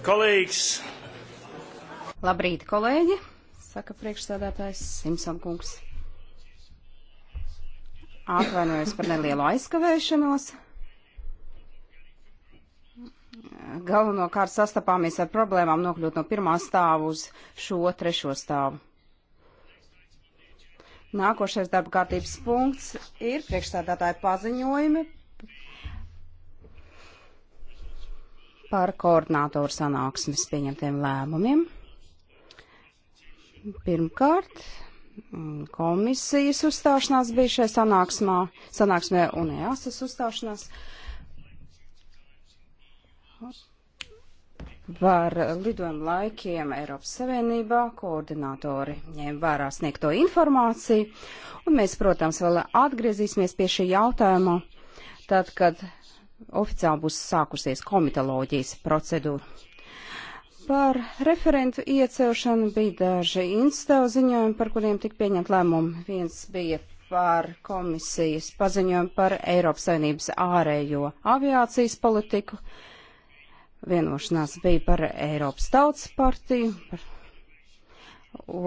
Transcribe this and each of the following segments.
Kolēģis! Labrīt, kolēģi! Saka priekšsēdētājs Simpson kungs. Atvainojos par nelielu aizkavēšanos. Galvenokārt sastapāmies ar problēmām nokļūt no pirmā stāvu uz šo trešo stāvu. Nākošais darba kārtības punkts ir priekšstādātāja paziņojumi par koordinātoru sanāksmes pieņemtiem lēmumiem. Pirmkārt, mm, komisijas uzstāšanās bija šai sanāksmā, sanāksmē un EASAS uzstāšanās. Par lidojumu laikiem Eiropas Savienībā koordinātori ņēma vērā sniegto informāciju, un mēs, protams, vēl atgriezīsimies pie šī jautājuma, tad, kad oficiāli būs sākusies komitoloģijas procedūra. Par referentu iecelšanu bija daži instāvu ziņojumi, par kuriem tika pieņemt lēmumu. Viens bija par komisijas paziņojumu par Eiropas Savienības ārējo aviācijas politiku. Vienošanās bija par Eiropas tautas partiju. Par...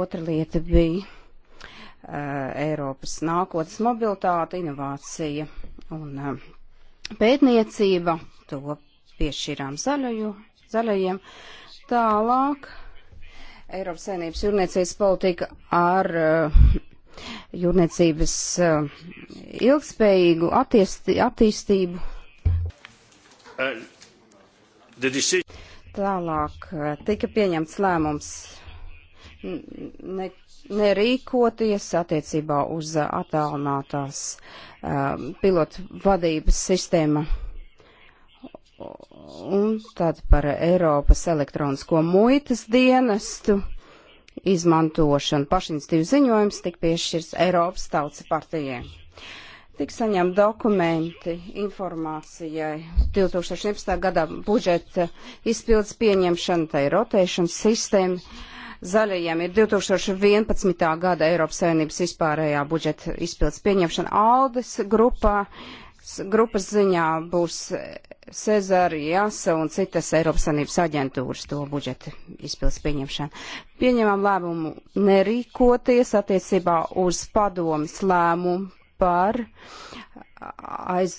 Otra lieta bija uh, Eiropas nākotnes mobilitāte, inovācija un uh, pētniecība, to piešķirām zaļajo, zaļajiem. Tālāk Eiropas saimnības jūrniecības politika ar uh, jūrniecības uh, ilgspējīgu attiesti, attīstību. Uh, Tālāk eh, tika pieņemts lēmums ne, nerīkoties attiecībā uz uh, attālinātās um, pilotu vadības sistēma. Un tad par Eiropas elektronisko muitas dienestu izmantošanu pašinstīvu ziņojums tik piešķirs Eiropas tautas partijai. Tik saņem dokumenti informācijai 2011. gada budžeta izpildes pieņemšana, tai rotēšanas sistēma Zaļajiem ir 2011. gada Eiropas Savienības vispārējā budžeta izpildes pieņemšana Aldes grupā. Grupas ziņā būs Cezara, Jāsa un citas Eiropas Savienības aģentūras to budžeta izpildes pieņemšana. Pieņemam lēmumu nerīkoties attiecībā uz padomis lēmumu par aiz,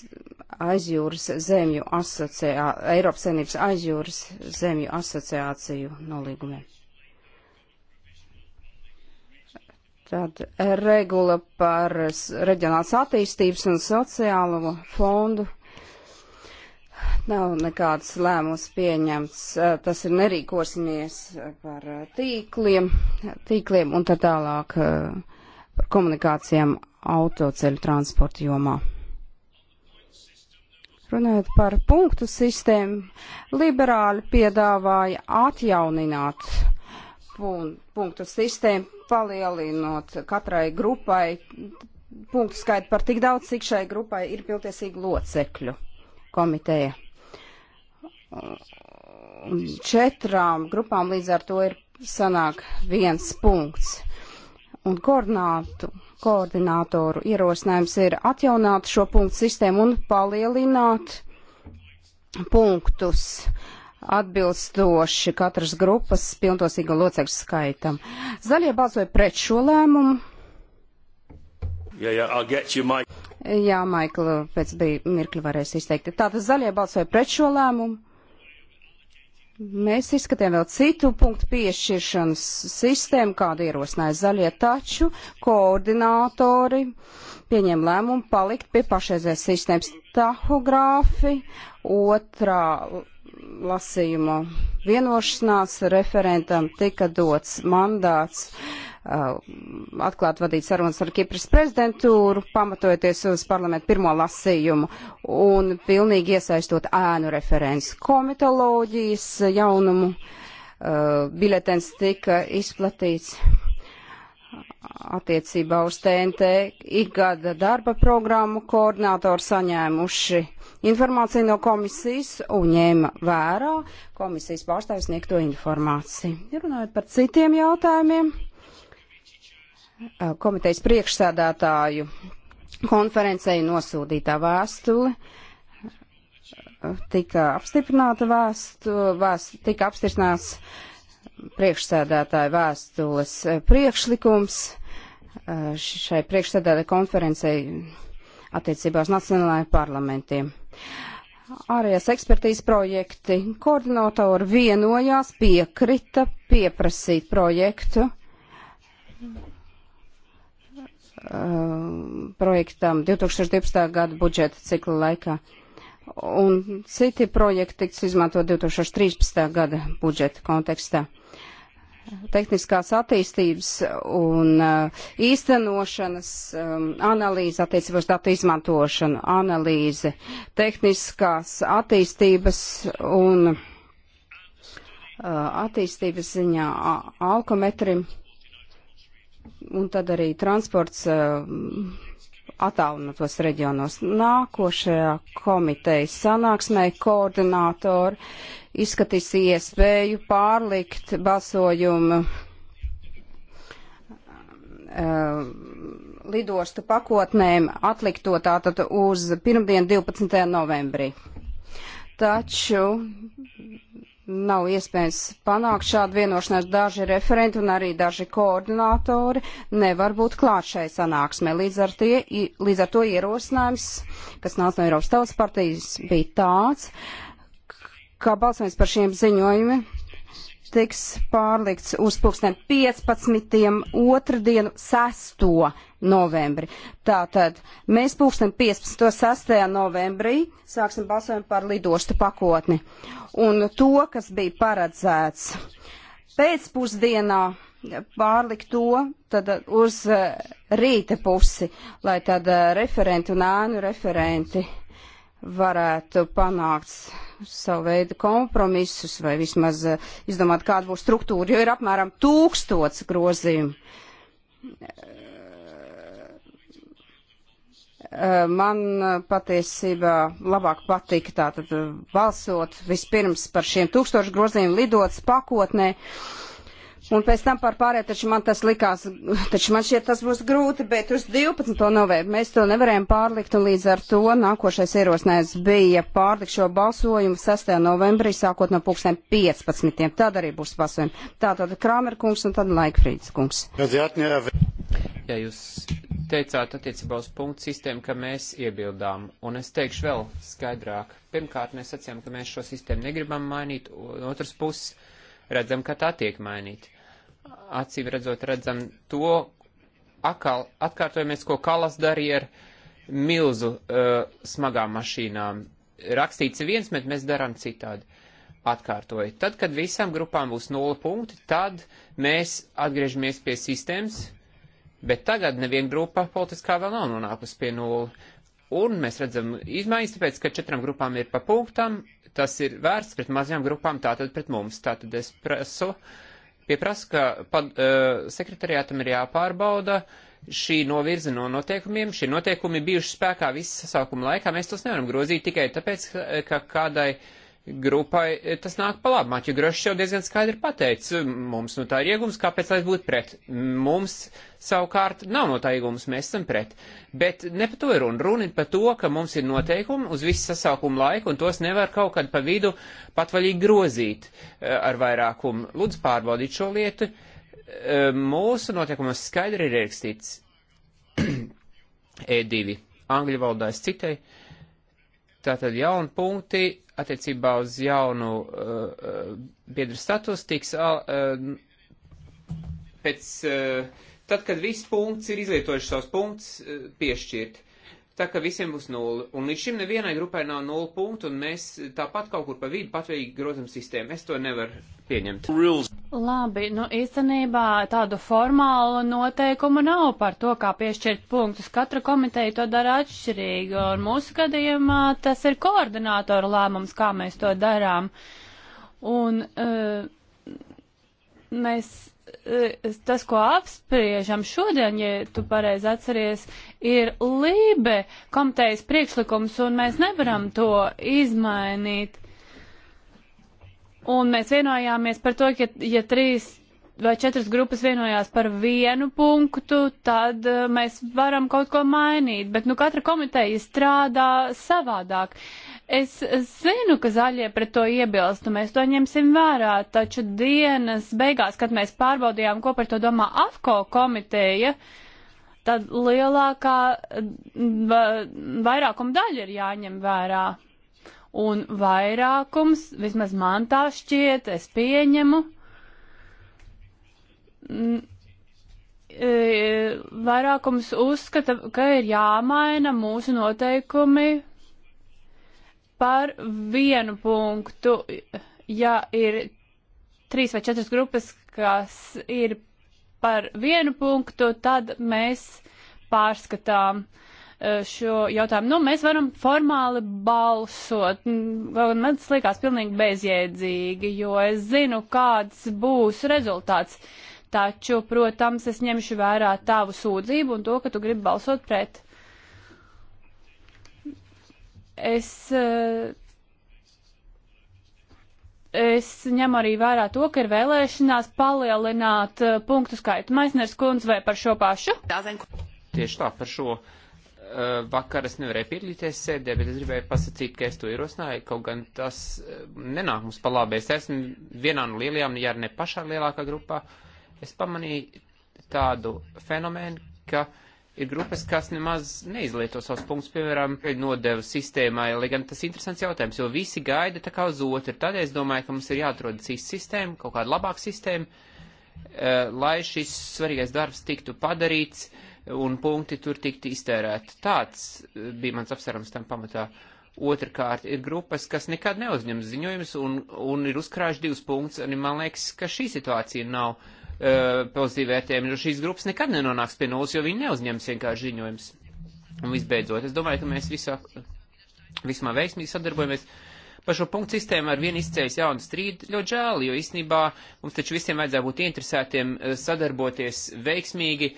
aizjūras zemju asociā, Eiropas Savienības aizjūras zemju asociāciju nolīgumiem. Tad regula par reģionāls attīstības un sociālo fondu nav nekādas lēmums pieņemts. Eh, tas ir nerīkosimies eh, par eh, tīkliem, tīkliem un tā tālāk par komunikācijām autoceļu transporta jomā. Runājot par punktu sistēmu, liberāļi piedāvāja atjaunināt punktu sistēmu, palielinot katrai grupai punktu skaitu par tik daudz, cik šai grupai ir pilntiesīgi locekļu komiteja. Četrām grupām līdz ar to ir sanāk viens punkts. Un koordinātu, koordinātoru ierosinājums ir atjaunāt šo punktu sistēmu un palielināt punktus. Uh, atbilstoši katras grupas pilntosīgo locekļu skaitam. Zaļie balsoja pret šo lēmumu. Yeah, yeah, you, Mike. Jā, Maikla, pēc bija mirkli varēs izteikt. Tātad zaļie balsoja pret šo lēmumu. Mēs izskatījām vēl citu punktu piešķiršanas sistēmu, kādu ierosināja zaļie, taču koordinātori pieņem lēmumu palikt pie pašreizējās sistēmas tahogrāfi, otrā lasījuma vienošanās referentam tika dots mandāts uh, atklāt vadīt sarunas ar Kipras prezidentūru, pamatojoties uz parlamentu pirmo lasījumu un pilnīgi iesaistot ēnu referents komitoloģijas jaunumu. Uh, biletens tika izplatīts attiecībā uz TNT ikgada darba programmu koordinātori saņēmuši uh, informāciju no komisijas un ņēma vērā komisijas pārstāvis sniegto informāciju. Runājot par citiem jautājumiem, eh, komitejas priekšsēdētāju konferencei nosūtītā vēstule eh, tika apstiprināta vēstule, vēst, tika apstiprināts priekšsēdētāju vēstules eh, priekšlikums šai priekšsēdētāju konferencei attiecībās nacionālajiem parlamentiem. Ārējās ekspertīzes projekti koordinatori vienojās, piekrita pieprasīt projektu ehm, projektam 2012. gada budžeta cikla laikā. Un citi projekti tiks izmantot 2013. gada budžeta kontekstā. Uh, tehniskās attīstības un uh, īstenošanas um, analīze attiecībā uz datu izmantošanu, analīze tehniskās attīstības un uh, attīstības ziņā alkometrim un tad arī transports uh, attālinotos reģionos. Nākošajā komitejas sanāksmē koordinātori izskatīs iespēju pārlikt balsojumu uh, lidostu pakotnēm atlikto tātad uz pirmdienu 12. novembrī. Taču nav iespējams panākt šādu vienošanos. Daži referenti un arī daži koordinātori nevar būt klāt šai sanāksmē. Līdz ar, tie, līdz ar to ierosinājums, kas nāca no Eiropas Tautas partijas, bija tāds, ka balsojums par šiem ziņojumiem tiks pārlikts uz pulksten 15. otrdienu 6. novembri. Tātad mēs pulksten 15. 6. novembrī sāksim balsojumu par lidostu pakotni. Un to, kas bija paredzēts pēcpusdienā, pārlikt to tad uz eh, rīta pusi, lai tad eh, referenti un ānu referenti varētu panākt savu veidu kompromisus vai vismaz eh, izdomāt, kāda būs struktūra, jo ir apmēram tūkstots grozījumu. Eh, man patiesībā labāk patika tātad eh, balsot vispirms par šiem tūkstošu grozījumu lidots pakotnē. Uh, Un pēc tam par pārējo, taču man tas likās, taču man šķiet tas būs grūti, bet uz 12. novembri mēs to nevarējām pārlikt, un līdz ar to nākošais ierosinājums bija pārlikt šo balsojumu 6. novembrī, sākot no pulkstiem 15. Tad arī būs balsojumi. Tātad Kramer kungs un tad Laikfrīds kungs. Ja jūs teicāt attiecībā uz punktu sistēmu, ka mēs iebildām, un es teikšu vēl skaidrāk. Pirmkārt, mēs sacījām, ka mēs šo sistēmu negribam mainīt, un otrs puses redzam, ka tā tiek mainīta acīm redzot redzam to, akal, atkārtojamies, ko Kalas darīja ar milzu uh, smagām mašīnām. Rakstīts viens, bet mēs darām citādi. Atkārtoju. Tad, kad visām grupām būs nula punkti, tad mēs atgriežamies pie sistēmas, bet tagad neviena grupa politiskā vēl nav nonākusi pie nula. Un mēs redzam izmaiņas, tāpēc, ka četrām grupām ir pa punktam, tas ir vērsts pret mazajām grupām, tātad pret mums. Tātad es prasu. Uh, pieprasa, ka pad, uh, sekretariātam ir jāpārbauda šī novirze no noteikumiem. Šie noteikumi bijuši spēkā visu sasaukumu laikā. Mēs tos nevaram grozīt tikai tāpēc, ka kādai uh, grupai e, tas nāk pa labu. Maķi Grošs jau diezgan skaidri pateica, mums no nu tā ir iegums, kāpēc lai būtu pret. Mums savukārt nav no tā iegums, mēs esam pret. Bet ne par to ir runa. Runa ir par to, ka mums ir noteikumi uz visu sasaukumu laiku, un tos nevar kaut kad pa vidu patvaļīgi grozīt e, ar vairākumu. Lūdzu pārbaudīt šo lietu. E, mūsu noteikumos skaidri ir ierakstīts E2, angļu valodā es citai. Tātad jauni punkti attiecībā uz jaunu uh, uh biedru status tiks uh, pēc, uh, tad, kad viss punkts ir izlietojuši savus punktus, uh, piešķirt. Uh, tā ka visiem būs nulle. Un līdz šim nevienai grupai nav nulle punktu, un mēs tāpat kaut kur pa vidu patvērīgi grozam sistēmu. Es to nevaru pieņemt. Rules. Labi, nu īstenībā tādu formālu noteikumu nav par to, kā piešķirt punktus. Katra komiteja to dara atšķirīgi, un mūsu gadījumā tas ir koordinātoru lēmums, kā mēs to darām. Un uh, mēs Eh, tas, ko apspriežam šodien, ja tu pareizi atceries, ir Lībe komitejas priekšlikums, un mēs nevaram to izmainīt. Un mēs vienojāmies par to, ka, ja trīs vai četras grupas vienojās par vienu punktu, tad eh, mēs varam kaut ko mainīt. Bet nu, katra komiteja strādā savādāk. Es zinu, ka zaļie pret to iebilst, un mēs to ņemsim vērā, taču dienas beigās, kad mēs pārbaudījām, ko par to domā AFCO komiteja, tad lielākā mm, vairākuma daļa ir jāņem vērā. Un vairākums, vismaz man tā šķiet, es pieņemu, E, vairākums uzskata, ka ir jāmaina mūsu noteikumi par vienu punktu, ja ir trīs vai četras grupas, kas ir par vienu punktu, tad mēs pārskatām e, šo jautājumu. Nu, mēs varam formāli balsot, un man tas liekas pilnīgi bezjēdzīgi, jo es zinu, kāds būs rezultāts. Uh, taču, protams, es ņemšu vērā tavu sūdzību un to, ka tu gribi balsot pret. Es, eh, es ņemu arī vērā to, ka ir vēlēšanās palielināt eh, punktu skaitu. Maisners kundze vai par šo pašu? Tieši tā, par šo. Eh, vakar es nevarēju piedalīties sēdē, bet es gribēju pasakīt, ka es to ierosināju, kaut gan tas nenāk mums pa labi. Es esmu vienā no lielajām, ja ne pašā lielākā grupā, uh, es pamanīju tādu fenomenu, ka ir grupas, kas nemaz neizlieto savus punktus, piemēram, nodevu sistēmai, lai gan tas ir interesants jautājums, jo visi gaida tā kā uz otru. Tad es domāju, ka mums ir jāatrod cīs sistēma, kaut kāda labāka sistēma, eh, lai šis svarīgais darbs tiktu padarīts un punkti tur tiktu iztērēti. Tāds eh, bija mans apsvērums tam pamatā. Otrakārt, ir grupas, kas nekad neuzņem ziņojumus un, un ir uzkrājuši divus punktus, un man liekas, ka šī situācija nav uh, E, pozitīvi vērtējumi, jo šīs grupas nekad nenonāks pie nulles, jo viņi neuzņems vienkārši ziņojums. Un visbeidzot, es domāju, ka mēs visā, vismā veiksmīgi sadarbojamies. Par šo punktu sistēmu ar vienu izcējas jaunu strīdu ļoti žēl, jo īstenībā mums taču visiem vajadzētu būt interesētiem e, sadarboties veiksmīgi,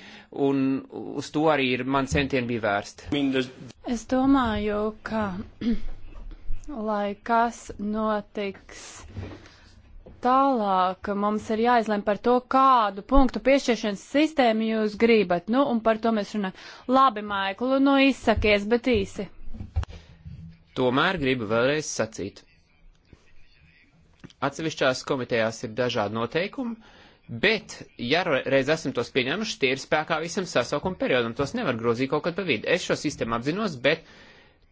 un uz to arī ir man centieni bija vērsti. Es domāju, ka lai kas notiks Tālāk mums ir jāizlem par to, kādu punktu piešķiršanas sistēmu jūs gribat. Nu, un par to mēs runājam. Labi, Maiklu, nu izsakies, bet īsi. Tomēr gribu vēlreiz sacīt. Atsevišķās komitejās ir dažādi noteikumi, bet, ja reiz esam tos pieņēmuši, tie ir spēkā visam sasaukuma periodam. Tos nevar grozīt kaut kad pa vidu. Es šo sistēmu apzinos, bet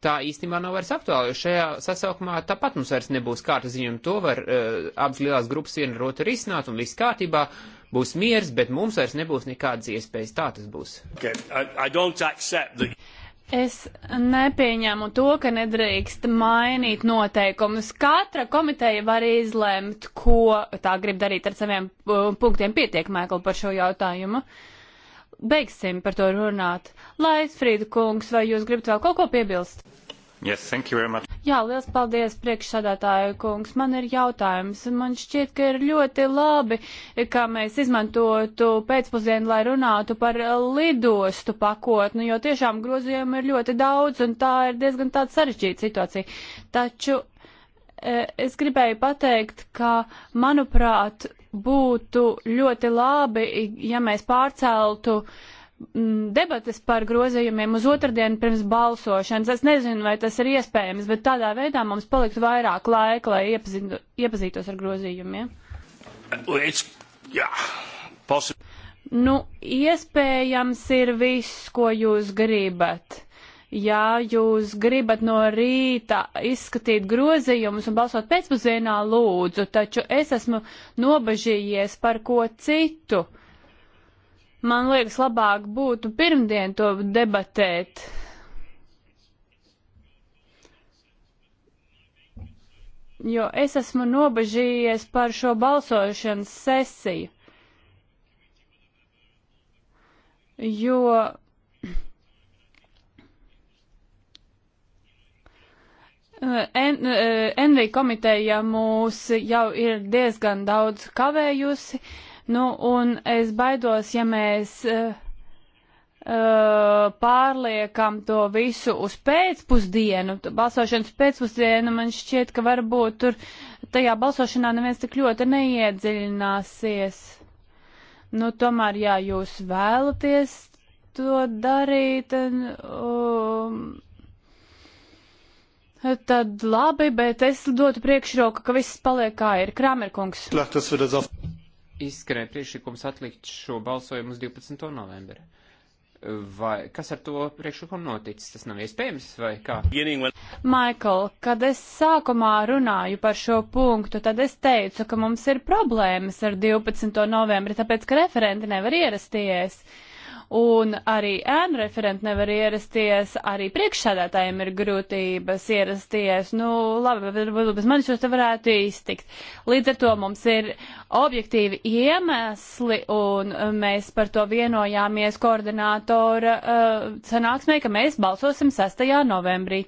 tā īstenībā nav vairs aktuāla, jo šajā sasaukumā tāpat mums vairs nebūs kārtas ziņojumi. To var uh, abas lielās grupas viena ar otru risināt un viss kārtībā būs miers, bet mums vairs nebūs nekādas iespējas. Tā tas būs. Okay. I, I the... Es nepieņēmu to, ka nedrīkst mainīt noteikumus. Katra komiteja var izlemt, ko tā grib darīt ar saviem uh, punktiem. Pietiek, Mēkl, par šo jautājumu. Uh, beigsim par to runāt. Lai Frīda kungs, vai jūs gribat vēl kaut ko piebilst? Yes, thank you very much. Jā, liels paldies priekšsādātāju kungs. Man ir jautājums. Man šķiet, ka ir ļoti labi, ka mēs izmantotu pēcpusdienu, lai runātu par lidostu pakotni, jo tiešām grozījumu ir ļoti daudz un tā ir diezgan tāda sarežģīta situācija. Taču eh, es gribēju pateikt, ka, manuprāt, būtu ļoti labi, ja mēs pārceltu mm, debates par grozījumiem uz otrdienu pirms balsošanas. Es nezinu, vai tas ir iespējams, bet tādā veidā mums paliktu vairāk laika, lai iepazītu, iepazītos ar grozījumiem. It's, yeah, possible. nu, iespējams ir viss, ko jūs gribat. Ja jūs gribat no rīta izskatīt grozījumus un balsot pēcpusdienā, lūdzu, taču es esmu nobažījies par ko citu. Man liekas, labāk būtu pirmdien to debatēt. Jo es esmu nobažījies par šo balsošanas sesiju. Jo en, e, Envi komiteja mūs jau ir diezgan daudz kavējusi, nu, un es baidos, ja mēs uh, pārliekam to visu uz pēcpusdienu, balsošanas pēcpusdienu, man šķiet, ka varbūt tur tajā balsošanā neviens tik ļoti neiedziļināsies. Nu, tomēr, ja jūs vēlaties to darīt, un, um, Tad labi, bet es dotu priekšroku, ka viss paliek kā ir. Kramerkungs. Izskanēja priekšlikums atlikt šo balsojumu uz 12. novembri. Vai kas ar to priekšlikumu noticis? Tas nav iespējams, vai kā? Maikl, kad es sākumā runāju par šo punktu, tad es teicu, ka mums ir problēmas ar 12. novembri, tāpēc, ka referenti nevar ierasties. Uh, un arī ēnu referenti nevar ierasties, arī priekšsādātājiem ir grūtības ierasties. Nu, labi, varbūt bez manis jūs te varētu iztikt. Līdz ar to mums ir objektīvi iemesli, un mēs par to vienojāmies koordinātora uh, sanāksmē, ka mēs balsosim 6. novembrī,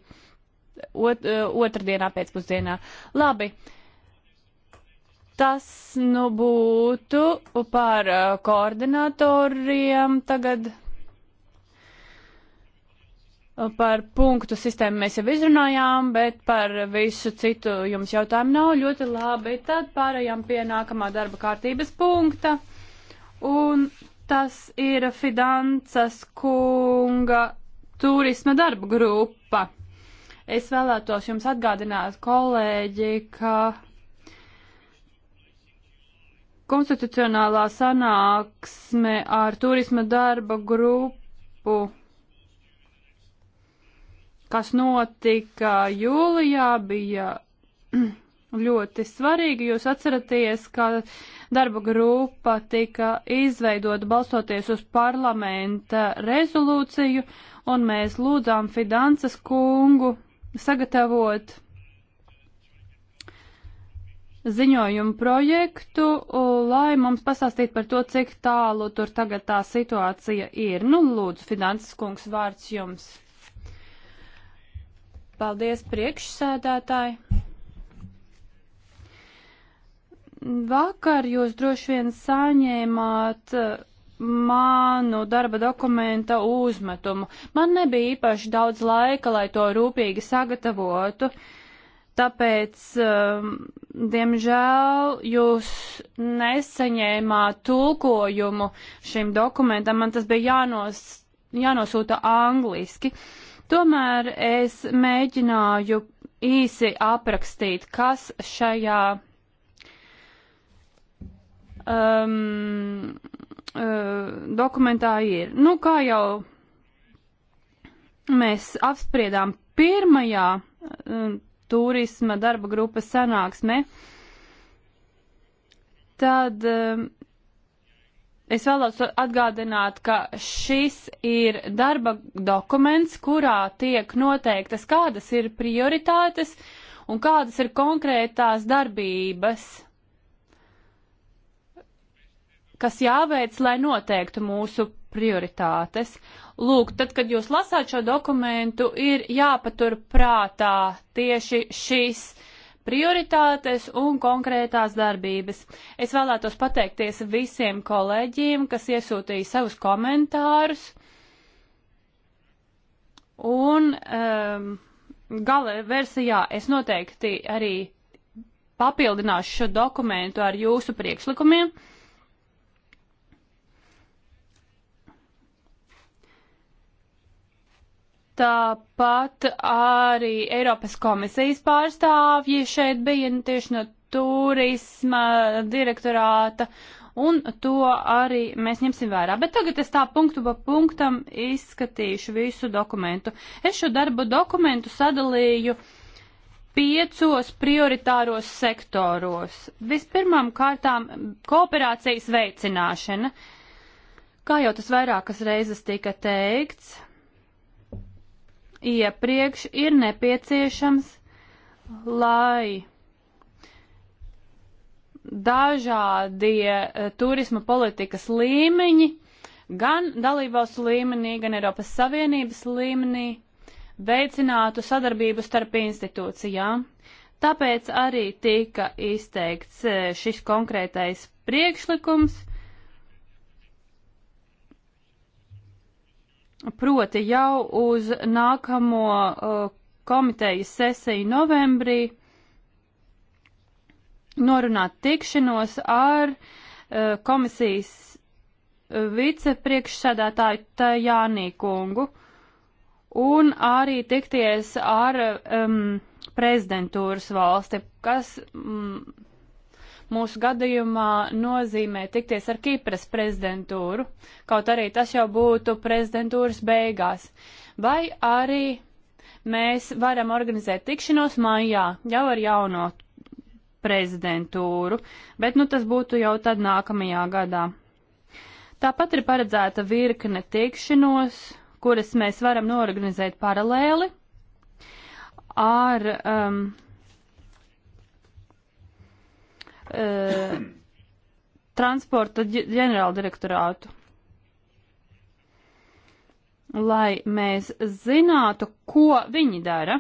ot, uh, otrdienā pēcpusdienā. Labi. Uh, Tas nu būtu par koordinatoriem tagad. Par punktu sistēmu mēs jau izrunājām, bet par visu citu jums jautājumu nav ļoti labi. Tad pārējām pie nākamā darba kārtības punkta. Un tas ir Fidansas kunga turisma darba grupa. Es vēlētos jums atgādināt, kolēģi, ka konstitucionālā sanāksme ar turisma darba grupu, kas notika jūlijā, bija ļoti svarīga. Jūs atceraties, ka darba grupa tika izveidota balstoties uz parlamenta rezolūciju, un mēs lūdzām Fidances kungu sagatavot ziņojumu projektu, lai mums pasāstītu par to, cik tālu tur tagad tā situācija ir. Nu, lūdzu, finanses kungs, vārds jums. Paldies, priekšsēdētāji. Vakar jūs droši vien saņēmāt uh, manu darba dokumenta uzmetumu. Man nebija īpaši daudz laika, lai to rūpīgi sagatavotu. Uh, Tāpēc, um, diemžēl, jūs nesaņēmāt tulkojumu šim dokumentam. Man tas bija jānos, jānosūta angliski. Tomēr es mēģināju īsi aprakstīt, kas šajā um, uh, dokumentā ir. Nu, kā jau mēs apspriedām pirmajā. Um, turisma darba grupas sanāksme, tad um, es vēlos atgādināt, ka šis ir darba dokuments, kurā tiek noteiktas, kādas ir prioritātes un kādas ir konkrētās darbības, kas jāveic, lai noteiktu mūsu prioritātes. Lūk, tad, kad jūs lasāt šo dokumentu, ir jāpatur prātā tieši šīs prioritātes un konkrētās darbības. Es vēlētos pateikties visiem kolēģiem, kas iesūtīja savus komentārus. Un um, gala versijā es noteikti arī papildināšu šo dokumentu ar jūsu priekšlikumiem. Uh, Tāpat arī Eiropas komisijas pārstāvji šeit bija tieši no turisma direktorāta, un to arī mēs ņemsim vērā. Bet tagad es tā punktu pa punktam izskatīšu visu dokumentu. Es šo darbu dokumentu sadalīju piecos prioritāros sektoros. Vispirmām kārtām kooperācijas veicināšana. Kā jau tas vairākas reizes tika teikts, iepriekš ir nepieciešams, lai dažādie eh, turisma politikas līmeņi, gan dalībvalstu līmenī, gan Eiropas Savienības līmenī, veicinātu sadarbību starp institūcijām. Tāpēc arī tika izteikts eh, šis konkrētais priekšlikums, Proti jau uz nākamo uh, komitejas sesiju novembrī norunāt tikšanos ar uh, komisijas vicepriekšsēdētāju Tajānī kungu un arī tikties ar um, prezidentūras valsti, kas mm, mūsu gadījumā nozīmē tikties ar Kipras prezidentūru, kaut arī tas jau būtu prezidentūras beigās. Vai arī mēs varam organizēt tikšanos mājā jau ar jauno prezidentūru, bet nu tas būtu jau tad nākamajā gadā. Tāpat ir paredzēta virkne tikšanos, kuras mēs varam norganizēt paralēli ar um, e, transporta ģenerāldirektorātu. Lai mēs zinātu, ko viņi dara.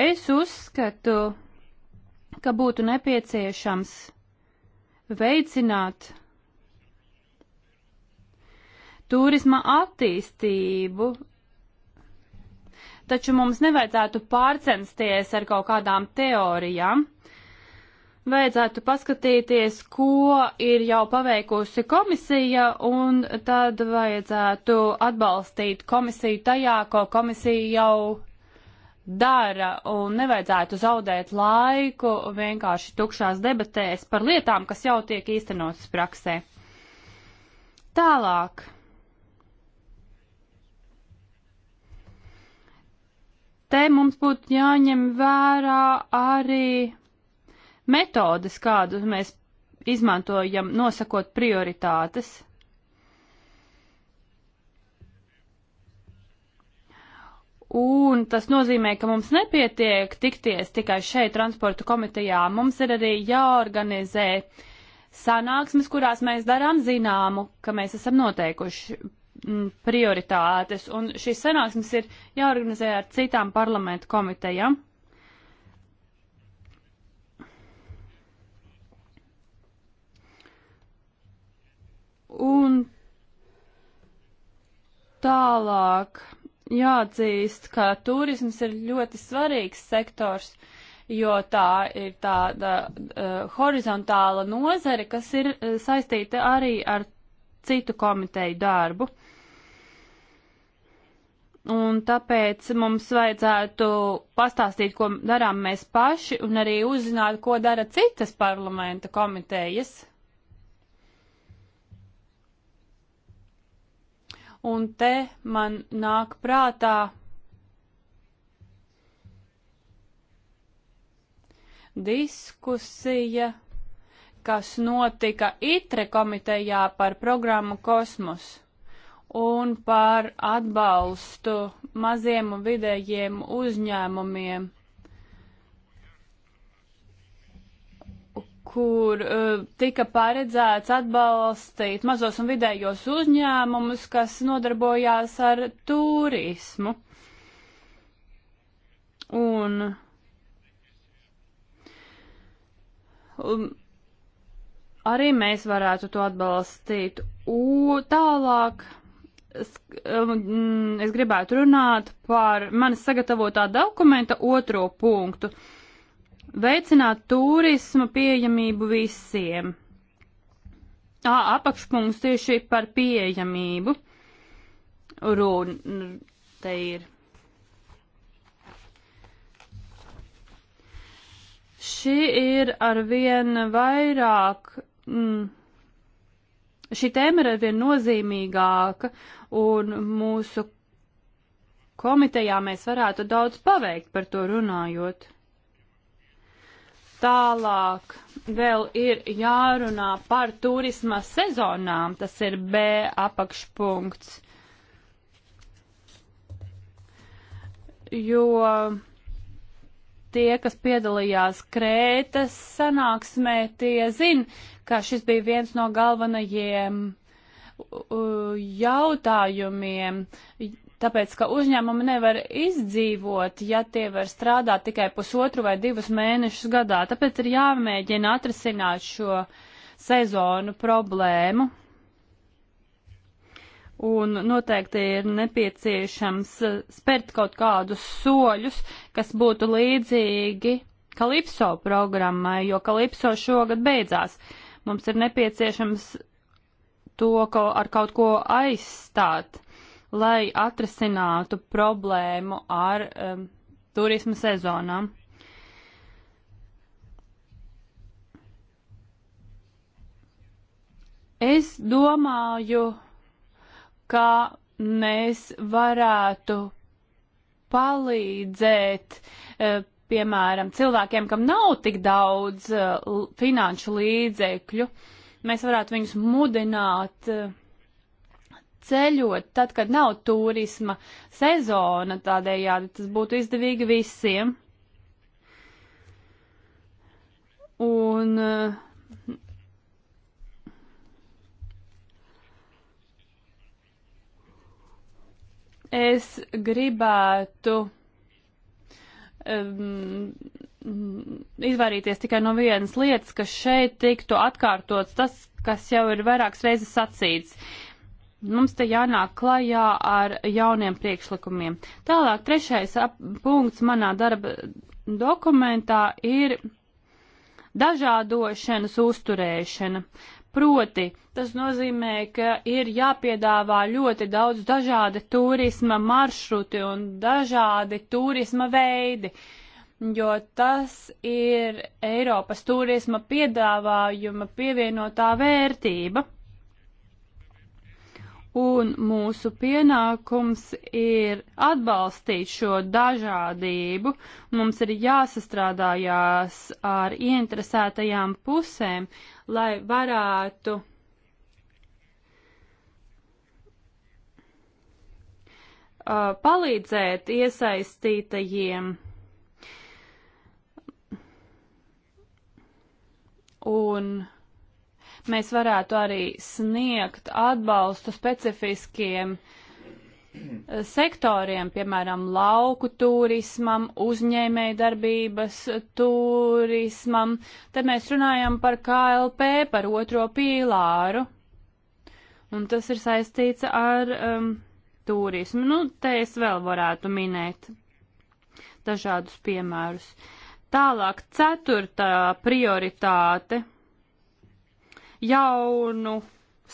Es uzskatu, ka būtu nepieciešams veicināt turisma attīstību taču mums nevajadzētu pārcensties ar kaut kādām teorijām. Vajadzētu paskatīties, ko ir jau paveikusi komisija, un tad vajadzētu atbalstīt komisiju tajā, ko komisija jau dara, un nevajadzētu zaudēt laiku vienkārši tukšās debatēs par lietām, kas jau tiek īstenotas praksē. Tālāk. te mums būtu jāņem vērā arī metodes, kādus mēs izmantojam, nosakot prioritātes. Un tas nozīmē, ka mums nepietiek tikties tikai šeit transporta komitejā. Mums ir arī jāorganizē sanāksmes, kurās mēs darām zināmu, ka mēs esam noteikuši Mm, prioritātes, un šīs sanāksmes ir jāorganizē ar citām parlamentu komitejām. Un tālāk jāatzīst, ka turisms ir ļoti svarīgs sektors, jo tā ir tāda uh, horizontāla nozare, kas ir uh, saistīta arī ar citu komiteju darbu. Uh, Un tāpēc mums vajadzētu pastāstīt, ko darām mēs paši, un arī uzzināt, ko dara citas parlamenta komitejas. Un te man nāk prātā diskusija, kas notika ITRE komitejā par programmu Kosmos un par atbalstu maziem un vidējiem uzņēmumiem, kur uh, tika paredzēts atbalstīt mazos un vidējos uzņēmumus, kas nodarbojās ar turismu. Un, un um, arī mēs varētu to atbalstīt. U, tālāk Um, mm, es gribētu runāt par manis sagatavotā dokumenta otro punktu - veicināt turisma pieejamību visiem. Ā, apakšpunkts tieši par pieejamību. Runa te ir. Šī ir arvien vairāk, mm, šī tēma ir arvien nozīmīgāka, un mūsu komitejā mēs varētu daudz paveikt par to runājot. Tālāk vēl ir jārunā par turisma sezonām, tas ir B apakšpunkts. Jo tie, kas piedalījās Krētas sanāksmē, tie zina, ka šis bija viens no galvenajiem uh, jautājumiem, tāpēc, ka uzņēmumi nevar izdzīvot, ja tie var strādāt tikai pusotru vai divus mēnešus gadā. Tāpēc ir jāmēģina atrasināt šo sezonu problēmu. Un noteikti ir nepieciešams eh, spērt kaut kādus soļus, kas būtu līdzīgi Kalipso programmai, jo Kalipso šogad beidzās. Mums ir nepieciešams to ko, ar kaut ko aizstāt, lai atrisinātu problēmu ar um, turisma sezonām. Es domāju, ka mēs varētu palīdzēt, eh, piemēram, cilvēkiem, kam nav tik daudz eh, finanšu līdzekļu, uh, mēs varētu viņus mudināt eh, ceļot, tad, kad nav turisma sezona, tādējādi tas būtu izdevīgi visiem. Un eh, es gribētu um, Mm, izvairīties tikai no vienas lietas, ka šeit tiktu atkārtots tas, kas jau ir vairākas reizes sacīts. Mums te jānāk klajā ar jauniem priekšlikumiem. Tālāk, trešais punkts manā darba dokumentā ir dažādošanas uzturēšana. Proti, tas nozīmē, ka ir jāpiedāvā ļoti daudz dažādi turisma maršruti un dažādi turisma veidi. Uh, jo tas ir Eiropas turisma piedāvājuma pievienotā vērtība. Un mūsu pienākums ir atbalstīt šo dažādību. Mums ir jāsastrādājās ar ieinteresētajām pusēm, lai varētu palīdzēt iesaistītajiem un mēs varētu arī sniegt atbalstu specifiskiem eh, sektoriem, piemēram, lauku turismam, uzņēmēja darbības turismam. Te mēs runājam par KLP, par otro pīlāru. Un tas ir saistīts ar um, turismu. Nu, te es vēl varētu minēt dažādus piemērus. Uh, Tālāk, ceturtā prioritāte - jaunu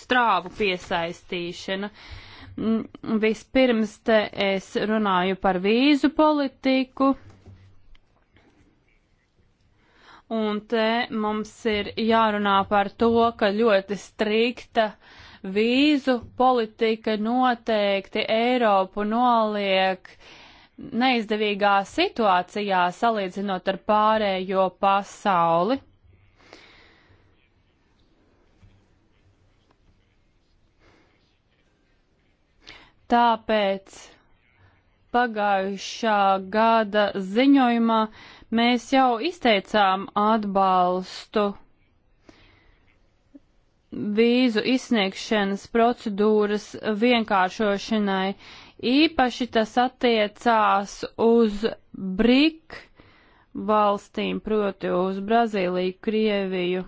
strāvu piesaistīšana. Mm, vispirms te es runāju par vīzu politiku, un te mums ir jārunā par to, ka ļoti strikta vīzu politika noteikti Eiropu noliek uh, neizdevīgā situācijā salīdzinot ar pārējo pasauli. Tāpēc pagājušā gada ziņojumā mēs jau izteicām atbalstu vīzu izsniegšanas procedūras vienkāršošanai, uh, Īpaši tas attiecās uz BRIK valstīm, proti uz Brazīliju, Krieviju,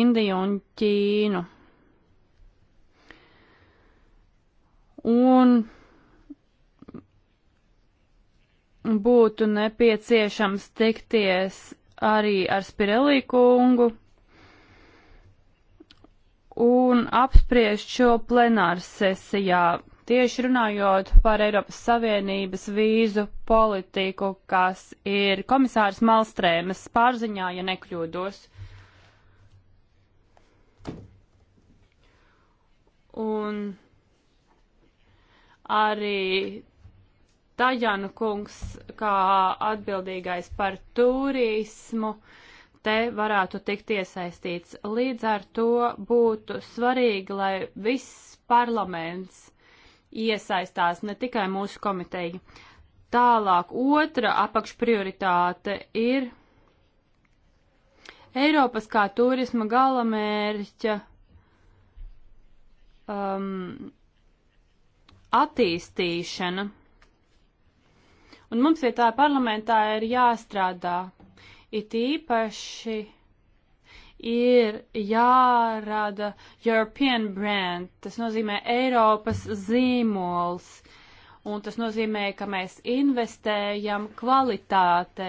Indiju un Ķīnu. Un būtu nepieciešams tikties arī ar Spirelī kungu un apspriest šo plenāru sesijā Tieši runājot par Eiropas Savienības vīzu politiku, kas ir komisārs Malstrēmas pārziņā, ja nekļūdos. Un arī Tajana kungs, kā atbildīgais par turismu, te varētu tikt iesaistīts. Līdz ar to būtu svarīgi, lai viss parlaments iesaistās ne tikai mūsu komiteja. Tālāk otra apakšprioritāte ir Eiropas kā turisma galamērķa um, attīstīšana. Un mums pie tā parlamentā ir jāstrādā. It īpaši ir jārada European brand, tas nozīmē Eiropas zīmols, un tas nozīmē, ka mēs investējam kvalitātē,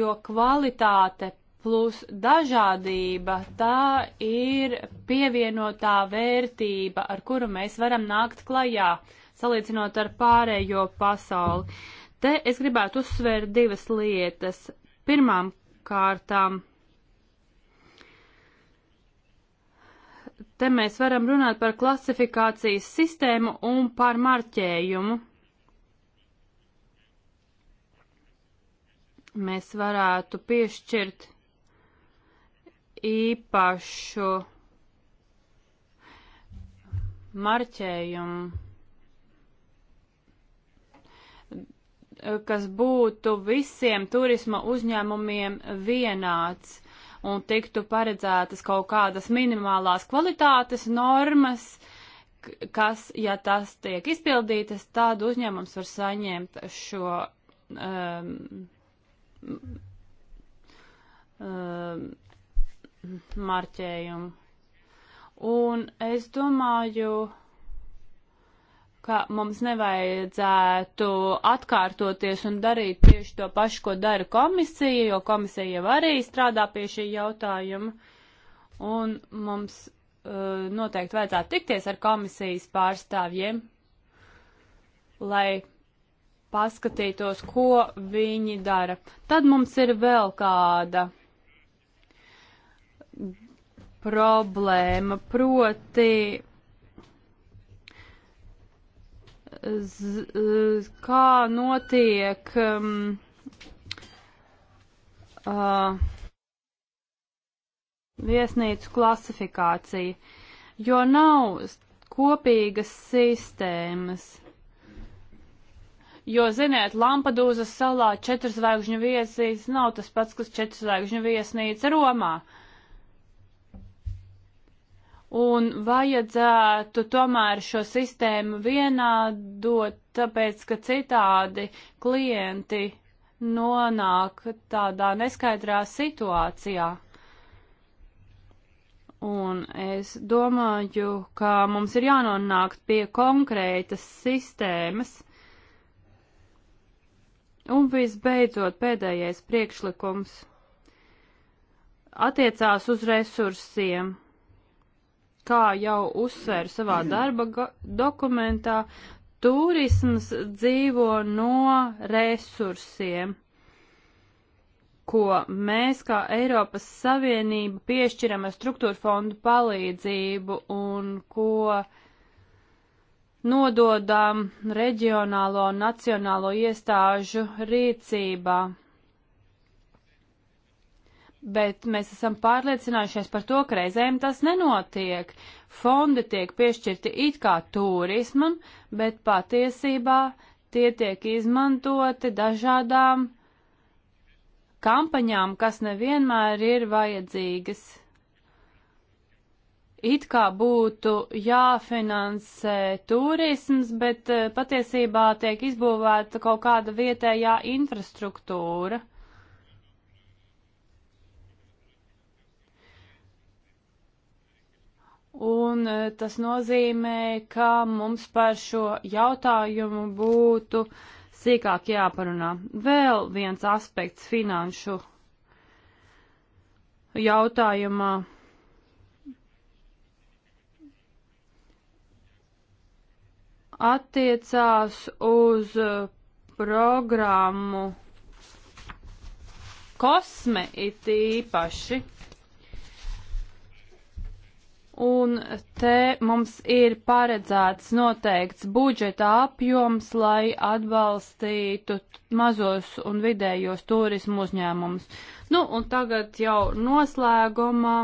jo kvalitāte plus dažādība tā ir pievienotā vērtība, ar kuru mēs varam nākt klajā, salīdzinot ar pārējo pasauli. Te es gribētu uzsvērt divas lietas. Pirmām kārtām Te mēs varam runāt par klasifikācijas sistēmu un par marķējumu. Mēs varētu piešķirt īpašu marķējumu, kas būtu visiem turisma uzņēmumiem vienāds un tiktu paredzētas kaut kādas minimālās kvalitātes normas, kas, ja tas tiek izpildītas, tad uzņēmums var saņemt šo um, um, marķējumu. Un es domāju, ka mums nevajadzētu atkārtoties un darīt tieši to pašu, ko dara komisija, jo komisija jau arī strādā pie šī jautājuma. Un mums uh, noteikti vajadzētu tikties ar komisijas pārstāvjiem, lai paskatītos, ko viņi dara. Tad mums ir vēl kāda problēma, proti z, eh, kā notiek. Um, uh, viesnīcu klasifikācija, jo nav kopīgas sistēmas. Jo, ziniet, Lampadūzas salā četru zvaigžņu viesnīca nav tas pats, kas četru zvaigžņu viesnīca Romā. Uh, un vajadzētu tomēr šo sistēmu vienādot, tāpēc ka citādi klienti nonāk tādā neskaidrā situācijā. Un es domāju, ka mums ir jānonāk pie konkrētas sistēmas. Un visbeidzot, pēdējais priekšlikums attiecās uz resursiem kā jau uzsvēru savā darba dokumentā, turisms dzīvo no resursiem ko mēs kā Eiropas Savienība piešķiram ar struktūra fondu palīdzību un ko nododam reģionālo un nacionālo iestāžu rīcībā bet mēs esam pārliecinājušies par to, ka reizēm tas nenotiek. Fondi tiek piešķirti it kā turismam, bet patiesībā tie tiek izmantoti dažādām kampaņām, kas nevienmēr ir vajadzīgas. It kā būtu jāfinansē turisms, bet eh, patiesībā tiek izbūvēta kaut kāda vietējā infrastruktūra. Un eh, tas nozīmē, ka mums par šo jautājumu būtu sīkāk jāparunā. Vēl viens aspekts finanšu jautājumā. Attiecās uz eh, programmu kosme it īpaši. Un te mums ir paredzēts noteikts budžeta apjoms, lai atbalstītu mazos un vidējos turismu uzņēmumus. Nu, un tagad jau noslēgumā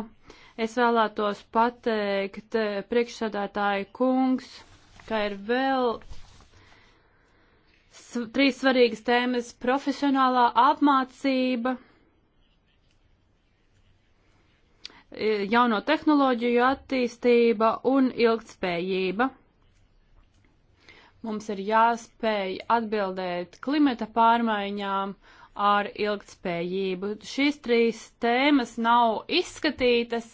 es vēlētos pateikt eh, priekšsādātāju kungs, ka ir vēl trīs svarīgas tēmas - profesionālā apmācība E, jauno tehnoloģiju attīstība un ilgtspējība. Mums ir jāspēj atbildēt klimata pārmaiņām ar ilgtspējību. Šīs trīs tēmas nav izskatītas,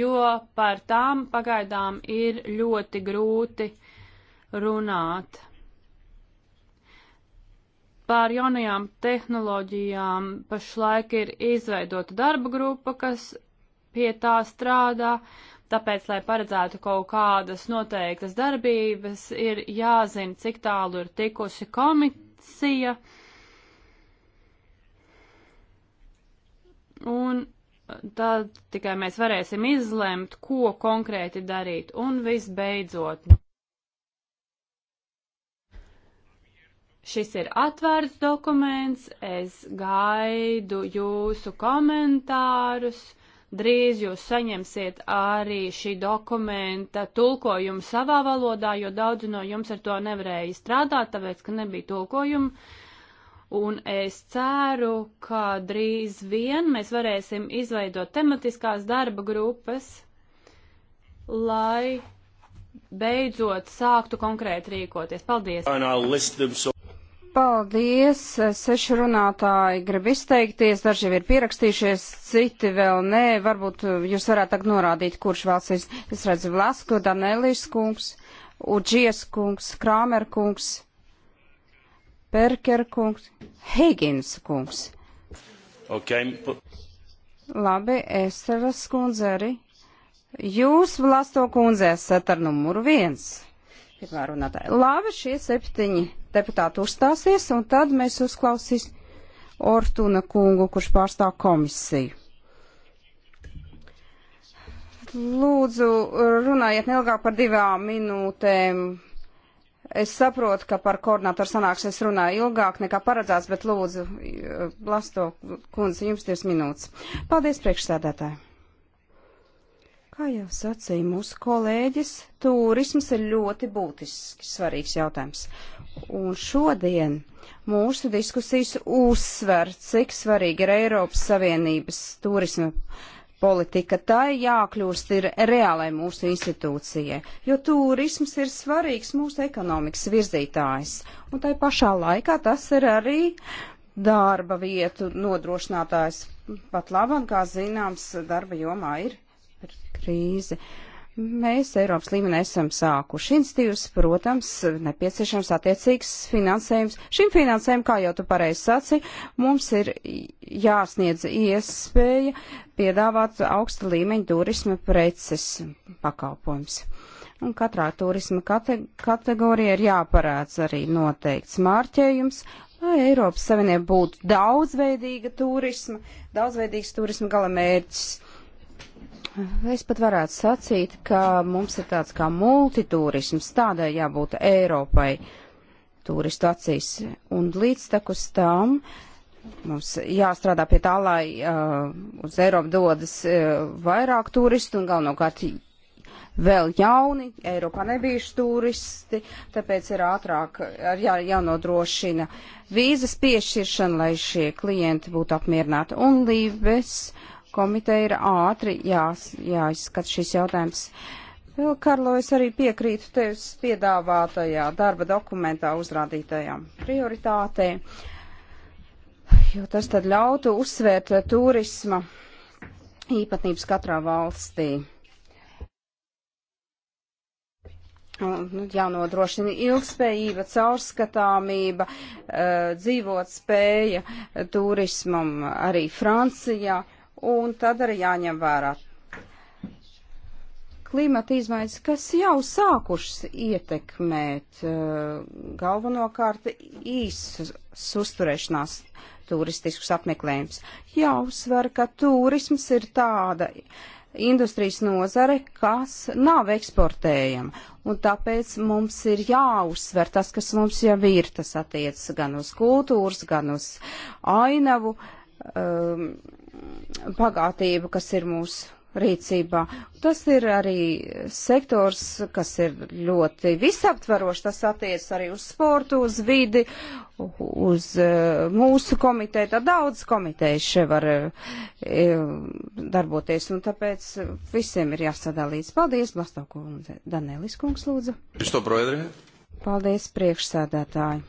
jo par tām pagaidām ir ļoti grūti runāt. Pār jaunajām tehnoloģijām pašlaik ir izveidota darba grupa, kas pie tā strādā. Tāpēc, lai paredzētu kaut kādas noteiktas darbības, ir jāzina, cik tālu ir tikusi komisija. Un tad tikai mēs varēsim izlemt, ko konkrēti darīt. Un visbeidzot. Šis ir atvērts dokuments, es gaidu jūsu komentārus Drīz jūs saņemsiet arī šī dokumenta tulkojumu savā valodā, jo daudzi no jums ar to nevarēja strādāt, tāpēc, ka nebija tulkojumu. Un es ceru, ka drīz vien mēs varēsim izveidot tematiskās darba grupas, lai beidzot sāktu konkrēti rīkoties. Paldies! Paldies! Seši runātāji grib izteikties, daži jau ir pierakstījušies, citi vēl nē. Varbūt jūs varētu tagad norādīt, kurš vēlas es, es redzu Vlasku, Danelijas kungs, Uģies kungs, Krāmer kungs, Perker kungs, Higgins kungs. Okay. Labi, Esteras kundze arī. Jūs, Vlasto kundze, esat ar numuru viens. Pirmā runātāja. Labi, šie septiņi deputāti uzstāsies, un tad mēs uzklausīsim Ortuna kungu, kurš pārstāv komisiju. Lūdzu, runājiet neilgāk par divām minūtēm. Es saprotu, ka par koordinātoru sanākšu es runāju ilgāk nekā paredzēts, bet lūdzu, Blasto kundze, jums divas minūtes. Paldies, priekšsēdētāji! Kā jau sacīja mūsu kolēģis, turisms ir ļoti būtisks, svarīgs jautājums. Un šodien mūsu diskusijas uzsver, cik svarīgi ir Eiropas Savienības turisma politika. Tā ir jākļūst ir reālai mūsu institūcijai, jo turisms ir svarīgs mūsu ekonomikas virzītājs. Un tai pašā laikā tas ir arī darba vietu nodrošinātājs. Pat labam, kā zināms, darba jomā ir krīzi. Mēs Eiropas līmenī esam sākuši institīvas, protams, nepieciešams attiecīgs finansējums. Šim finansējumam, kā jau tu pareizi saci, mums ir jāsniedz iespēja piedāvāt augsta līmeņa turisma preces pakalpojums. Un katrā turisma kate kategorijā ir jāparāds arī noteikts mārķējums, lai Eiropas Savienība būtu daudzveidīga turisma, daudzveidīgs turisma galamērķis Es pat varētu sacīt, ka mums ir tāds kā multitūrisms, tādai jābūt Eiropai turistu acīs. Un līdztekus tam mums jāstrādā pie tā, lai uh, uz Eiropu dodas uh, vairāk turistu un galvenokārt vēl jauni, Eiropā nebijuši turisti, tāpēc ir ātrāk jā, jānodrošina vīzas piešķiršana, lai šie klienti būtu apmierināti. Un Lībes komiteja ir ātri jā, jāizskat šis jautājums. Vēl, Karlo, es arī piekrītu tevs piedāvātajā darba dokumentā uzrādītajām prioritātēm, jo tas tad ļautu uzsvērt turisma īpatnības katrā valstī. Nu, jānodrošina ilgspējība, caurskatāmība, eh, dzīvot spēja turismam arī Francijā un tad arī jāņem vērā klimata izmaiņas, kas jau sākušas ietekmēt eh, galvenokārt īsus uzturēšanās turistiskus apmeklējumus. Jāuzsver, ka turisms ir tāda industrijas nozare, kas nav eksportējama, un tāpēc mums ir jāuzsver tas, kas mums jau ir. Tas attiecas gan uz kultūras, gan uz ainavu. Um, bagātība, kas ir mūsu rīcībā. Tas ir arī sektors, kas ir ļoti visaptvarošs. Tas attiec arī uz sportu, uz vidi, uz eh, mūsu komiteju. Tad daudz komiteju šeit var eh, darboties, un tāpēc visiem ir jāsadalīts. Paldies, Blastokundze. Danēlis Kungs, lūdzu. Paldies, priekšsēdētāji.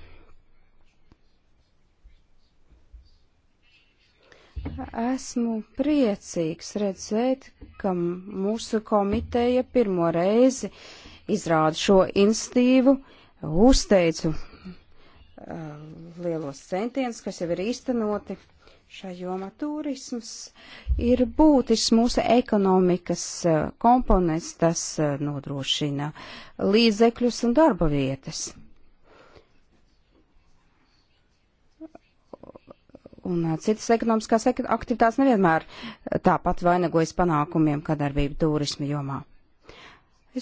Esmu priecīgs redzēt, ka mūsu komiteja pirmo reizi izrāda šo institīvu, uzteicu lielos centienus, kas jau ir īstenoti. Šai jomā turisms ir būtisks mūsu ekonomikas komponents, tas nodrošina līdzekļus un darba vietas. Un citas ekonomiskās aktivitātes nevienmēr tāpat vainagojas panākumiem, kā darbība turisma jomā.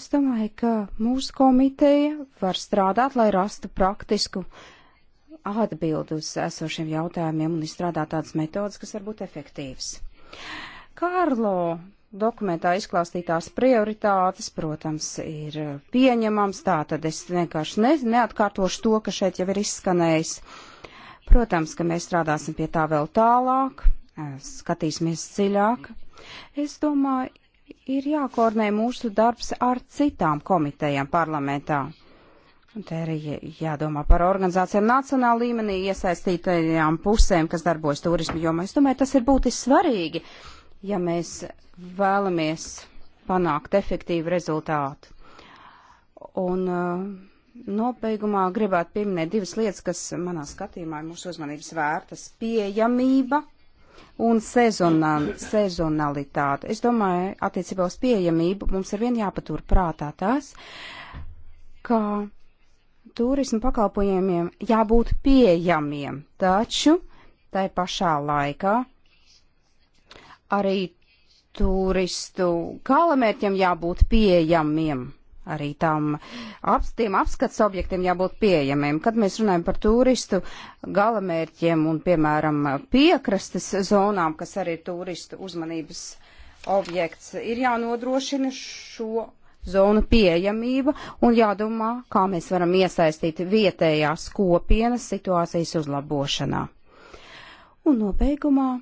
Es domāju, ka mūsu komiteja var strādāt, lai rastu praktisku atbildu uz esošiem jautājumiem un izstrādāt tādas metodas, kas var būt efektīvas. Kārlo dokumentā izklāstītās prioritātes, protams, ir pieņemams, tā tad es vienkārši ne, neatkārtošu to, ka šeit jau ir izskanējis. Protams, ka mēs strādāsim pie tā vēl tālāk, eh, skatīsimies dziļāk. Es domāju, ir jākoordinē mūsu darbs ar citām komitejām parlamentā. Un te ir jādomā par organizācijām nacionāla līmenī iesaistītajām pusēm, kas darbojas turismu jomā. Es domāju, tas ir būtiski svarīgi, ja mēs vēlamies panākt efektīvu rezultātu. Un uh, Nobeigumā gribētu pieminēt divas lietas, kas manā skatījumā ir mūsu uzmanības vērtas - pieejamība un sezonal, sezonalitāte. Es domāju, attiecībā uz pieejamību mums ir vien jāpatur prātā tas, ka turismu pakalpojumiem jābūt pieejamiem, taču tai pašā laikā arī turistu galamērķiem jābūt pieejamiem arī tam ap, tiem apskats objektiem jābūt pieejamiem. Kad mēs runājam par turistu galamērķiem un, piemēram, piekrastes zonām, kas arī ir turistu uzmanības objekts, ir jānodrošina šo zonu pieejamība un jādomā, kā mēs varam iesaistīt vietējās kopienas situācijas uzlabošanā. Un nobeigumā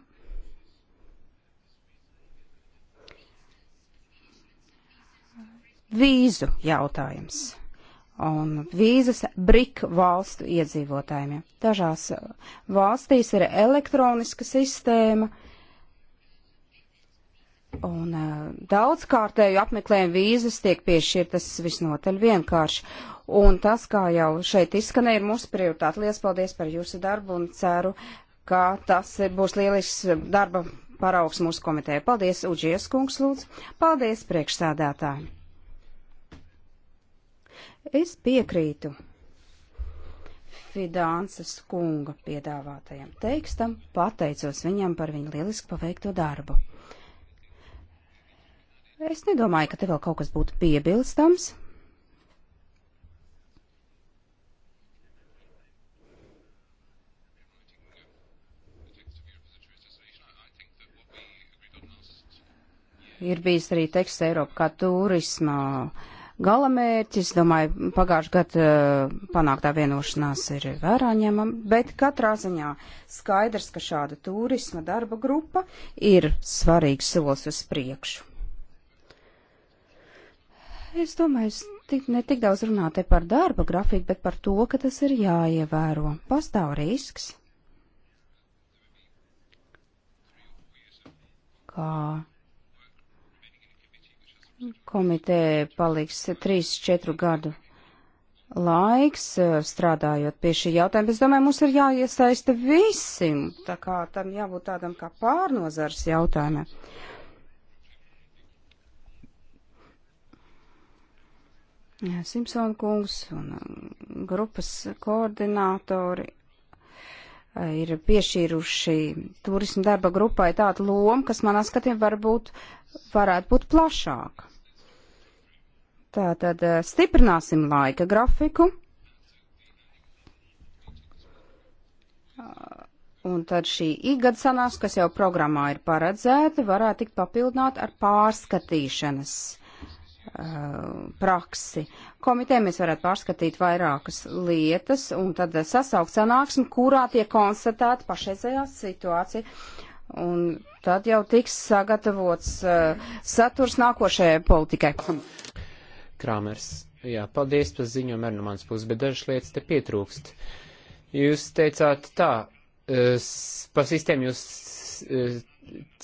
vīzu jautājums un vīzas BRIK valstu iedzīvotājiem. Dažās valstīs ir elektroniska sistēma, un uh, daudzkārtēju apmeklējumu vīzas tiek piešķirtas visnotaļ vienkārši. Un tas, kā jau šeit izskanēja, ir mūsu prioritāte. Lielas paldies par jūsu darbu un ceru, ka tas būs lielisks darba paraugs mūsu komitē. Paldies, Uģies kungs, lūdzu. Paldies, priekšsādātāji. Es piekrītu Fidānces kunga piedāvātajam tekstam, pateicos viņam par viņu lieliski paveikto darbu. Es nedomāju, ka te vēl kaut kas būtu piebilstams. Ir bijis arī teksts Eiropa kā turismā. Uh, galamērķis. Domāju, pagājušajā gadā eh, panāktā vienošanās ir vērā ņemama, bet katrā ziņā skaidrs, ka šāda turisma darba grupa ir svarīgs solis uz priekšu. Es domāju, es tik, ne tik daudz runāju par darba grafiku, bet par to, ka tas ir jāievēro. Pastāv risks. Kā komiteja paliks 3-4 gadu laiks eh, strādājot pie šī jautājuma. Es domāju, mums ir jāiesaista visim, tā kā tam jābūt tādam kā pārnozars jautājumam. Simpsona kungs un um, grupas koordinātori ir piešķīruši turismu darba grupai tādu lomu, kas manā skatījumā varbūt varētu būt plašāka. Tātad eh, stiprināsim laika grafiku. Eh, un tad šī ikgada sanāks, kas jau programmā ir paredzēta, varētu tikt papildināt ar pārskatīšanas Eh, praksi. Komitē mēs varētu pārskatīt vairākas lietas un tad sasaukt sanāksmi, kurā tiek konstatēta pašreizējā situācija. Un tad jau tiks sagatavots uh, saturs nākošajai politikai. Krāmers, jā, paldies par ziņojumu arī no manas puses, bet dažas lietas te pietrūkst. Jūs teicāt tā, uh, eh, pa sistēmu jūs uh,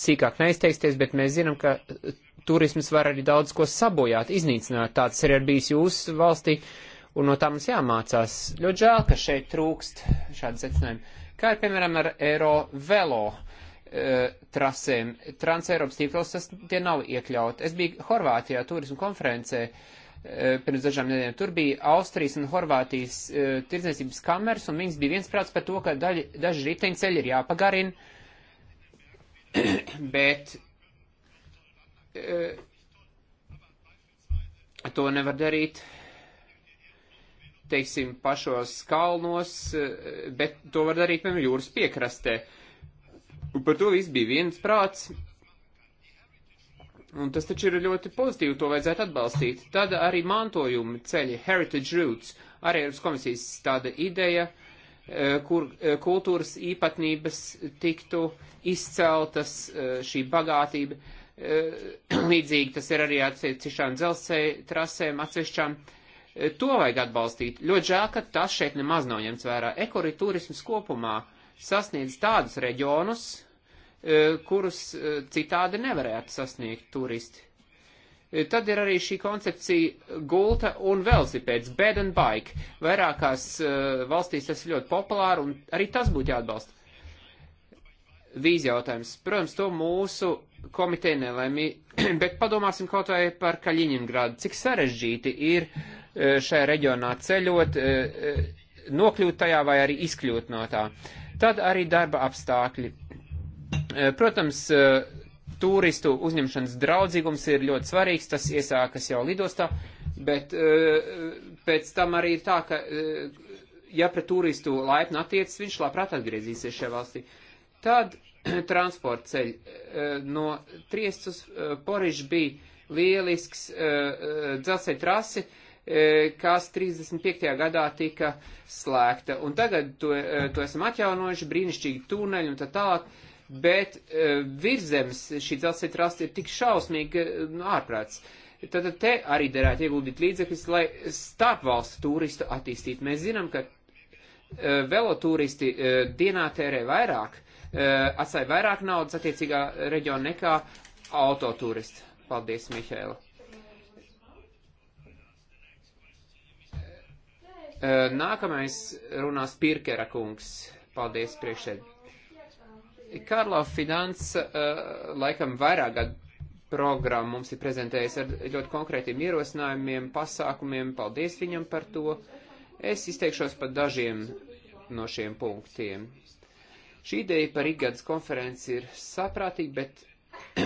cīkāk neizteiksties, bet mēs zinām, ka turisms var arī daudz ko sabojāt, iznīcināt. Tāds ir arī bijis jūsu valstī, un no tā mums jāmācās. Ļoti žēl, ka šeit trūkst šādi secinājumi. Kā ir, piemēram, ar Eiro velo? Eh, trasēm. Transeiropas tīklos tas tie nav iekļauti. Es biju Horvātijā turismu konferencē eh, pirms dažām nedēļām. Tur bija Austrijas un Horvātijas eh, tirdzniecības kameras, un viņas bija viensprāts par to, ka daļi, daži riteņceļi ir jāpagarina, bet Eh, to nevar darīt, teiksim, pašos kalnos, eh, bet to var darīt, piemēram, jūras piekrastē. Un par to viss bija viens prāts. Un tas taču ir ļoti pozitīvi, to vajadzētu atbalstīt. Tad arī mantojumi ceļi, heritage routes, arī Eiropas komisijas tāda ideja, eh, kur kultūras īpatnības tiktu izceltas šī bagātība Eh, līdzīgi tas ir arī atsevišķām dzelzceļa trasēm atsevišķām. Eh, to vajag atbalstīt. Ļoti žēl, ka tas šeit nemaz nav ņemts vērā. Ekoriturisms kopumā sasniedz tādus reģionus, eh, kurus citādi nevarētu sasniegt turisti. Tad ir arī šī koncepcija gulta un velosipēds, bed and bike. Vairākās uh, valstīs tas ir ļoti populāri un arī tas būtu jāatbalsta. Vīz jautājums. Protams, to mūsu komiteja nelēmī, bet padomāsim kaut vai par Kaļiņingrādu, cik sarežģīti ir e, šajā reģionā ceļot, e, e, nokļūt tajā vai arī izkļūt no tā. Tad arī darba apstākļi. Protams, turistu uzņemšanas draudzīgums ir ļoti svarīgs, tas iesākas jau lidostā, bet pēc tam arī ir tā, ka ja pret turistu laipni attiecas, viņš labprāt atgriezīsies šajā valstī. Tad transporta ceļi. Eh, no Triestas uz eh, Porižu bija lielisks eh, dzelzceļa trasi, kas 35. gadā tika slēgta. Un tagad to, to esam atjaunojuši, brīnišķīgi tūneļi un tā tālāk, bet virzemes šī dzelzceļa trasi ir tik šausmīgi nu, ārprāts. Tad te arī derētu ieguldīt līdzekļus, lai starpvalstu turistu attīstītu. Mēs zinām, ka velotūristi dienā tērē vairāk, Eh, atstāja vairāk naudas attiecīgā reģiona nekā autoturisti. Paldies, Mihēla. Eh, nākamais runās Pirkera kungs. Paldies, priekšēd. Karlo Finans eh, laikam vairāk gadu programmu mums ir prezentējis ar ļoti konkrētiem ierosinājumiem, pasākumiem. Paldies viņam par to. Es izteikšos par dažiem no šiem punktiem. Šī ideja par ikgadas konferenci ir saprātīga, bet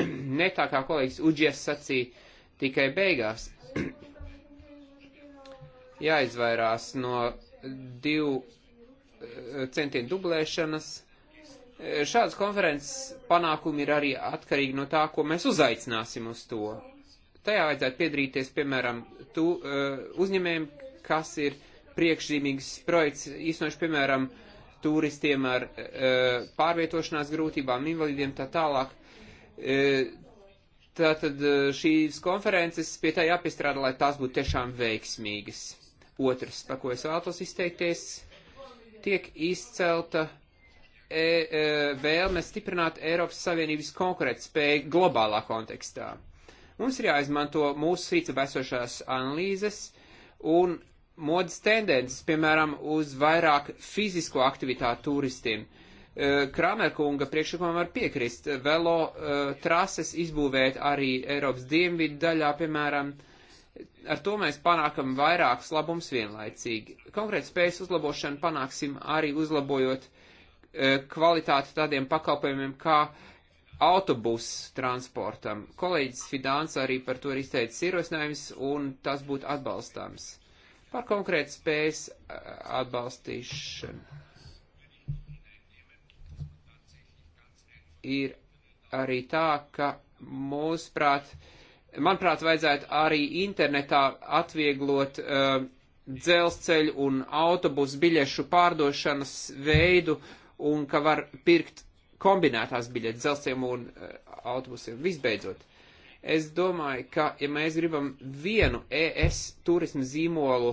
ne tā kā kolēģis Uģies sacīja tikai beigās. Jāizvairās no divu eh, centienu dublēšanas. Eh, šādas konferences panākumi ir arī atkarīgi no tā, ko mēs uzaicināsim uz to. Tajā vajadzētu piedrīties, piemēram, tu, eh, uzņēmējiem, kas ir priekšzīmīgs projekts, īstenoši, piemēram, uh, turistiem ar e, pārvietošanās grūtībām, invalīdiem tā tālāk. E, Tātad e, šīs konferences pie tā jāpiestrādā, lai tās būtu tiešām veiksmīgas. Otrs, par ko es vēlos izteikties, tiek izcelta e, e, vēlme stiprināt Eiropas Savienības konkurētspēju globālā kontekstā. Mums ir jāizmanto mūsu rīcībā esošās analīzes un modas tendences, piemēram, uz vairāk fizisko aktivitātu turistiem. Eh, Kramerkunga priekšlikumam var piekrist. Velo eh, trases izbūvēt arī Eiropas dienvidu daļā, piemēram, ar to mēs panākam vairākus labums vienlaicīgi. Konkrēt spējas uzlabošanu panāksim arī uzlabojot eh, kvalitāti tādiem pakalpojumiem kā autobusu transportam. Kolēģis Fidāns arī par to ir izteicis ierosinājums, un tas būtu atbalstāms par konkrētu spējas atbalstīšanu. Ir arī tā, ka mūsuprāt, manuprāt, vajadzētu arī internetā atvieglot uh, dzelzceļu un autobusu biļešu pārdošanas veidu un ka var pirkt kombinētās biļetes dzelzceļiem un uh, autobusiem. Visbeidzot, uh, Es domāju, ka ja mēs gribam vienu ES turismu zīmolu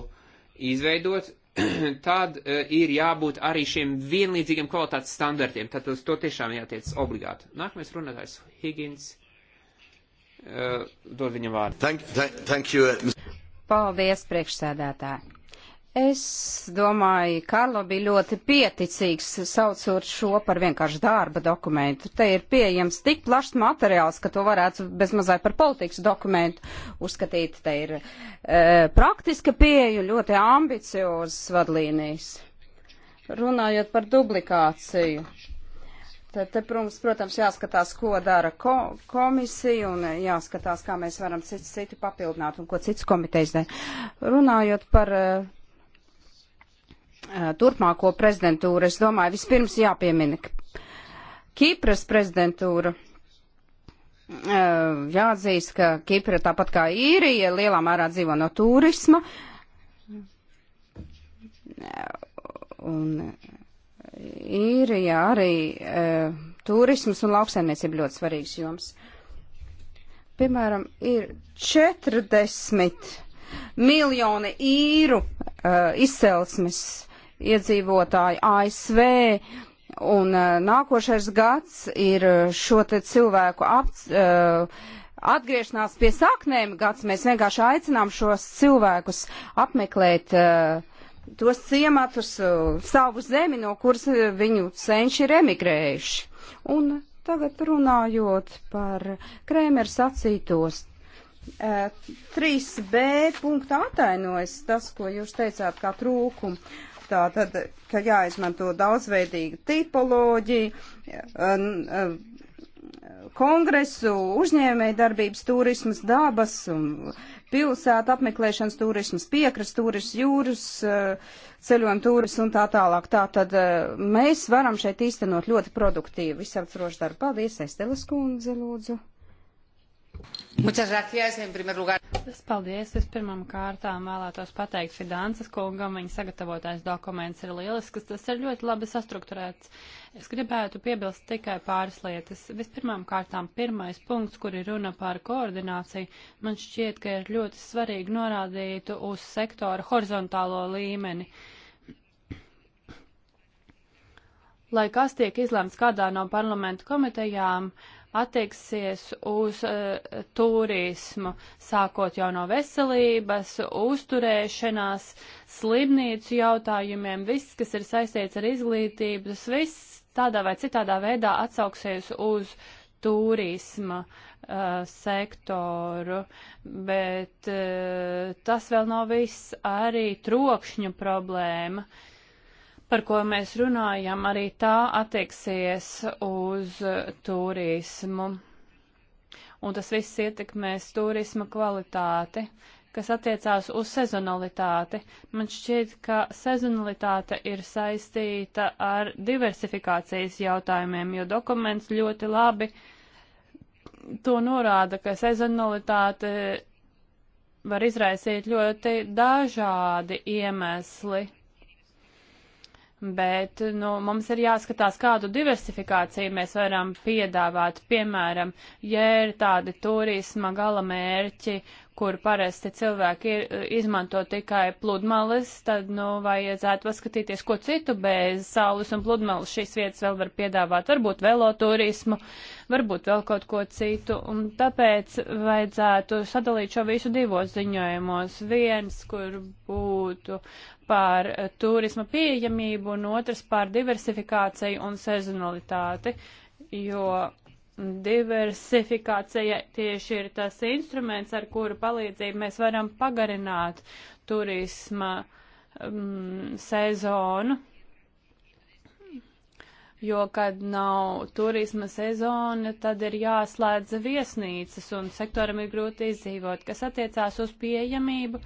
izveidot, tad uh, ir jābūt arī šiem vienlīdzīgiem kvalitātes standartiem. Tad uz to tiešām jātiec obligāti. Nākamais runātājs Higgins. Uh, dod viņam vārdu. Thank, thank, thank you, uh, Paldies, priekšsēdētāji. Es domāju, Karlo bija ļoti pieticīgs, saucot šo par vienkārši darba dokumentu. Te ir pieejams tik plašs materiāls, ka to varētu bezmazai par politikas dokumentu uzskatīt. Te ir e, praktiska pieeja, ļoti ambiciozas vadlīnijas. Runājot par duplikāciju, tad, te, prums, protams, jāskatās, ko dara ko komisija un jāskatās, kā mēs varam citu, citu papildināt un ko cits komitejas dara. Runājot par. E, Eh, turpmāko prezidentūru. Es domāju, vispirms jāpiemina Kipras prezidentūra. Eh, jāatzīst, ka Kipra tāpat kā īrija lielā mērā dzīvo no turisma. Eh, un īrija arī turismas un lauksaimniecība ļoti svarīgs joms. Piemēram, ir 40 miljoni īru uh, izcelsmes iedzīvotāji ASV, un uh, nākošais gads ir uh, šo te cilvēku apc, uh, atgriešanās pie saknēm gads. Mēs vienkārši aicinām šos cilvēkus apmeklēt tos ciematus, savu zemi, no kuras viņu senči ir emigrējuši. Un tagad runājot par Krēmera sacītos. 3b punktā atainojas tas, ko jūs teicāt kā trūkumu tā tad, ka jāizmanto daudzveidīga tipoloģija, kongresu, uzņēmēja darbības turismas, dabas un pilsētu apmeklēšanas turismas, piekras turismas, jūras eh, ceļojuma turismas un tā tālāk. Tā tad eh, mēs varam šeit īstenot ļoti produktīvu visaptvarošu darbu. Paldies, Esteles kundze, lūdzu. Muchas gracias, en primer lugar. Es paldies. Es pirmam kārtām vēlētos pateikt Fidanses kungam. Viņa sagatavotais dokuments ir lielisks. Tas ir ļoti labi sastrukturēts. Es gribētu piebilst tikai pāris lietas. Vispirmām kārtām pirmais punkts, kur ir runa par koordināciju, man šķiet, ka ir ļoti svarīgi norādīt uz sektora horizontālo līmeni. Lai kas tiek izlēmts kādā no parlamentu komitejām, uh, attieksies uz uh, turismu, sākot jau no veselības, uzturēšanās, slimnīcu jautājumiem, viss, kas ir saistīts ar izglītību, tas viss tādā vai citādā veidā atsauksies uz turisma uh, sektoru, bet uh, tas vēl nav viss arī trokšņu problēma. Uh, par ko mēs runājam, arī tā attieksies uz turismu. Un tas viss ietekmēs turisma kvalitāti, kas attiecās uz sezonalitāti. Man šķiet, ka sezonalitāte ir saistīta ar diversifikācijas jautājumiem, jo dokuments ļoti labi to norāda, ka sezonalitāte var izraisīt ļoti dažādi iemesli bet nu, mums ir jāskatās, kādu diversifikāciju mēs varam piedāvāt. Piemēram, ja ir tādi turisma gala mērķi kur parasti cilvēki ir, e, izmanto tikai pludmales, tad, nu, vajadzētu paskatīties, ko citu bez saules un pludmales šīs vietas vēl var piedāvāt. Varbūt veloturismu, varbūt vēl kaut ko citu. Un tāpēc vajadzētu sadalīt šo visu divos ziņojumos. Viens, kur būtu par e, turisma pieejamību, un otrs par diversifikāciju un sezonalitāti, jo Diversifikācija tieši ir tas instruments, ar kuru palīdzību mēs varam pagarināt turisma um, sezonu, jo, kad nav turisma sezona, tad ir jāslēdz viesnīcas un sektoram ir grūti izdzīvot. Kas attiecās uz pieejamību,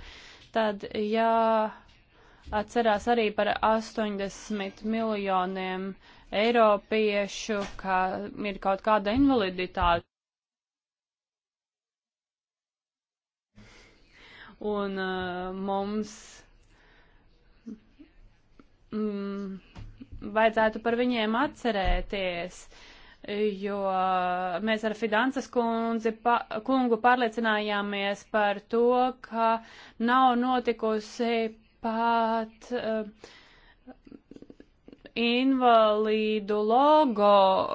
tad jāatcerās arī par 80 miljoniem Eiropiešu, ka ir kaut kāda invaliditāte. Un uh, mums mm, vajadzētu par viņiem atcerēties, jo mēs ar Fidances kundzi, pa, kungu pārliecinājāmies par to, ka nav notikusi pat uh, invalīdu logo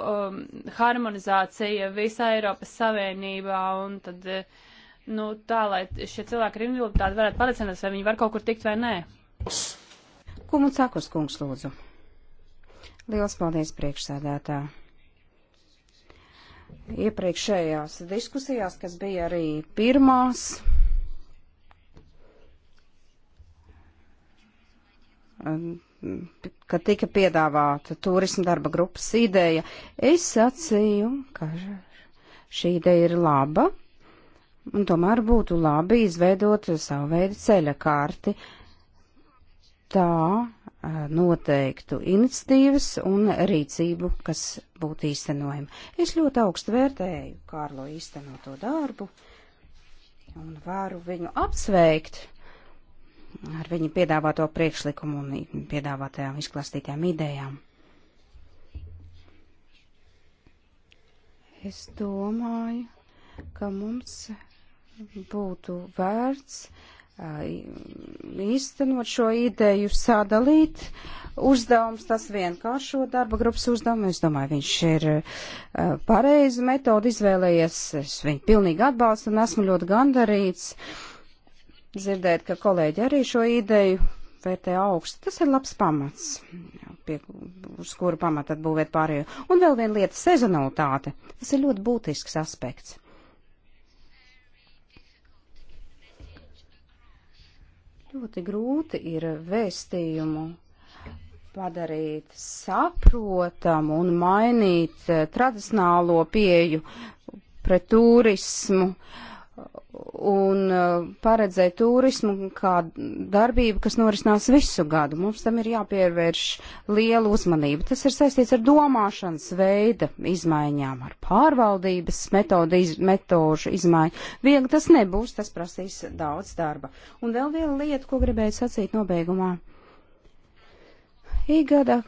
um, harmonizācija visā Eiropas Savienībā un tad, eh, nu, tā, lai šie cilvēki ar invaliditāti varētu pārliecināties, vai viņi var kaut kur tikt vai nē. Kumu Cakurs kungs lūdzu. Liels paldies priekšsēdētā. Iepriekšējās diskusijās, kas bija arī pirmās, um, kad tika piedāvāta turisma darba grupas ideja, es sacīju, ka šī ideja ir laba, un tomēr būtu labi izveidot savu veidu ceļa kārti. Tā noteiktu iniciatīvas un rīcību, kas būtu īstenojama. Es ļoti augstu vērtēju Kārlo īstenoto darbu un varu viņu apsveikt ar viņu piedāvāto priekšlikumu un piedāvātajām izklāstītajām idejām. Es domāju, ka mums būtu vērts īstenot šo ideju, sadalīt uzdevums, tas vienkāršo darba grupas uzdevumu. Es domāju, viņš ir pareizu metodu izvēlējies, es viņu pilnīgi atbalstu un esmu ļoti gandarīts. Uh, dzirdēt, ka kolēģi arī šo ideju vērtē augstu. Tas ir labs pamats, pie, uz kuru pamata atbūvēt pārējo. Un vēl viena lieta - sezonalitāte. Tas ir ļoti būtisks aspekts. Ļoti grūti ir vēstījumu padarīt saprotamu un mainīt eh, tradicionālo pieju pret turismu. Uh, un uh, paredzēt turismu kā darbību, kas norisinās visu gadu. Mums tam ir jāpievērš liela uzmanība. Tas ir saistīts ar domāšanas veida izmaiņām, ar pārvaldības metodu, iz, metožu izmaiņu. Viegli tas nebūs, tas prasīs daudz darba. Un vēl viena lieta, ko gribēju sacīt nobeigumā. Īgada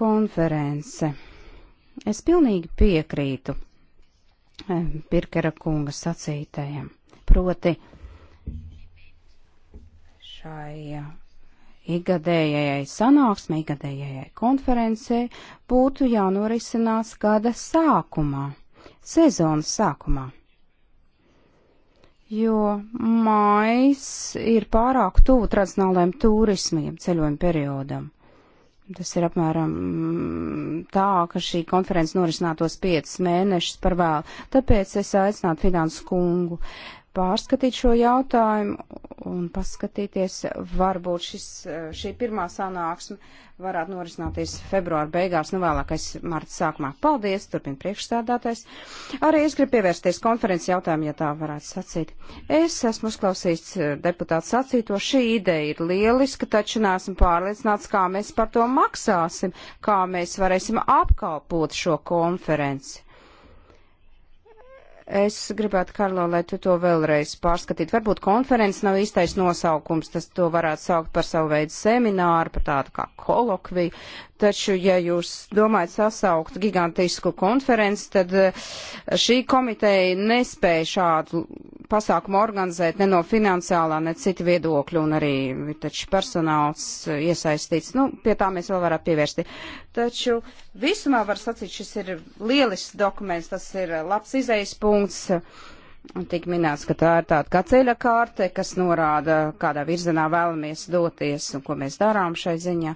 konference. Es pilnīgi piekrītu Pirkera eh, kunga sacītajam proti šai igadējai sanāksmē, igadējai konferencē būtu jānorisinās gada sākumā, sezonas sākumā. Jo mājas ir pārāk tuvu tradicionālajiem turismiem ceļojuma periodam. Tas ir apmēram mm, tā, ka šī konferences norisinātos piecas mēnešus par vēlu. Tāpēc es aicinātu finansu kungu uh, pārskatīt šo jautājumu un paskatīties, varbūt šis, šī pirmā sanāksme varētu norisināties februāra beigās, nu vēlākais marta sākumā. Paldies, turpin priekšstādātais. Arī es gribu pievērsties konferences jautājumu, ja tā varētu sacīt. Es esmu uzklausījis eh, deputātu sacīto, šī ideja ir lieliska, taču neesmu pārliecināts, kā mēs par to maksāsim, kā mēs varēsim apkalpot šo konferenci Es gribētu, Karlo, lai tu to vēlreiz pārskatītu. Varbūt konferences nav īstais nosaukums, tas to varētu saukt par savu veidu semināru, par tādu kā kolokviju, Taču, ja jūs domājat sasaukt gigantisku konferenci, tad eh, šī komiteja nespēja šādu pasākumu organizēt ne no finansiālā, ne citu viedokļu, un arī taču personāls iesaistīts. Nu, pie tā mēs vēl varētu pievērsti. Taču visumā var sacīt, šis ir lielisks dokuments, tas ir labs izējas punkts Tik minēts, ka tā ir tāda kā ceļa kārte, kas norāda, kādā virzienā vēlamies doties un ko mēs darām šai ziņā.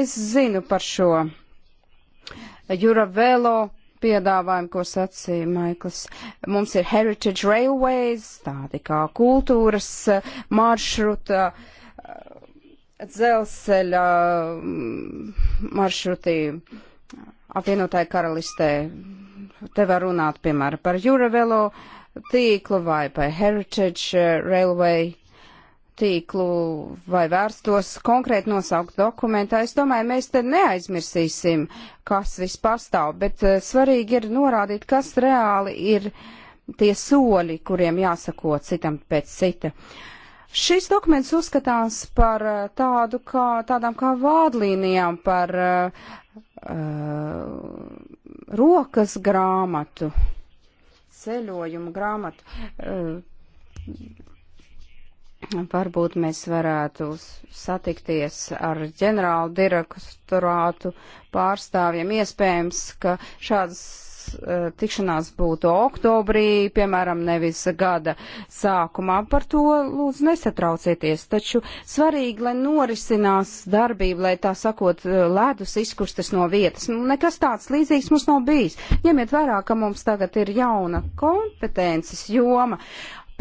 Es zinu par šo Juravelo piedāvājumu, ko sacīja Maikls. Mums ir Heritage Railways, tādi kā kultūras maršruta, dzelzceļa mm, maršruti apvienotāju karalistē. Te var runāt, piemēram, par Juravelo. Uh, tīklu vai pa Heritage eh, Railway tīklu vai vērstos konkrēti nosaukt dokumentā. Es domāju, mēs te neaizmirsīsim, kas viss pastāv, bet eh, svarīgi ir norādīt, kas reāli ir tie soļi, kuriem jāsako citam pēc cita. Šis dokuments uzskatās par eh, tādu kā, tādām kā vādlīnijām par uh, rokas grāmatu ceļojumu grāmatu. Eh, varbūt mēs varētu satikties ar ģenerālu direktorātu pārstāvjiem. Iespējams, ka šādas Eh, tikšanās būtu oktobrī, piemēram, nevis gada sākumā. Par to lūdzu nesatraucieties, taču svarīgi, lai norisinās darbība, lai tā sakot, eh, ledus izkustas no vietas. Nu, nekas tāds līdzīgs mums nav bijis. Ņemiet vērā, ka mums tagad ir jauna kompetences joma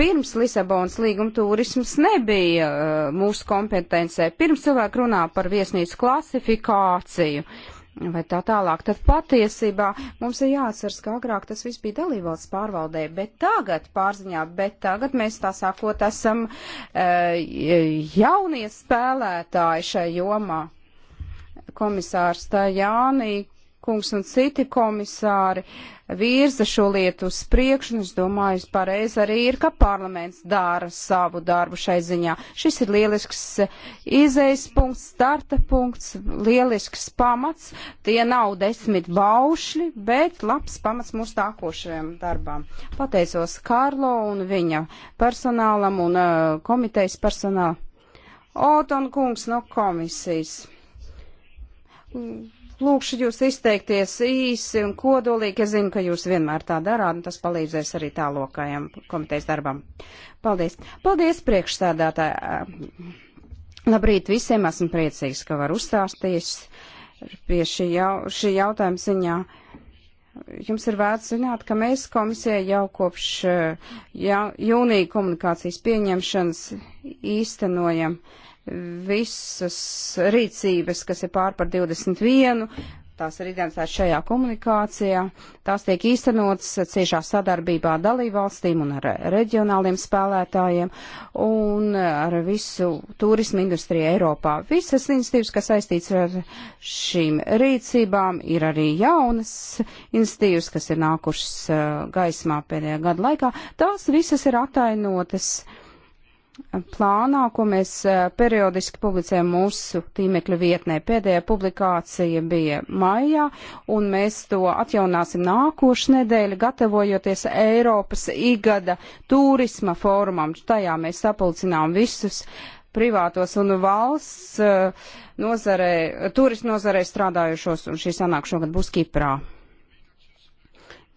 pirms Lisabonas līguma turisms nebija uh, mūsu kompetencē. Pirms cilvēki runā par viesnīcu klasifikāciju, vai tā tālāk, tad patiesībā mums ir jāatceras, ka agrāk tas viss bija dalībvalsts pārvaldē, bet tagad pārziņā, bet tagad mēs tā sākot esam e, jaunie spēlētāji šai jomā. Komisārs Tajānī kungs un citi komisāri virza šo lietu uz priekšu, un es domāju, pareizi arī ir, ka parlaments dara savu darbu šai ziņā. Šis ir lielisks eh, izējas punkts, starta punkts, lielisks pamats. Tie nav desmit baušļi, bet labs pamats mūsu tākošajam darbām. Pateicos Kārlo un viņa personālam un uh, komitejas personālam. Oton kungs no komisijas. Mm Lūkšu jūs izteikties īsi un kodolīgi. Es zinu, ka jūs vienmēr tā darāt, un tas palīdzēs arī tālokajam komitejas darbam. Paldies. Paldies, priekšsēdētāji. Labrīt visiem. Esmu priecīgs, ka var uzstāsties pie šī, jau, šī jautājuma ziņā. Jums ir vērts zināt, ka mēs komisijai jau kopš jā, jūnija komunikācijas pieņemšanas īstenojam uh, visas rīcības, kas ir pār par 21, tās ir identificētas šajā komunikācijā. Tās tiek īstenotas ciešā sadarbībā ar dalībvalstīm un ar reģionāliem spēlētājiem un ar visu turismu industriju Eiropā. Visas institīvas, kas saistīts ar šīm rīcībām, ir arī jaunas institīvas, kas ir nākušas uh, gaismā pēdējā gada laikā. Tās visas ir atainotas. Uh, plānā, ko mēs eh, periodiski publicējam mūsu tīmekļa vietnē. Pēdējā publikācija bija maijā, un mēs to atjaunāsim nākošu nedēļu, gatavojoties Eiropas igada turisma fórumam. Tajā mēs sapulcinām visus privātos un valsts eh, nozarē, turismu nozarē strādājušos, un šī sanāk šogad būs Kiprā.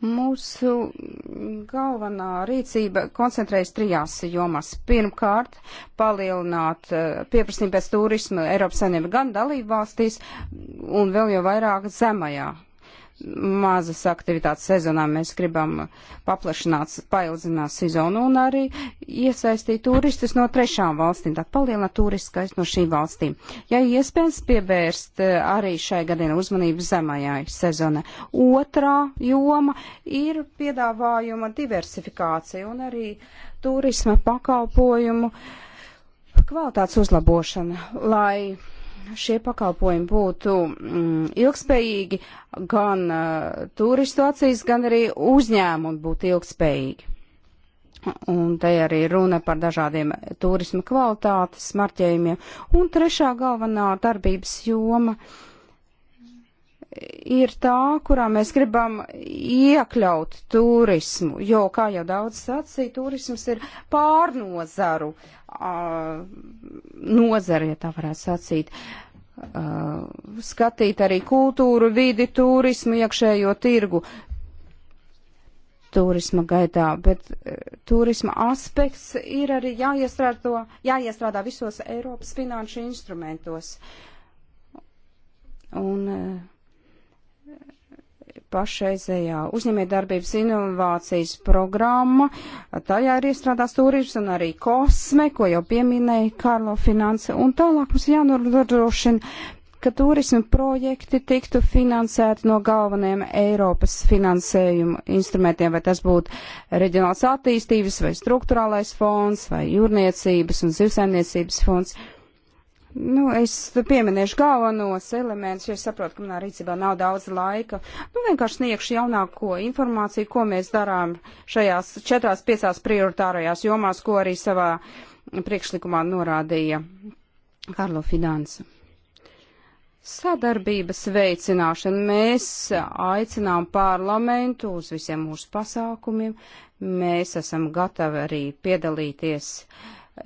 Mūsu galvenā rīcība koncentrējas trijās jomās. Pirmkārt, palielināt eh, pieprasījumu pēc turismu Eiropas saimnieba gan dalību valstīs un vēl jau vairāk zemajā mazas aktivitātes sezonā mēs gribam paplašināt, paildzināt sezonu un arī iesaistīt turistus no trešām valstīm, tā palielināt turiskais no šīm valstīm. Ja iespējams pievērst eh, arī šai gadienu uzmanību zemajai sezonai. Otrā joma ir piedāvājuma diversifikācija un arī turisma pakalpojumu kvalitātes uzlabošana, lai šie pakalpojumi būtu mm, ilgspējīgi, gan uh, turistu acīs, gan arī uzņēmumi būtu ilgspējīgi. Un te arī runa par dažādiem turisma kvalitātes marķējumiem. Un trešā galvenā darbības joma ir tā, kurā mēs gribam iekļaut turismu, jo, kā jau daudz sacīja, turisms ir pārnozaru nozare, ja tā varētu sacīt, skatīt arī kultūru, vidi, turismu, iekšējo tirgu turisma gaidā, bet turisma aspekts ir arī jāiestrādā, jāiestrādā visos Eiropas finanšu instrumentos. Un, uh, pašreizējā uzņēmējdarbības inovācijas programma. Tajā ir iestrādās turisms un arī kosme, ko jau pieminēja Karlo Finanse. Un tālāk mums jānodrošina, ka turismu projekti tiktu finansēti no galvenajiem Eiropas finansējuma instrumentiem, vai tas būtu reģionāls attīstības vai struktūrālais fonds vai jūrniecības un zivsaimniecības fonds. Uh, Nu, es pieminēšu galvenos elementus, jo es saprotu, ka manā rīcībā nav daudz laika. Nu, vienkārši sniegšu jaunāko informāciju, ko mēs darām šajās četrās, piecās prioritārajās jomās, ko arī savā priekšlikumā norādīja Karlo Finansa. Sadarbības veicināšana. Mēs aicinām parlamentu uz visiem mūsu pasākumiem. Mēs esam gatavi arī piedalīties uh,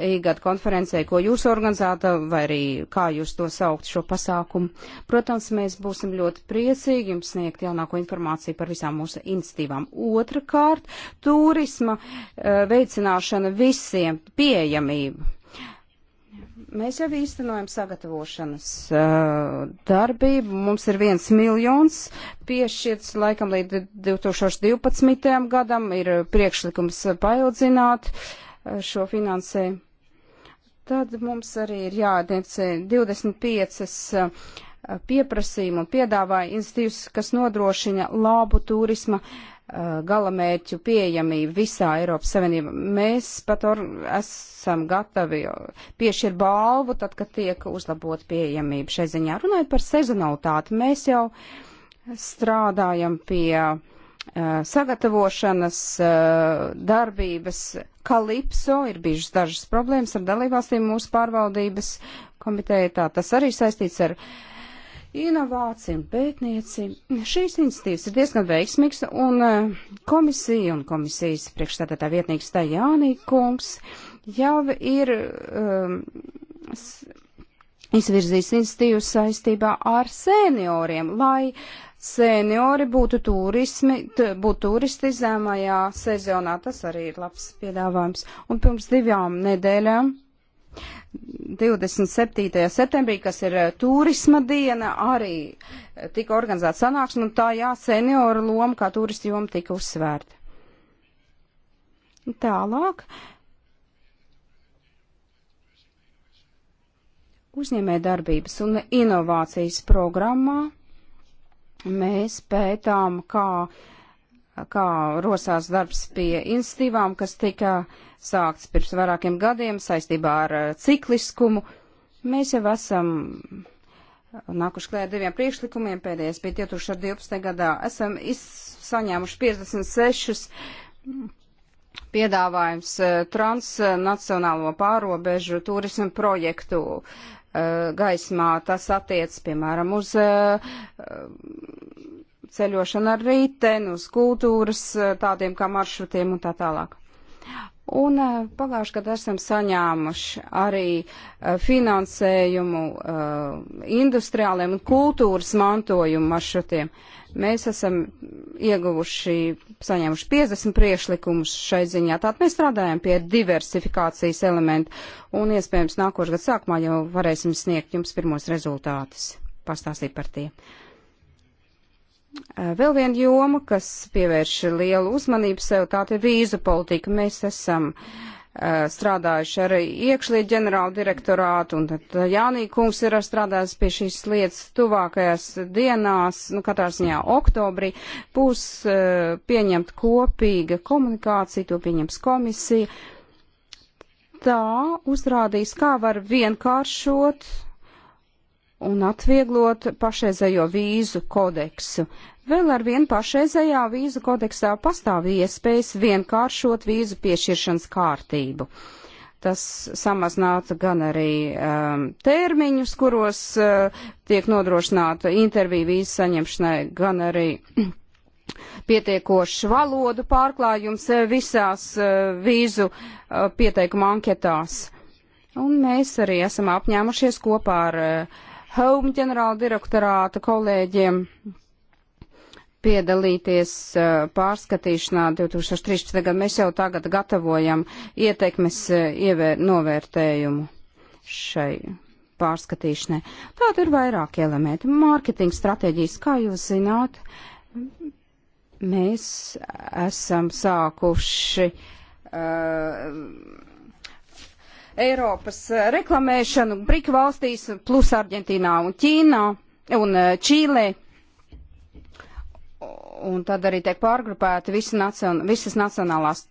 īgad konferencē, ko jūs organizēta, vai arī kā jūs to saukt šo pasākumu. Protams, mēs būsim ļoti priecīgi jums sniegt jaunāko informāciju par visām mūsu institīvām. Otrakārt, turisma eh, veicināšana visiem pieejamību. Mēs jau īstenojam sagatavošanas uh, darbību. Mums ir viens miljons piešķirts laikam līdz 2012. gadam. Ir priekšlikums paildzināt uh, šo finansējumu. Tad mums arī ir jāidentificē 25 uh, pieprasījumu un piedāvāja institīvs, kas nodrošina labu turisma uh, galamērķu pieejamību visā Eiropas Savienībā. Mēs pat or, esam gatavi piešķirt balvu, tad, kad tiek uzlabot pieejamību šai ziņā. Runājot par sezonalitāti, mēs jau strādājam pie uh, Eh, sagatavošanas eh, darbības kalipso ir bijušas dažas problēmas ar dalībvalstīm mūsu pārvaldības komiteja. Tā tas arī saistīts ar inovāciju un pētniecību. Šīs institīvas ir diezgan veiksmīgas un eh, komisija un komisijas priekšstādātā vietnieks Tajānī kungs jau ir. Um, ehm, izvirzīs institīvas saistībā ar senioriem, lai uh, seniori būtu, turismi, t, būtu turisti zemajā sezonā. Tas arī ir labs piedāvājums. Un pirms divām nedēļām, 27. septembrī, kas ir eh, turisma diena, arī eh, tika organizēta sanāksme, un tā jā, senioru loma kā turistu joma tika uzsvērta. Tālāk. Uzņēmē darbības un inovācijas programmā mēs pētām, kā, kā rosās darbs pie institīvām, kas tika sākts pirms vairākiem gadiem saistībā ar eh, cikliskumu. Mēs jau esam nākuši klēt diviem priekšlikumiem, pēdējais bija 2012. gadā. Esam saņēmuši 56 piedāvājums eh, transnacionālo pārobežu turismu projektu uh, Eh, gaismā. Tas attiec, piemēram, uz eh, ceļošanu ar riteni, uz kultūras eh, tādiem kā maršrutiem un tā tālāk. Un pagājuši, kad esam saņēmuši arī finansējumu industriāliem un kultūras mantojumu maršrutiem. Uh, Mēs esam ieguvuši, saņēmuši 50 priešlikumus šai ziņā, tātad mēs strādājam pie diversifikācijas elementu un iespējams nākošu gadu sākumā jau varēsim sniegt jums pirmos rezultātus, pastāstīt par tie. Vēl viena joma, kas pievērš lielu uzmanību sev, tā ir vīzu politika. Mēs esam uh, Eh, strādājuši arī iekšliet ģenerāla direktorātu, un tad eh, Jānī kungs ir strādājis pie šīs lietas tuvākajās dienās, nu katrā ziņā oktobrī, būs uh, eh, pieņemta kopīga komunikācija, to pieņems komisija. Tā uzrādīs, kā var vienkāršot un atvieglot pašreizējo vīzu kodeksu. Vēl ar vienu pašreizējā vīzu kodeksā pastāv iespējas vienkāršot vīzu piešķiršanas kārtību. Tas samazinātu gan arī um, termiņus, kuros uh, tiek nodrošināta intervija vīzu saņemšanai, gan arī pietiekošs valodu pārklājums uh, visās uh, vīzu uh, pieteikuma anketās. Un mēs arī esam apņēmušies kopā ar uh, Home ģenerāla direktorāta kolēģiem piedalīties uh, pārskatīšanā 2013. gadu. Mēs jau tagad gatavojam ietekmes uh, ievēr, novērtējumu šai pārskatīšanai. Tāda ir vairāk elementi. Mārketinga stratēģijas, kā jūs zināt, mēs esam sākuši uh, Eiropas eh, reklamēšanu Brika valstīs, plus Argentīnā un Ķīnā un eh, Čīlē. Un tad arī tiek pārgrupēti visi nacion, visas nacionālās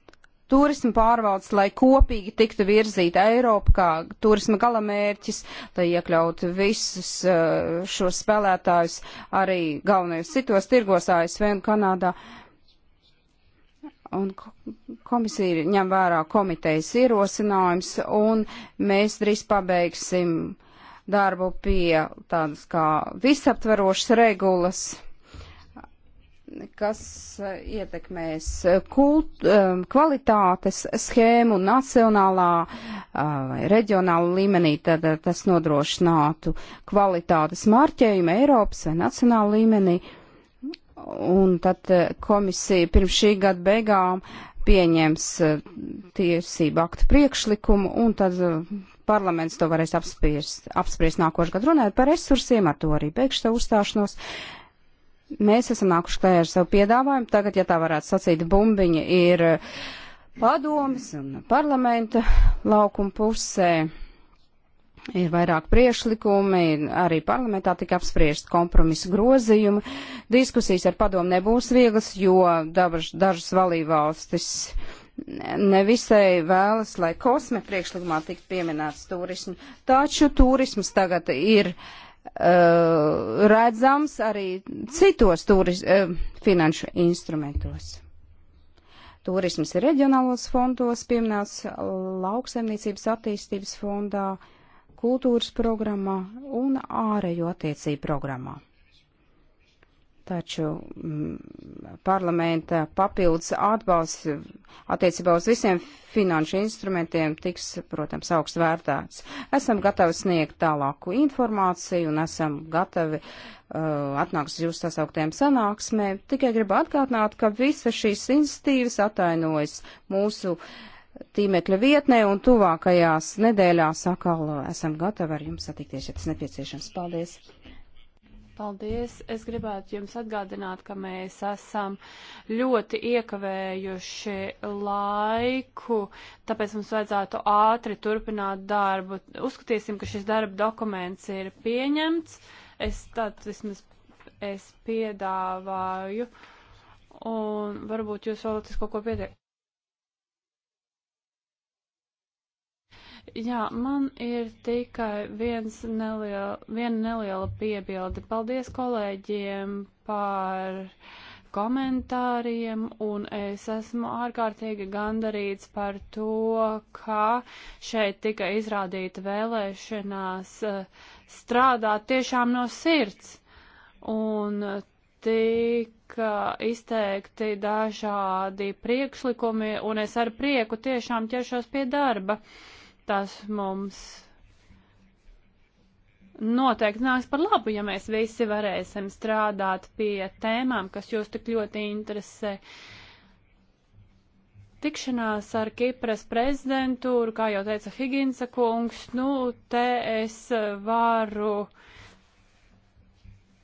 turismu pārvaldes, lai kopīgi tiktu virzīta Eiropa kā turisma galamērķis, lai iekļautu visus eh, šos spēlētājus arī galvenajos citos tirgos ASV un Kanādā. Uh, Un komisija ņem vērā komitejas ierosinājums, un mēs drīz pabeigsim darbu pie tādas kā visaptverošas regulas, kas eh, ietekmēs kult, eh, kvalitātes schēmu nacionālā eh, vai reģionāla līmenī, tad tas nodrošinātu kvalitātes marķējumu Eiropas vai nacionāla līmenī Un tad eh, komisija pirms šī gada beigām pieņems eh, tiesību aktu priekšlikumu, un tad eh, parlaments to varēs apspriest, apspriest nākošu gadu. Runājot par resursiem, ar to arī beigšu savu uzstāšanos. Mēs esam nākuši klējā ar savu piedāvājumu. Tagad, ja tā varētu sacīt, bumbiņa ir padomas un parlamenta laukuma pusē. Ir vairāk priešlikumi, arī parlamentā tika apspriest kompromisu grozījumi. Diskusijas ar padomu nebūs vieglas, jo dabaž, dažas valībvalstis nevisai vēlas, lai kosme priekšlikumā tiktu pieminēts turismu. Taču turisms tagad ir uh, redzams arī citos turis, uh, finanšu instrumentos. Turisms ir reģionālos fondos, pieminēts lauksaimniecības attīstības fondā. Uh, kultūras programmā un ārējo attiecību programmā. Taču m, mm, parlamenta papildus atbalsts attiecībā uz visiem finanšu instrumentiem tiks, protams, augst vērtēts. Esam gatavi sniegt tālāku informāciju un esam gatavi uh, atnāks uz jūs sasauktiem sanāksmēm. Tikai gribu atgādināt, ka visas šīs institīvas atainojas mūsu uh, tīmekļa vietnē un tuvākajās nedēļās atkal esam gatavi ar jums satikties, ja tas nepieciešams. Paldies! Paldies! Es gribētu jums atgādināt, ka mēs esam ļoti iekavējuši laiku, tāpēc mums vajadzētu ātri turpināt darbu. Uzskatīsim, ka šis darba dokuments ir pieņemts. Es tad vismaz es piedāvāju, un varbūt jūs vēlaties kaut ko pieteikt. Jā, man ir tikai viens neliela, viena neliela piebilde. Paldies kolēģiem par komentāriem, un es esmu ārkārtīgi gandarīts par to, ka šeit tika izrādīta vēlēšanās eh, strādāt tiešām no sirds. Un tika izteikti dažādi priekšlikumi, un es ar prieku tiešām ķeršos pie darba. Uh, tas mums noteikti nāks par labu, ja mēs visi varēsim strādāt pie tēmām, kas jūs tik ļoti interesē. Tikšanās ar Kipras prezidentūru, kā jau teica Higinsa kungs, nu, te es varu uh,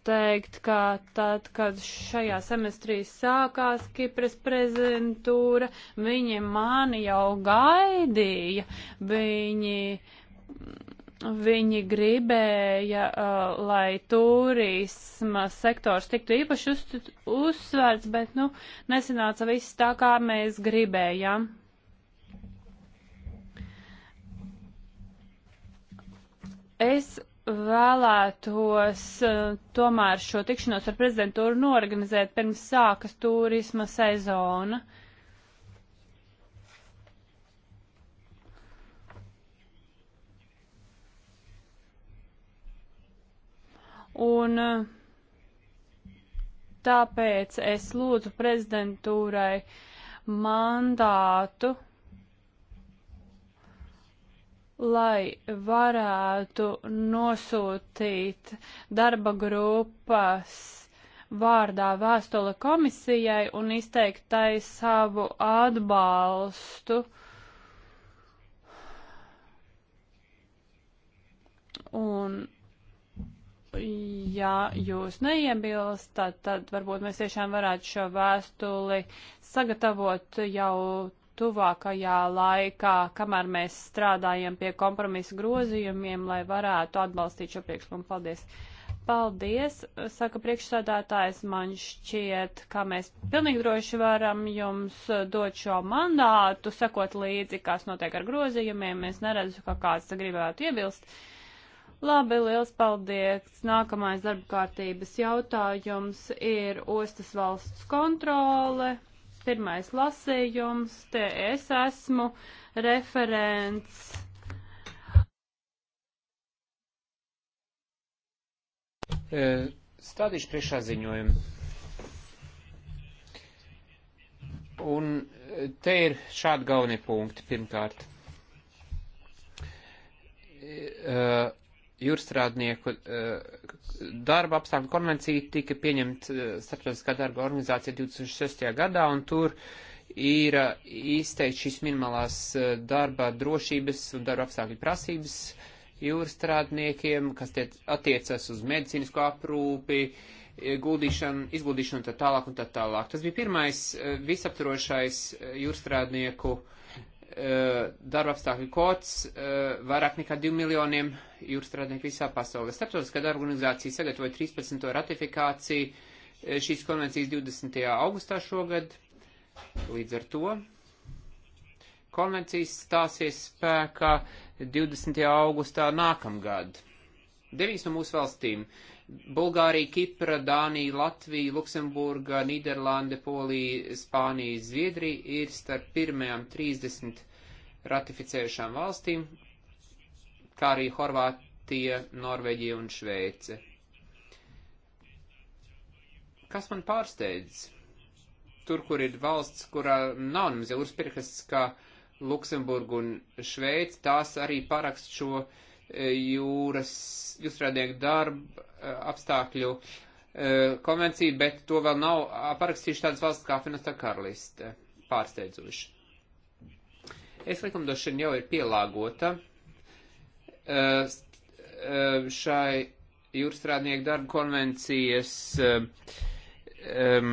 teikt, ka tad, kad šajā semestrī sākās Kipras prezentūra, viņi mani jau gaidīja. Viņi, viņi gribēja, uh, lai turisma sektors tiktu īpaši uz, uzsvērts, bet, nu, nesanāca viss tā, kā mēs gribējām. Es vēlētos eh, tomēr šo tikšanos ar prezidentūru norganizēt pirms sākas turisma sezona. Un eh, tāpēc es lūdzu prezidentūrai mandātu lai varētu nosūtīt darba grupas vārdā vēstuli komisijai un izteikt tai savu atbalstu. Un, ja jūs neiebilstat, tad varbūt mēs tiešām varētu šo vēstuli sagatavot jau tuvākajā laikā, kamēr mēs strādājam pie kompromisa grozījumiem, lai varētu atbalstīt šo priekšlikumu. Paldies! Paldies, saka priekšsādātājs, man šķiet, ka mēs pilnīgi droši varam jums dot šo mandātu, sekot līdzi, kas notiek ar grozījumiem, es neredzu, ka kāds gribētu iebilst. Labi, liels paldies. Nākamais darba kārtības jautājums ir ostas valsts kontrole pirmais lasījums, te es esmu referents. E, stādīšu priekšā ziņojumu. Un te ir šādi galvenie punkti. Pirmkārt, e, jūrstrādnieku eh, darba apstākļu konvencija tika pieņemta eh, starptautiskā darba organizācija 2006. gadā, un tur ir eh, izteikts šīs minimālās darba drošības un darba apstākļu prasības jūrstrādniekiem, kas attiecas uz medicīnisko aprūpi, guldīšanu, izguldīšanu un tā tālāk un tā tālāk. Tas bija pirmais visaptrošais jūrstrādnieku uh, darba apstākļu kods vairāk nekā 2 miljoniem jūrstrādnieku visā pasaulē. Starptautiskā darba organizācija sagatavoja 13. ratifikāciju šīs konvencijas 20. augustā šogad. Līdz ar to konvencijas stāsies spēkā 20. augustā nākamgad. Deviņas no mūsu valstīm uh, Bulgārija, Kipra, Dānija, Latvija, Luksemburga, Nīderlande, Polija, Spānija, Zviedrija ir starp pirmajām 30 ratificējušām valstīm, kā arī Horvātija, Norvēģija un Šveice. Kas man pārsteidz? Tur, kur ir valsts, kurā nav nemaz jau uzpirkas, kā Luksemburga un Šveica, tās arī parakst šo uh, jūras, jūrstrādnieku darba eh, apstākļu eh, konvenciju, bet to vēl nav parakstījuši tādas valsts kā Finasta Karliste. Pārsteidzoši. Es likumdošana jau ir pielāgota eh, šai jūrstrādnieku darba konvencijas um,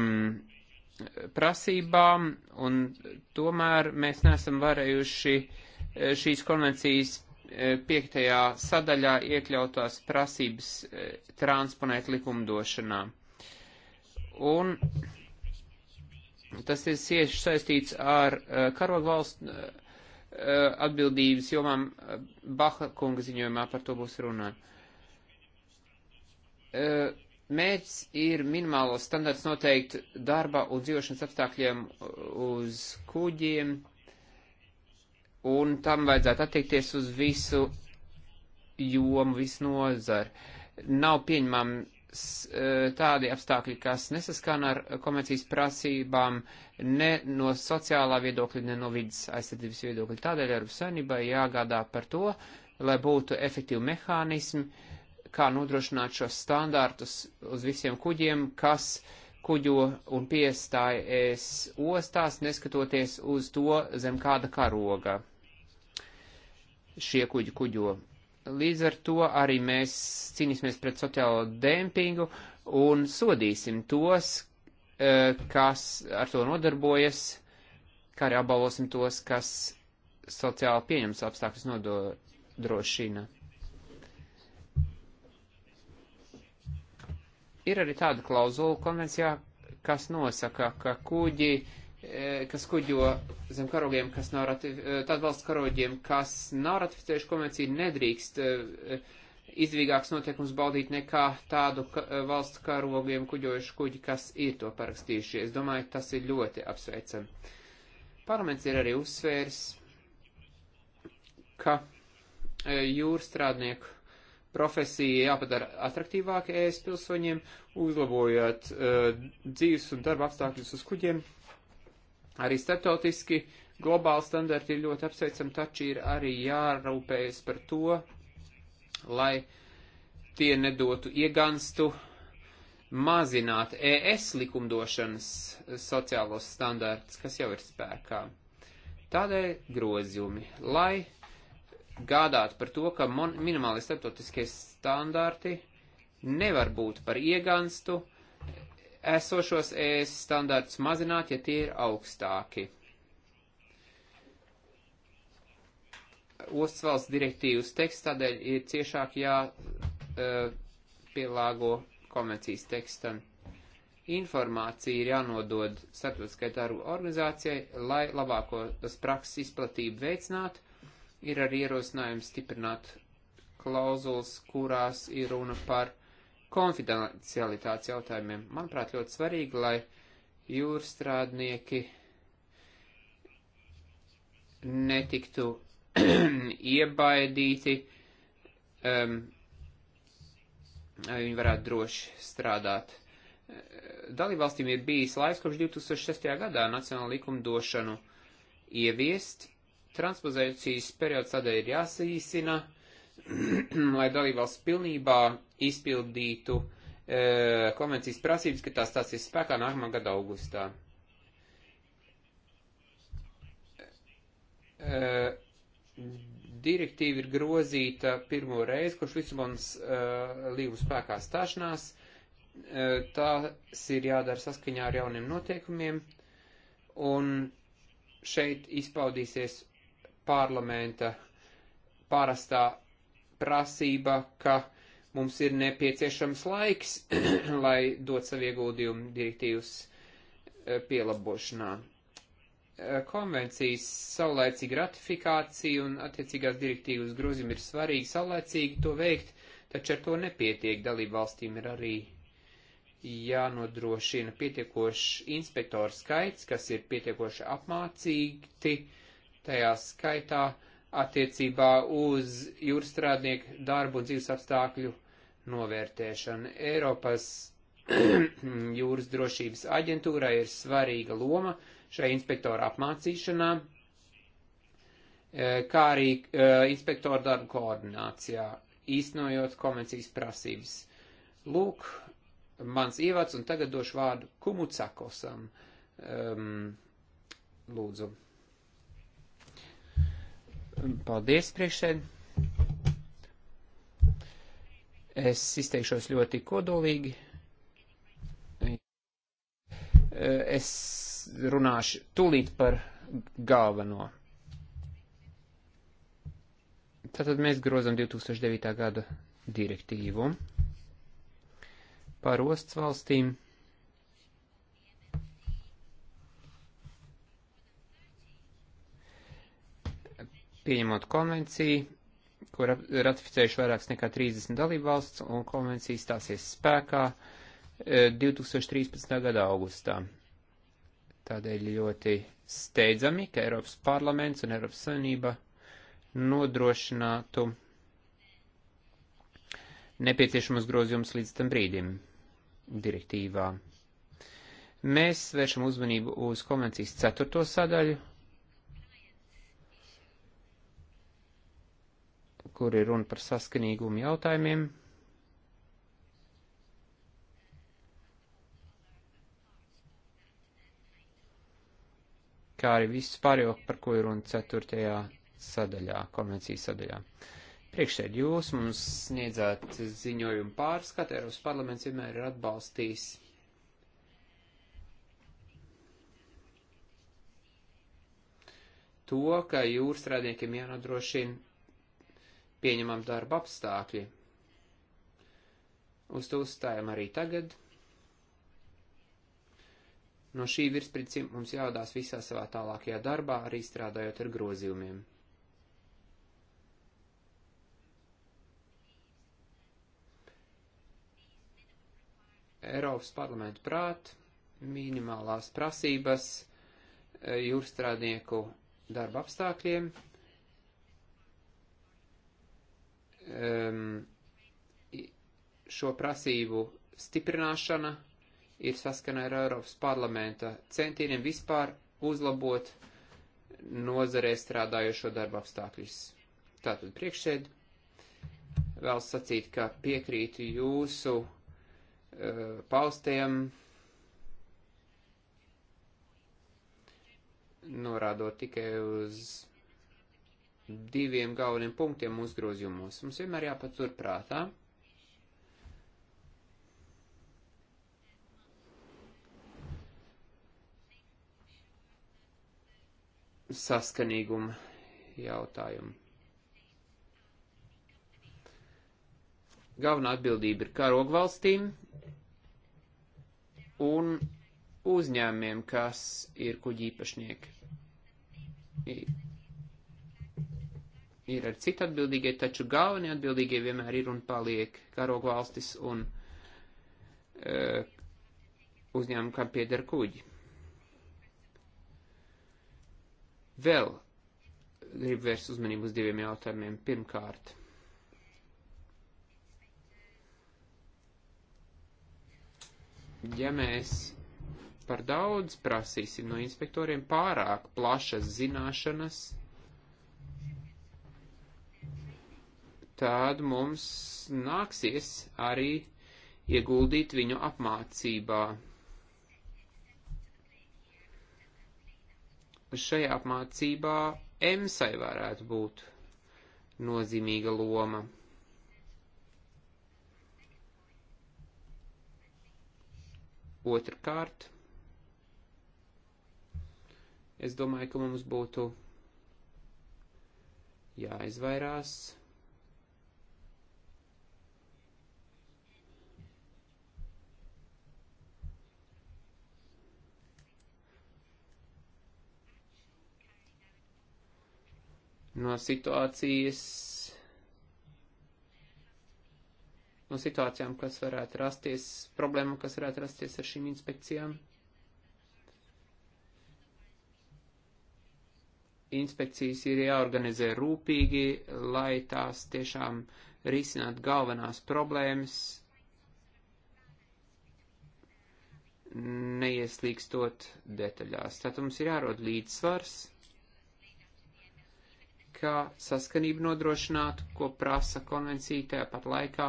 prasībām, un tomēr mēs nesam varējuši šīs konvencijas E, piektajā sadaļā iekļautās prasības e, transponēt likumdošanā. Un tas ir cieši saistīts ar e, karogvalstu atbildības jomām Baha kunga ziņojumā par to būs runā. Mērķis ir minimālos standarts noteikt darba un dzīvošanas apstākļiem uz kuģiem, uh, un tam vajadzētu attiekties uz visu jomu, visu nozaru. Nav pieņemam e, tādi apstākļi, kas nesaskan ar komercijas prasībām ne no sociālā viedokļa, ne no vidas aizsardzības viedokļa. Tādēļ Eiropas saimnībai jāgādā par to, lai būtu efektīvi mehānismi, kā nodrošināt šos standārtus uz visiem kuģiem, kas kuģo un piestājas ostās, neskatoties uz to zem kāda karoga šie kuģi kuģo. Līdz ar to arī mēs cīnīsimies pret sociālo dempingu un sodīsim tos, eh, kas ar to nodarbojas, kā arī apbalvosim tos, kas sociāli pieņems apstākļus nodrošina. Ir arī tāda klauzula konvencijā, kas nosaka, ka kuģi uh, E, kas kuģo zem karogiem, kas nav tādu e, valstu karoģiem, kas nav ratificējuši konvenciju, nedrīkst e, izdevīgāks noteikums baudīt nekā tādu ka, valstu karogiem kuģojuši kuģi, kas ir to parakstījuši. Es domāju, tas ir ļoti apsveicami. Parlaments ir arī uzsvērs, ka jūrstrādnieku profesija jāpadara atraktīvāk ēst pilsoņiem, uzlabojot uh, dzīves un darba apstākļus uz kuģiem, Arī starptautiski globāli standarti ir ļoti apsveicami, taču ir arī jārūpējas par to, lai tie nedotu ieganstu mazināt ES likumdošanas sociālos standārtus, kas jau ir spēkā. Tādēļ grozījumi, lai gādātu par to, ka minimālie starptautiskie standārti nevar būt par ieganstu uh, esošos ES standartus mazināt, ja tie ir augstāki. Ostvalsts direktīvas teksts tādēļ ir ciešāk jāpielāgo e, konvencijas tekstam. Informācija ir jānodod starptautiskai darba organizācijai, lai labākos prakses izplatību veicinātu. Ir arī ierosinājums stiprināt klauzulas, kurās ir runa par konfidencialitātes jautājumiem. Manuprāt, ļoti svarīgi, lai jūrstrādnieki netiktu iebaidīti, um, viņi varētu droši strādāt. Dalībvalstīm ir bijis laiks kopš 2006. gadā nacionālu likumdošanu ieviest, transpozīcijas periods tādēļ ir jāsīsina, uh, lai dalībvalsts pilnībā izpildītu e, konvencijas prasības, ka tās tās ir spēkā nākamā gada augustā. E, direktīva ir grozīta pirmo reizi, kurš Lisabonas e, līguma spēkā stāšanās. E, tās ir jādara saskaņā ar jauniem noteikumiem, un šeit izpaudīsies parlamenta pārastā prasība, ka mums ir nepieciešams laiks, lai dot savu ieguldījumu direktīvas eh, pielabošanā. Eh, konvencijas saulēcīga ratifikācija un attiecīgās direktīvas grozījumi ir svarīgi saulēcīgi to veikt, taču ar to nepietiek. Dalību valstīm ir arī jānodrošina pietiekošs inspektoru skaits, kas ir pietiekoši apmācīti tajā skaitā, uh, attiecībā uz jūrstrādnieku darbu un dzīves apstākļu novērtēšanu. Eiropas jūras drošības aģentūrai ir svarīga loma šai inspektora apmācīšanā, eh, kā arī eh, inspektora darbu koordinācijā, īstenojot konvencijas prasības. Lūk, mans ievads, un tagad došu vārdu Kumucakosam. Um, lūdzu. Paldies, priekšsēd. Es izteikšos ļoti kodolīgi. Es runāšu tūlīt par galveno. Tātad mēs grozam 2009. gada direktīvu par osts valstīm. pieņemot konvenciju, ko ratificējuši vairākas nekā 30 dalībvalsts, un konvencija stāsies spēkā 2013. E, gada augustā. Tādēļ ļoti steidzami, ka Eiropas parlaments un Eiropas Savienība nodrošinātu nepieciešamos grozījumus līdz tam brīdim direktīvā. Mēs vēršam uzmanību uz konvencijas ceturto sadaļu, kur ir runa par saskanīgumu jautājumiem. kā arī viss pārējo, par ko ir runa 4. sadaļā, konvencijas sadaļā. Priekšēd jūs mums sniedzāt ziņojumu pārskatu, Eiropas parlaments vienmēr ir atbalstījis to, ka jūras strādniekiem jānodrošina pieņemam darba apstākļi. Uz to uzstājam arī tagad. No šī virsprinciem mums jādās visā savā tālākajā darbā, arī strādājot ar grozījumiem. Eiropas parlamentu prāt, minimālās prasības eh, jūrstrādnieku darba apstākļiem um, šo prasību stiprināšana ir saskana ar Eiropas parlamenta centieniem vispār uzlabot nozarē strādājošo darba apstākļus. Tātad priekšsēd vēl sacīt, ka piekrītu jūsu uh, eh, paustiem, norādot tikai uz diviem galveniem punktiem mūsu grozījumos. Mums vienmēr jāpatur prātā, saskanīguma jautājumu. Galvenā atbildība ir karogvalstīm un uzņēmiem, kas ir kuģi īpašnieki ir ar citu atbildīgie, taču galvenie atbildīgie vienmēr ir un paliek karogu valstis un uh, uzņēmumi, kam pieder kuģi. Vēl gribu vērst uzmanību uz diviem jautājumiem. Pirmkārt, ja mēs par daudz prasīsim no inspektoriem pārāk plašas zināšanas, tad mums nāksies arī ieguldīt viņu apmācībā. Šajā apmācībā EMSai varētu būt nozīmīga loma. Otrkārt, es domāju, ka mums būtu jāizvairās no situācijas, no situācijām, kas varētu rasties, problēmām, kas varētu rasties ar šīm inspekcijām. Inspekcijas ir jāorganizē rūpīgi, lai tās tiešām risināt galvenās problēmas, neieslīkstot detaļās. Tātad mums ir jārod līdzsvars kā saskanību nodrošināt, ko prasa konvencija tajā pat laikā,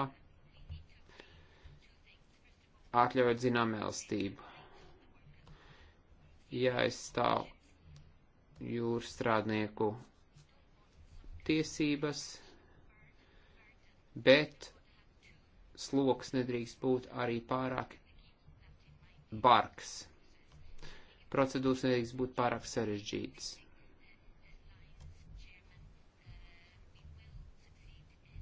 atļaujot zinām elstību. Jāizstāv jūras strādnieku tiesības, bet sloks nedrīkst būt arī pārāk bargs. Procedūras nedrīkst būt pārāk sarežģītas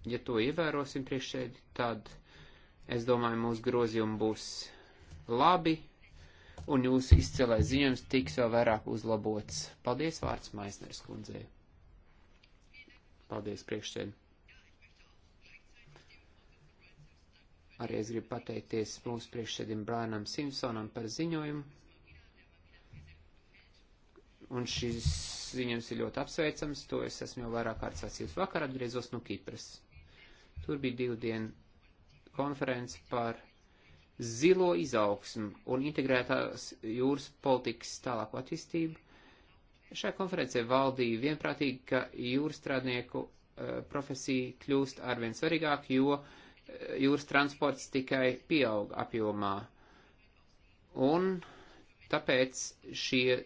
Ja to ievērosim priekšēdi, tad es domāju, mūsu grozījumi būs labi un jūsu izcelais ziņojums tiks vēl vairāk uzlabots. Paldies vārds Maisners kundzei. Paldies priekšēdi. Arī es gribu pateikties mūsu priekšsēdim Brānam Simpsonam par ziņojumu. Un šis ziņojums ir ļoti apsveicams, to es esmu jau vairāk kārtas atsījis vakar, atgriezos no Kipras. Tur bija divu dienu konference par zilo izaugsmu un integrētās jūras politikas tālāku attīstību. Šajā konferencē valdīja vienprātīgi, ka jūras strādnieku eh, profesija kļūst arvien svarīgāk, jo eh, jūras transports tikai pieaug apjomā. Un tāpēc šie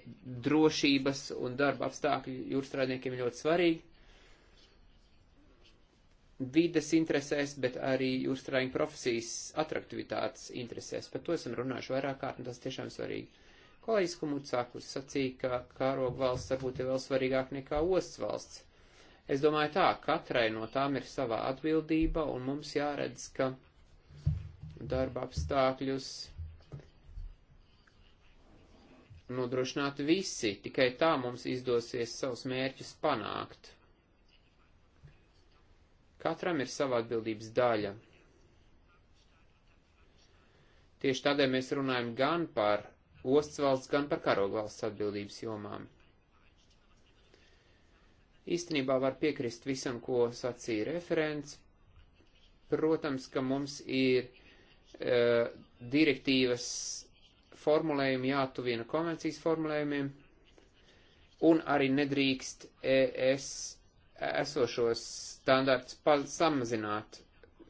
drošības un darba apstākļi jūras strādniekiem ir ļoti svarīgi vides interesēs, bet arī jūras strādājuma profesijas atraktivitātes interesēs. Par to esam runājuši vairāk kārt, un tas tiešām svarīgi. Kolēģis Kumucākus sacīja, ka kāroga valsts varbūt ir vēl svarīgāk nekā ostas valsts. Es domāju tā, katrai no tām ir savā atbildība, un mums jāredz, ka darba apstākļus nodrošināt visi, tikai tā mums izdosies savus mērķus panākt. Katram ir sava atbildības daļa. Tieši tādēļ mēs runājam gan par ostas valsts, gan par karogvalsts atbildības jomām. Īstenībā var piekrist visam, ko sacīja referents. Protams, ka mums ir e, direktīvas formulējumi jātuvina konvencijas formulējumiem, un arī nedrīkst ES esošos standarts samazināt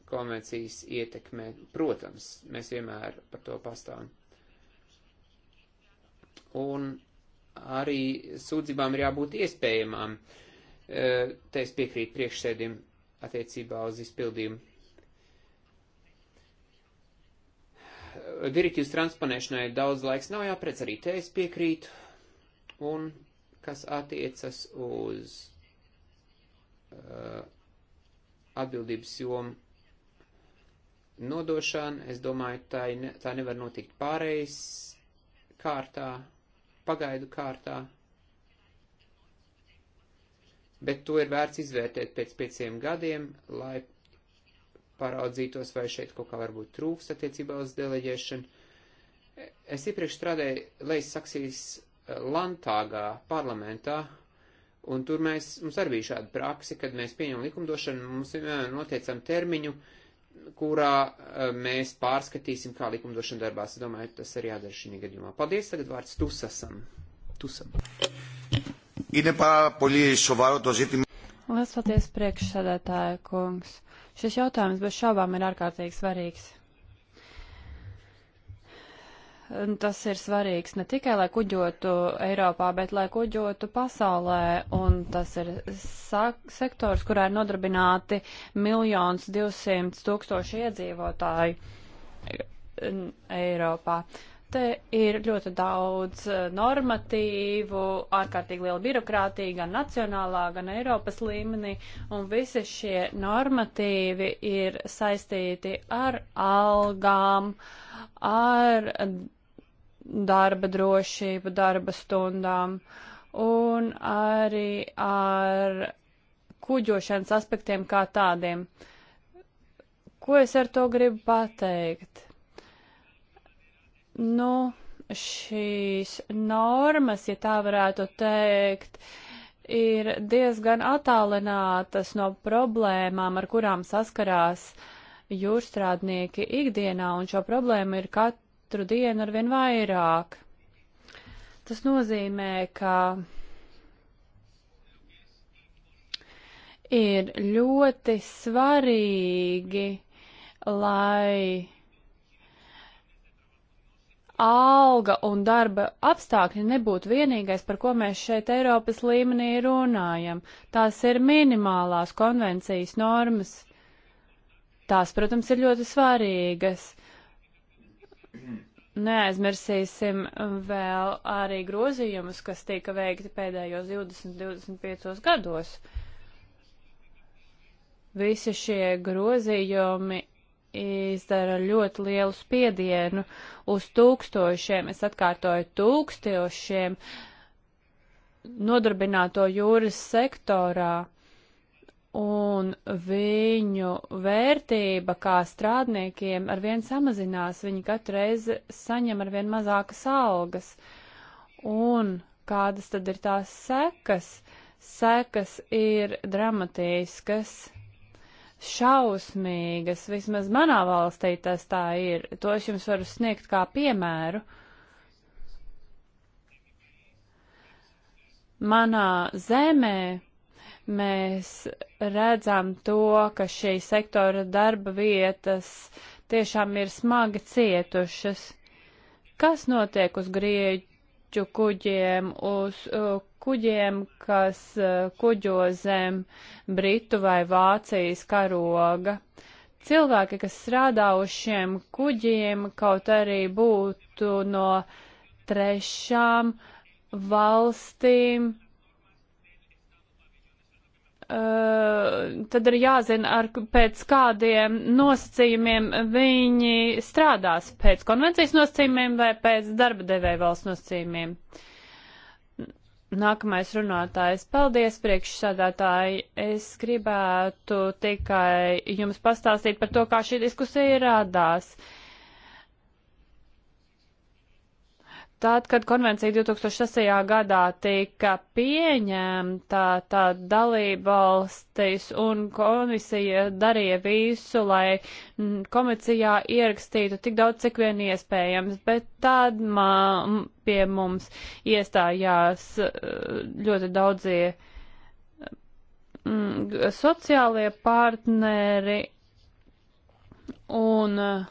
konvencijas ietekmē. Protams, mēs vienmēr par to pastāvam. Un arī sūdzībām ir jābūt iespējamām. E, te es piekrītu priekšsēdim attiecībā uz izpildījumu. Direktīvas transponēšanai daudz laiks nav jāprec, arī te es piekrītu. Un kas attiecas uz Uh, atbildības jomu nodošana, es domāju, tā, ne, tā nevar notikt pārējais kārtā, pagaidu kārtā, bet to ir vērts izvērtēt pēc pieciem gadiem, lai paraudzītos, vai šeit kaut kā varbūt trūkst attiecībā uz deleģēšanu. Es iepriekš strādāju Leis Saksijas eh, Lantāgā parlamentā, Un tur mēs, mums arī bija šāda praksi, kad mēs pieņemam likumdošanu, mums vienmēr noteicam termiņu, kurā mēs pārskatīsim, kā likumdošana darbās. Es domāju, tas arī jādara šī gadījumā. Paldies, tagad vārds Tusasam. Tusam. Lielas paldies priekšsēdētāja kungs. Šis jautājums bez šaubām ir ārkārtīgi svarīgs tas ir svarīgs ne tikai, lai kuģotu Eiropā, bet lai kuģotu pasaulē. Un tas ir sektors, kurā ir nodarbināti miljons divsimt tūkstoši iedzīvotāji e, Eiropā te ir ļoti daudz eh, normatīvu, ārkārtīgi liela birokrātija gan nacionālā, gan Eiropas līmenī, un visi šie normatīvi ir saistīti ar algām, ar darba drošību, darba stundām un arī ar kuģošanas aspektiem kā tādiem. Ko es ar to gribu pateikt? nu, šīs normas, ja tā varētu teikt, ir diezgan attālinātas no problēmām, ar kurām saskarās jūrstrādnieki ikdienā, un šo problēmu ir katru dienu arvien vairāk. Tas nozīmē, ka ir ļoti svarīgi, lai alga un darba apstākļi nebūtu vienīgais, par ko mēs šeit Eiropas līmenī runājam. Tās ir minimālās konvencijas normas. Tās, protams, ir ļoti svarīgas. Neaizmirsīsim vēl arī grozījumus, kas tika veikti pēdējos 20-25 gados. Visi šie grozījumi izdara ļoti lielu spiedienu uz tūkstošiem, es atkārtoju, tūkstošiem nodarbināto jūras sektorā un viņu vērtība kā strādniekiem arvien samazinās, viņi katru reizi saņem arvien mazākas algas. Un kādas tad ir tās sekas? Sekas ir dramatiskas šausmīgas. Vismaz manā valstī tas tā ir. To es jums varu sniegt kā piemēru. Manā zemē mēs redzam to, ka šī sektora darba vietas tiešām ir smagi cietušas. Kas notiek uz grieķu kaķu kuģiem, uz uh, kuģiem, kas uh, kuģo zem Britu vai Vācijas karoga. Cilvēki, kas strādā uz šiem kuģiem, kaut arī būtu no trešām valstīm, Eh, tad ir jāzina, ar, pēc kādiem nosacījumiem viņi strādās, pēc konvencijas nosacījumiem vai pēc darba devēja valsts nosacījumiem. Nākamais runātājs. Paldies, priekšsādātāji. Es gribētu tikai jums pastāstīt par to, kā šī diskusija rādās. Uh, Tad, kad konvencija 2006. gadā tika pieņemta, tad dalībvalstis un komisija darīja visu, lai mm, komisijā ierakstītu tik daudz, cik vien iespējams, bet tad mā, pie mums iestājās eh, ļoti daudzie mm, sociālie partneri un uh,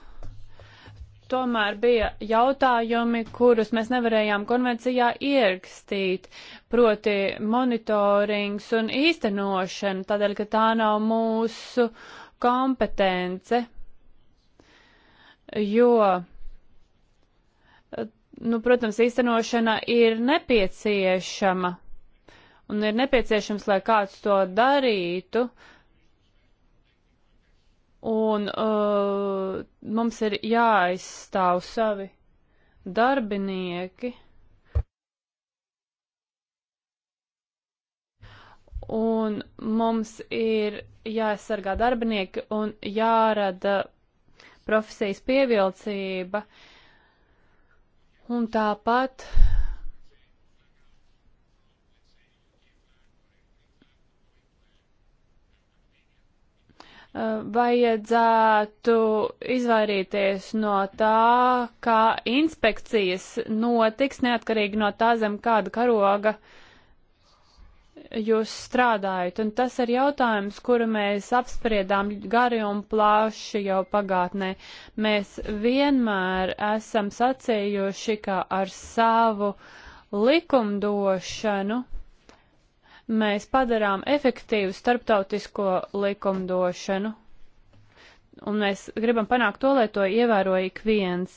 tomēr bija jautājumi, kurus mēs nevarējām konvencijā ierakstīt, proti monitorings un īstenošana, tādēļ, ka tā nav mūsu kompetence, jo, nu, protams, īstenošana ir nepieciešama, un ir nepieciešams, lai kāds to darītu, uh, Un uh, mums ir jāaizstāv savi darbinieki. Un mums ir jāaizsargā darbinieki un jārada profesijas pievilcība. Un tāpat vajadzētu izvairīties no tā, ka inspekcijas notiks neatkarīgi no tā zem kāda karoga jūs strādājat. Un tas ir jautājums, kuru mēs apspriedām gari un plāši jau pagātnē. Mēs vienmēr esam sacījuši, ka ar savu likumdošanu mēs padarām efektīvu starptautisko likumdošanu, un mēs gribam panākt to, lai to ievēroja ik viens.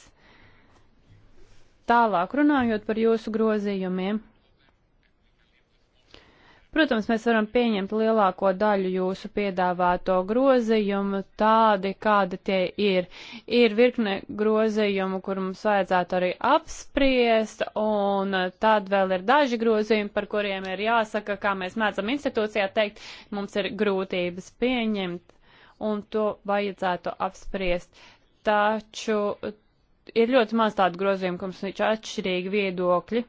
Tālāk runājot par jūsu grozījumiem. Protams, mēs varam pieņemt lielāko daļu jūsu piedāvāto grozījumu tādi, kādi tie ir. Ir virkne grozījumu, kur mums vajadzētu arī apspriest, un tad vēl ir daži grozījumi, par kuriem ir jāsaka, kā mēs mēdzam institūcijā teikt, mums ir grūtības pieņemt, un to vajadzētu apspriest. Taču ir ļoti maz tādu grozījumu, ka mums ir atšķirīgi viedokļi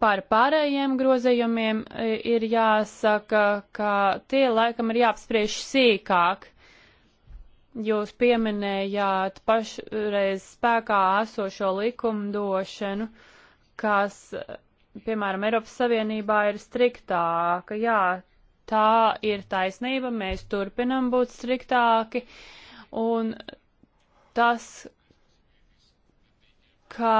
Par pārējiem grozījumiem e, ir jāsaka, ka tie laikam ir jāapspriež sīkāk. Jūs pieminējāt pašreiz spēkā esošo likumdošanu, kas, piemēram, Eiropas Savienībā ir striktāka. Jā, tā ir taisnība, mēs turpinam būt striktāki. Un tas, ka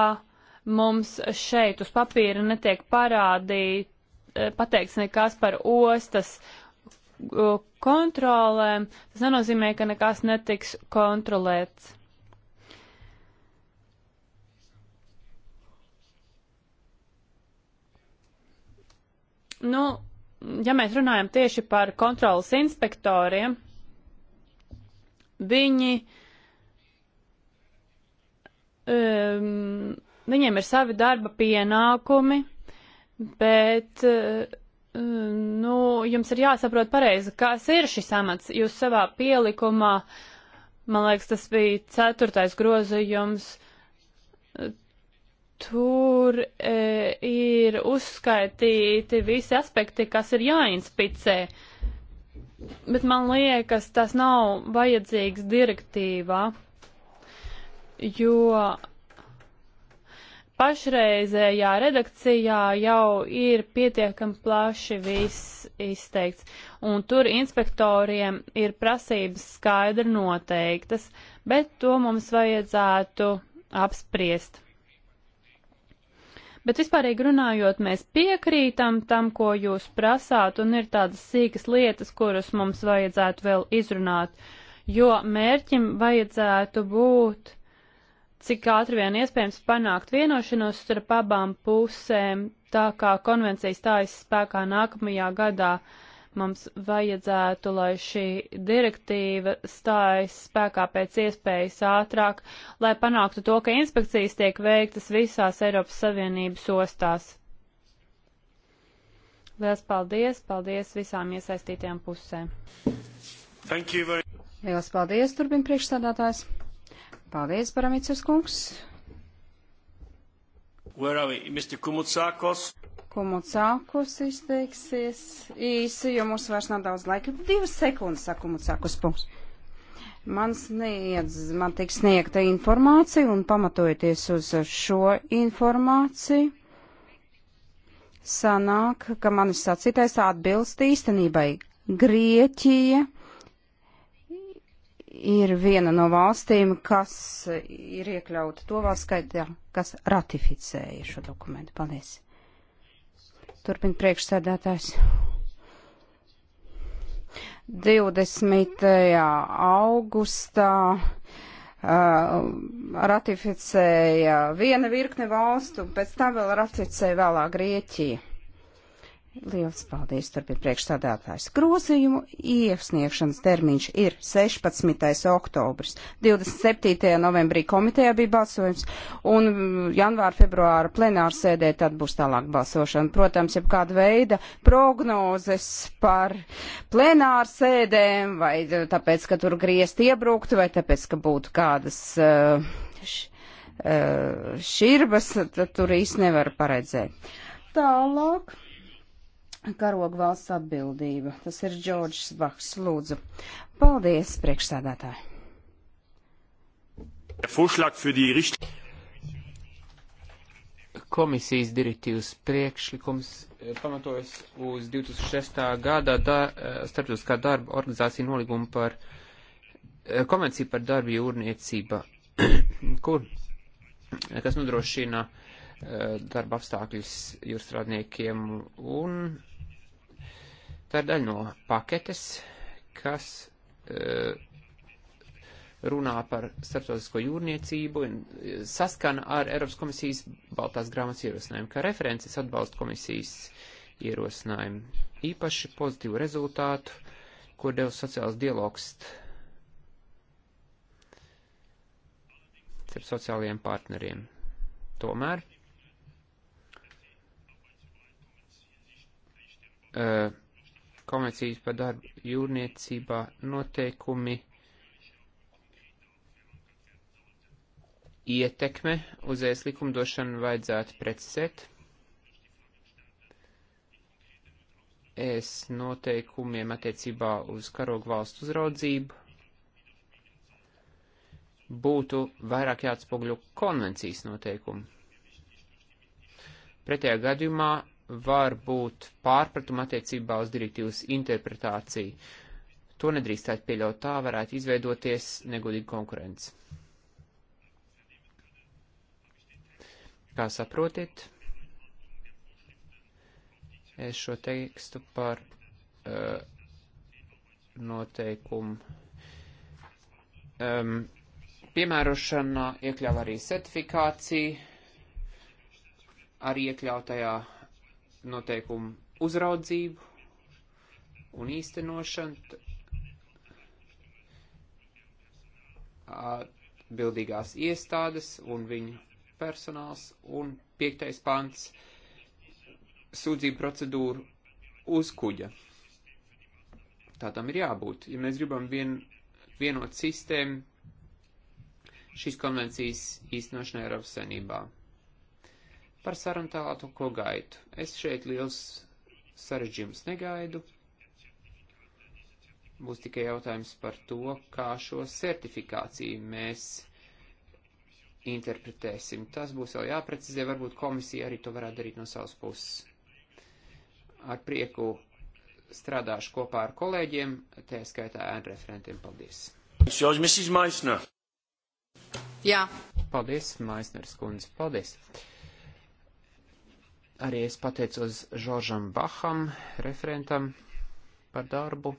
mums šeit uz papīra netiek parādīt, eh, pateikts nekas par ostas kontrolēm, tas nenozīmē, ka nekas netiks kontrolēts. Nu, ja mēs runājam tieši par kontrolas inspektoriem, viņi um, Viņiem ir savi darba pienākumi, bet, eh, nu, jums ir jāsaprot pareizi, kas ir šis amats. Jūs savā pielikumā, man liekas, tas bija ceturtais grozījums, tur e, ir uzskaitīti visi aspekti, kas ir jāinspicē. Bet man liekas, tas nav vajadzīgs direktīvā, jo pašreizējā redakcijā jau ir pietiekami plaši viss izteikts, un tur inspektoriem ir prasības skaidri noteiktas, bet to mums vajadzētu apspriest. Bet vispārīgi runājot, mēs piekrītam tam, ko jūs prasāt, un ir tādas sīkas lietas, kuras mums vajadzētu vēl izrunāt, jo mērķim vajadzētu būt cik ātri vien iespējams panākt vienošanos starp abām pusēm, tā kā konvencija stājas spēkā nākamajā gadā. Mums vajadzētu, lai šī direktīva stājas spēkā pēc iespējas ātrāk, lai panāktu to, ka inspekcijas tiek veiktas visās Eiropas Savienības ostās. Lielas paldies! Paldies visām iesaistītajām pusēm! Lielas paldies, turpina priekšsādātājs! Paldies, Paramicas kungs. Where are we? Mr. Kumutsākos? Kumutsākos izteiksies īsi, jo mums vairs nav daudz laika. Divas sekundes, saka Kumutsākos punkts. Man sniedz, man tiek sniegta informācija un pamatojoties uz šo informāciju, sanāk, ka manis sacītais atbilst īstenībai. Grieķija ir viena no valstīm, kas ir iekļauta to valsts skaitā, kas ratificēja šo dokumentu. Paldies. Turpin priekšsēdētājs. 20. augustā uh, ratificēja viena virkne valstu, pēc tam vēl ratificēja vēlāk Grieķija. Liels paldies, turpin priekšstādātājs. Grozījumu iesniegšanas termiņš ir 16. oktobris. 27. novembrī komitejā bija balsojums, un janvāra, februāra plenāra sēdē tad būs tālāk balsošana. Protams, ja kāda veida prognozes par plenāra sēdēm, vai tāpēc, ka tur griezt iebrukt, vai tāpēc, ka būtu kādas uh, šķirbas, uh, tad tur īsti nevar paredzēt. Tālāk karogu valsts atbildība. Tas ir Džordžs Baks, lūdzu. Paldies, priekšsēdētāji. Komisijas direktīvas priekšlikums eh, pamatojas uz 2006. gada da, eh, starptautiskā darba organizācija nolīgumu par eh, konvenciju par darbu jūrniecība, kur, kas nodrošina darba apstākļus jūrstrādniekiem un Tā ir daļa no paketes, kas e, runā par starptautisko jūrniecību un e, saskana ar Eiropas komisijas Baltās grāmatas ierosinājumu, kā references atbalsta komisijas ierosinājumu. Īpaši pozitīvu rezultātu, ko deva sociāls dialogs starp sociālajiem partneriem. Tomēr. Uh, e, konvencijas par darbu jūrniecībā noteikumi ietekme uz ēs likumdošanu vajadzētu precizēt. Es noteikumiem attiecībā uz karogu valstu uzraudzību būtu vairāk jāatspogļo konvencijas noteikumi. Pretējā gadījumā var būt pārpratuma attiecībā uz direktīvas interpretāciju. To nedrīkstētu pieļaut, tā varētu izveidoties negodīga konkurence. Kā saprotiet, es šo tekstu par uh, noteikumu um, piemērošanā iekļāva arī certifikāciju, arī iekļautajā uh, noteikumu uzraudzību un īstenošanu atbildīgās iestādes un viņu personāls un piektais pants sūdzību procedūru uz kuģa. Tā tam ir jābūt. Ja mēs gribam vien, vienot sistēmu šīs konvencijas īstenošanai Eiropas saimnībā. Par sarunu tālāku ko gaidu. Es šeit liels sarežģījums negaidu. Būs tikai jautājums par to, kā šo certifikāciju mēs interpretēsim. Tas būs vēl jāprecizē, varbūt komisija arī to varētu darīt no savas puses. Ar prieku strādāšu kopā ar kolēģiem, tā skaitā ēnu referentiem. Paldies! Paldies, Maisners kundze! Paldies! Arī es pateicos Žoržam Baham, referentam, par darbu.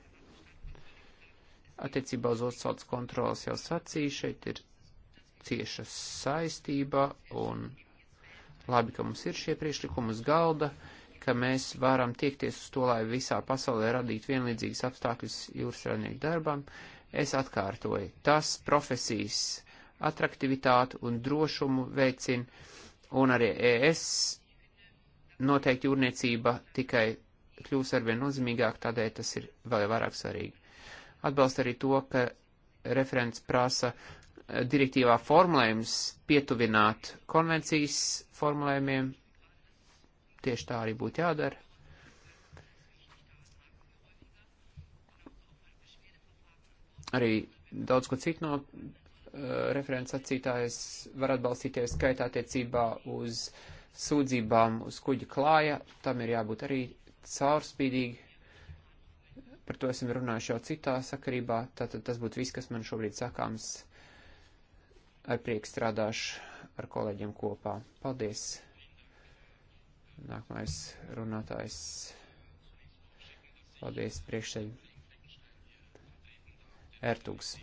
Attiecībā uz otsauts kontrolas jau sacīju, šeit ir cieša saistība un labi, ka mums ir šie priekšlikumi uz galda, ka mēs varam tiekties uz to, lai visā pasaulē radītu vienlīdzīgas apstākļus jūras strādnieku darbam. Es atkārtoju, tas profesijas atraktivitāti un drošumu veicina, un arī ES noteikti jūrniecība tikai kļūs arvien nozīmīgāk, tādēļ tas ir vēl vairāk svarīgi. Atbalst arī to, ka referents prasa eh, direktīvā formulējums pietuvināt konvencijas formulējumiem. Tieši tā arī būtu jādara. Arī daudz ko citu no uh, referents sacītājas var atbalstīties skaitā attiecībā uz uh, sūdzībām uz kuģa klāja, tam ir jābūt arī caurspīdīgi. Par to esam runājuši jau citā sakarībā, tātad tas būtu viss, kas man šobrīd sakāms. Ar prieku strādāšu ar kolēģiem kopā. Paldies! Nākamais runātājs. Paldies priekšsēļ. Ertugs.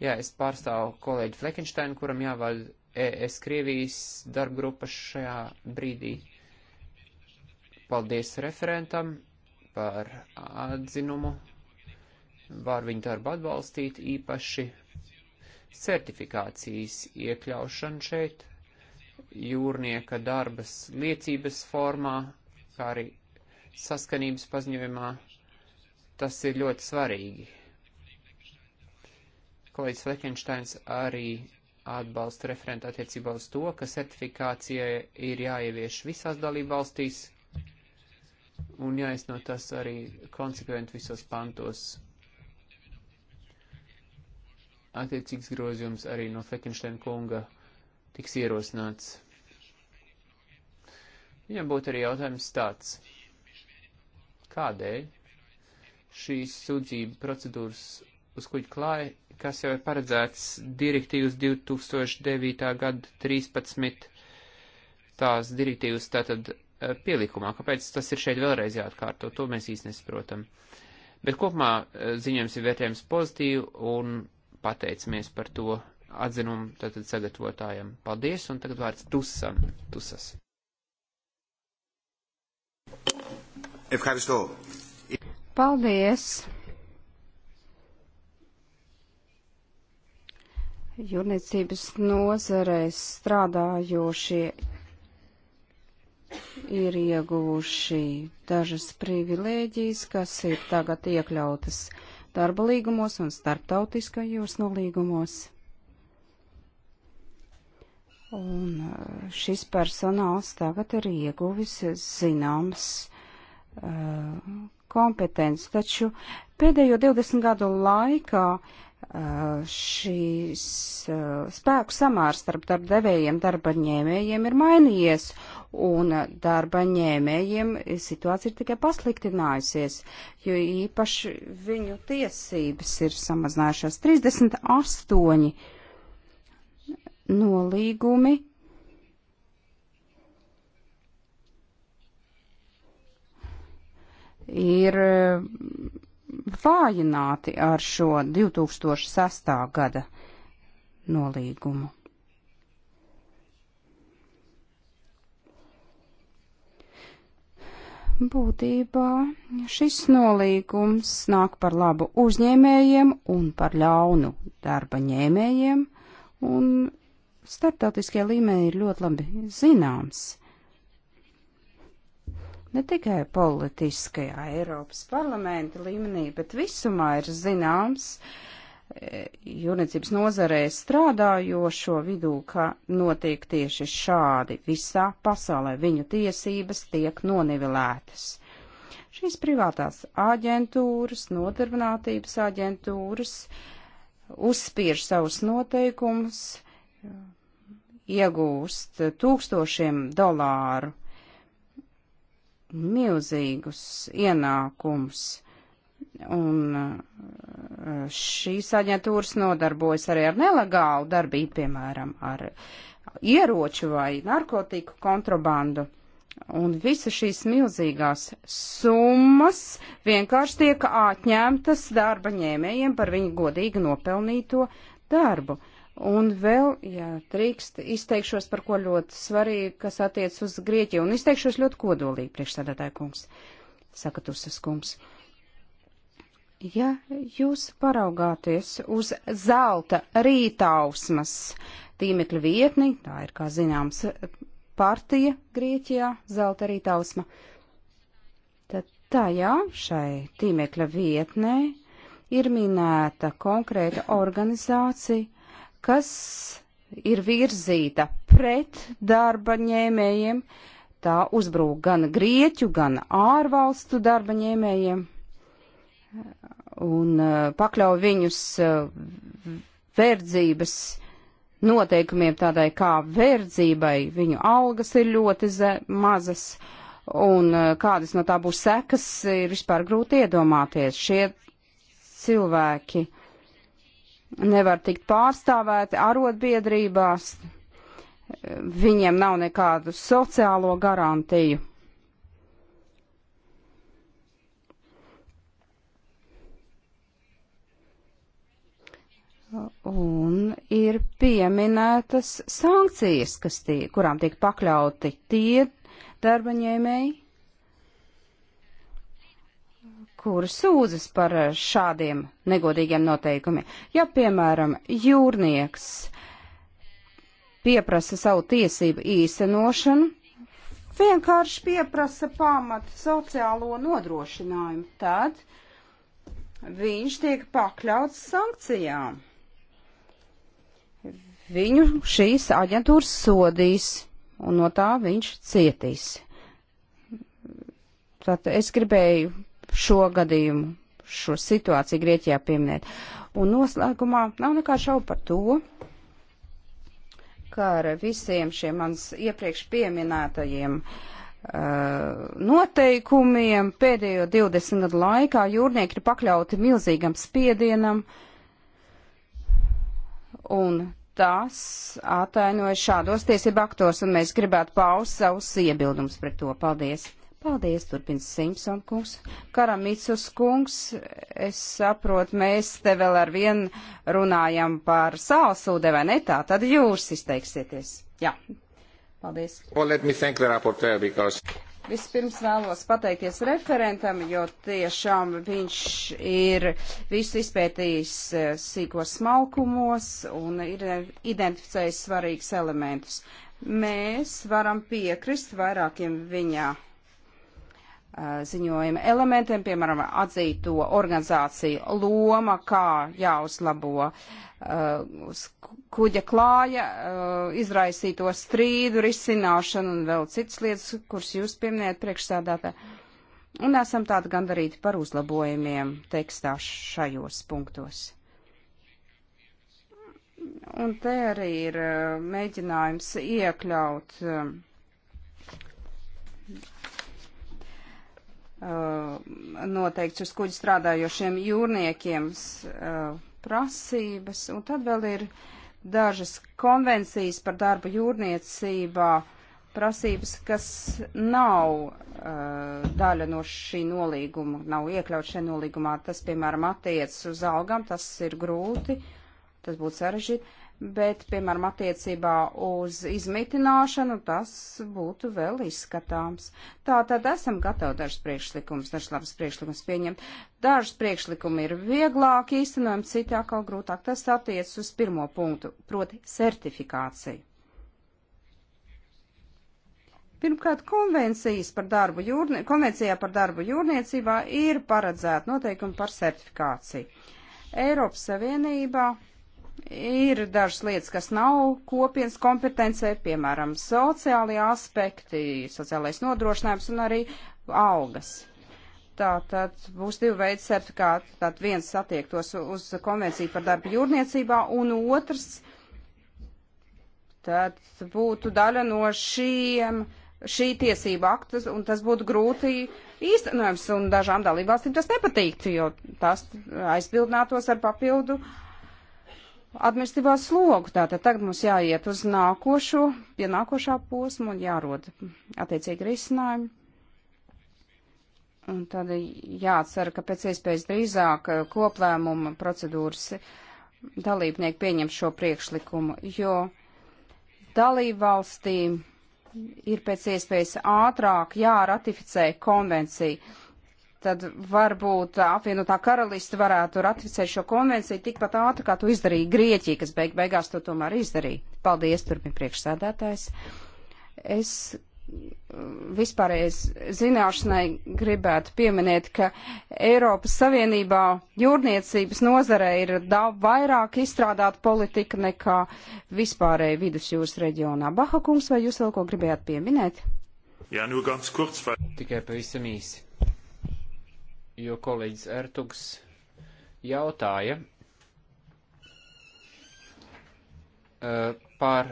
Jā, es pārstāvu kolēģi Fleckensteinu, kuram jāvaļ ES Krievijas darbgrupa šajā brīdī. Paldies referentam par atzinumu. Var viņu darbu atbalstīt īpaši certifikācijas iekļaušanu šeit, jūrnieka darbas liecības formā, kā arī saskanības paziņojumā. Tas ir ļoti svarīgi. Kolēģis Lekenšteins arī atbalstu referentu attiecībā uz to, ka certifikācija ir jāievieš visās dalībvalstīs un jāizno tas arī konsekventi visos pantos. Attiecīgs grozījums arī no Fekenšteina kunga tiks ierosināts. Viņam būtu arī jautājums tāds. Kādēļ šīs sūdzību procedūras uz kuģa klāja kas jau ir paredzēts direktīvas 2009. gada 13. tās direktīvas tātad e, pielikumā. Kāpēc tas ir šeit vēlreiz jāatkārto? To mēs īsti nesaprotam. Bet kopumā e, ziņojums ir vērtējums pozitīvi un pateicamies par to atzinumu tātad sagatavotājiem. Paldies, un tagad vārds Tusam. Tusas. Paldies! jūrniecības nozarēs strādājošie ir ieguvuši dažas privilēģijas, kas ir tagad iekļautas darba līgumos un starptautiskajos nolīgumos. Un eh, šis personāls tagad ir ieguvis zināms eh, kompetenci, taču pēdējo 20 gadu laikā uh, Eh, šīs eh, spēku samārs starp darba devējiem, darba ņēmējiem ir mainījies, un darba ņēmējiem situācija ir tikai pasliktinājusies, jo īpaši viņu tiesības ir samazinājušās 38 nolīgumi. Ir vājināti ar šo 2006. gada nolīgumu. Būtībā šis nolīgums nāk par labu uzņēmējiem un par ļaunu darba ņēmējiem, un starptautiskie līmeni ir ļoti labi zināms ne tikai politiskajā Eiropas parlamenta līmenī, bet visumā ir zināms e, jūrniecības nozarē strādājošo vidū, ka notiek tieši šādi visā pasaulē. Viņu tiesības tiek nonivelētas. Šīs privātās aģentūras, nodarbinātības aģentūras uzspiež savus noteikumus, iegūst tūkstošiem dolāru milzīgus ienākums. Un eh, šīs aģentūras nodarbojas arī ar nelegālu darbību, piemēram, ar ieroču vai narkotiku kontrabandu. Un visas šīs milzīgās summas vienkārši tiek atņemtas darba ņēmējiem par viņu godīgi nopelnīto darbu. Uh, Un vēl, ja drīkst, izteikšos par ko ļoti svarīgi, kas attiec uz Grieķiju, un izteikšos ļoti kodolīgi, priekšsēdētāja kungs, saka Tusas kungs. Ja jūs paraugāties uz zelta rītausmas tīmekļa vietni, tā ir, kā zināms, partija Grieķijā, zelta rītausma, tad tajā šai tīmekļa vietnē ir minēta konkrēta organizācija, kas ir virzīta pret darba ņēmējiem, tā uzbrūk gan grieķu, gan ārvalstu darba ņēmējiem un eh, pakļauj viņus eh, verdzības noteikumiem tādai kā verdzībai, viņu algas ir ļoti mazas, un eh, kādas no tā būs sekas, ir vispār grūti iedomāties. Šie cilvēki uh, nevar tikt pārstāvēti arotbiedrībās, viņiem nav nekādu sociālo garantiju. Un ir pieminētas sankcijas, kas tie, kurām tiek pakļauti tie darbaņēmēji, kur sūdzas par eh, šādiem negodīgiem noteikumiem. Ja, piemēram, jūrnieks pieprasa savu tiesību īstenošanu, vienkārši pieprasa pamatu sociālo nodrošinājumu, tad viņš tiek pakļauts sankcijām. Viņu šīs aģentūras sodīs, un no tā viņš cietīs. Tad es gribēju šo gadījumu, šo situāciju Grieķijā pieminēt. Un noslēgumā nav nekā šaubu par to, ka ar visiem šiem manas iepriekš pieminētajiem uh, noteikumiem pēdējo 20 gadu laikā jūrnieki ir pakļauti milzīgam spiedienam, un tas atainojas šādos tiesību aktos, un mēs gribētu paust savus iebildumus pret to. Paldies! Paldies, turpina Simpson kungs. Karamicus kungs, es saprotu, mēs te vēl ar vienu runājam par sālsūde, vai ne tā? Tad jūs izteiksieties. Jā. Paldies. Well, rapporteur, because... Vispirms vēlos pateikties referentam, jo tiešām viņš ir visu izpētījis eh, sīkos smalkumos un ir identificējis svarīgus elementus. Mēs varam piekrist vairākiem viņā ziņojuma elementiem, piemēram, atzīto organizāciju loma, kā jāuzlabo uz kuģa klāja, izraisīto strīdu risināšanu un vēl citas lietas, kuras jūs pieminējat priekšsēdētā. Un esam tādi gandarīti par uzlabojumiem tekstā šajos punktos. Un te arī ir mēģinājums iekļaut uh, Uh, noteikts uz kuģi strādājošiem jūrniekiem uh, prasības, un tad vēl ir dažas konvencijas par darbu jūrniecībā prasības, kas nav uh, daļa no šī nolīguma, nav iekļaut šajā nolīgumā. Tas, piemēram, attiecas uz algām, tas ir grūti, tas būtu sarežģīti, bet, piemēram, attiecībā uz izmitināšanu tas būtu vēl izskatāms. Tā tad esam gatavi dažs priekšlikums, dažs labs priekšlikums pieņemt. Dažs priekšlikumi ir vieglāk īstenojami, citi atkal grūtāk. Tas attiec uz pirmo punktu, proti certifikāciju. Pirmkārt, konvencijas par darbu jūrnie, konvencijā par darbu jūrniecībā ir paredzēta noteikuma par certifikāciju. Eiropas Savienībā Ir dažas lietas, kas nav kopienas kompetencē, piemēram, sociālie aspekti, sociālais nodrošinājums un arī algas. Tātad būs divi veidi certifikāti. Tātad viens attiektos uz konvenciju par darbu jūrniecībā, un otrs tad būtu daļa no šiem, šī tiesība aktas, un tas būtu grūti īstenojams, un dažām dalībvalstīm tas nepatīktu, jo tas aizbildinātos ar papildu administratīvā slogu. Tātad tagad mums jāiet uz nākošo, pie nākošā posma un jārod attiecīgi risinājumi. Un tad jācer, ka pēc iespējas drīzāk koplēmuma procedūras dalībnieki pieņem šo priekšlikumu, jo dalībvalstīm ir pēc iespējas ātrāk jāratificē konvencija tad varbūt apvienotā karalista varētu ratificēt šo konvenciju tikpat ātri, kā to izdarīja Grieķija, kas beig beigās to tomēr izdarīja. Paldies, turpin priekšsēdētājs. Es mm, vispārējais zināšanai gribētu pieminēt, ka Eiropas Savienībā jūrniecības nozare ir daudz vairāk izstrādāta politika nekā vispārēji vidusjūras reģionā. Baha kungs, vai jūs vēl ko gribējāt pieminēt? Jā, nu, gan skurts. Vai... Tikai pavisam īsi jo kolēģis Ertugs jautāja uh, par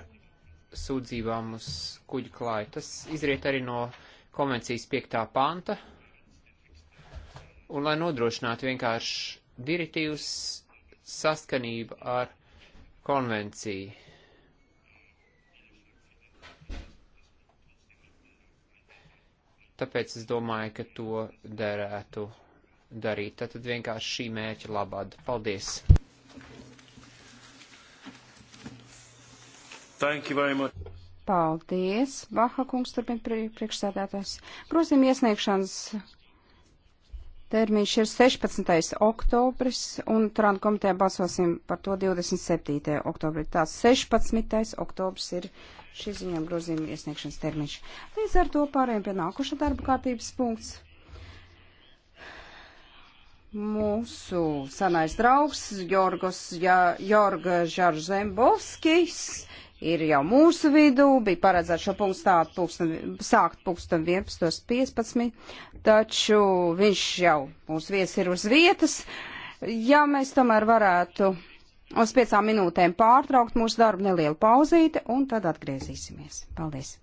sūdzībām uz kuģu klāju. Tas izriet arī no konvencijas 5. panta. Un, lai nodrošinātu vienkārši direktīvas saskanību ar konvenciju. Tāpēc es domāju, ka to derētu darīt. Tātad vienkārši šī mērķa labād. Paldies! Thank you very much. Paldies, Baha kungs, turpin priekšsēdētājs. Grozījuma iesniegšanas termiņš ir 16. oktobris, un Trānu komitejā balsosim par to 27. oktobrī. Tās 16. oktobris ir šī ziņām grozījuma iesniegšanas termiņš. Līdz ar to pārējiem pie nākuša darba kārtības punkts. Mūsu sanais draugs Jorgos ja, Jorga Žaržembovskis ir jau mūsu vidū, bija paredzēts šo punktu stāt pulkstam, sākt pulkstam 11.15, taču viņš jau mūsu viesis ir uz vietas. Ja mēs tomēr varētu uz piecām minūtēm pārtraukt mūsu darbu nelielu pauzīti un tad atgriezīsimies. Paldies!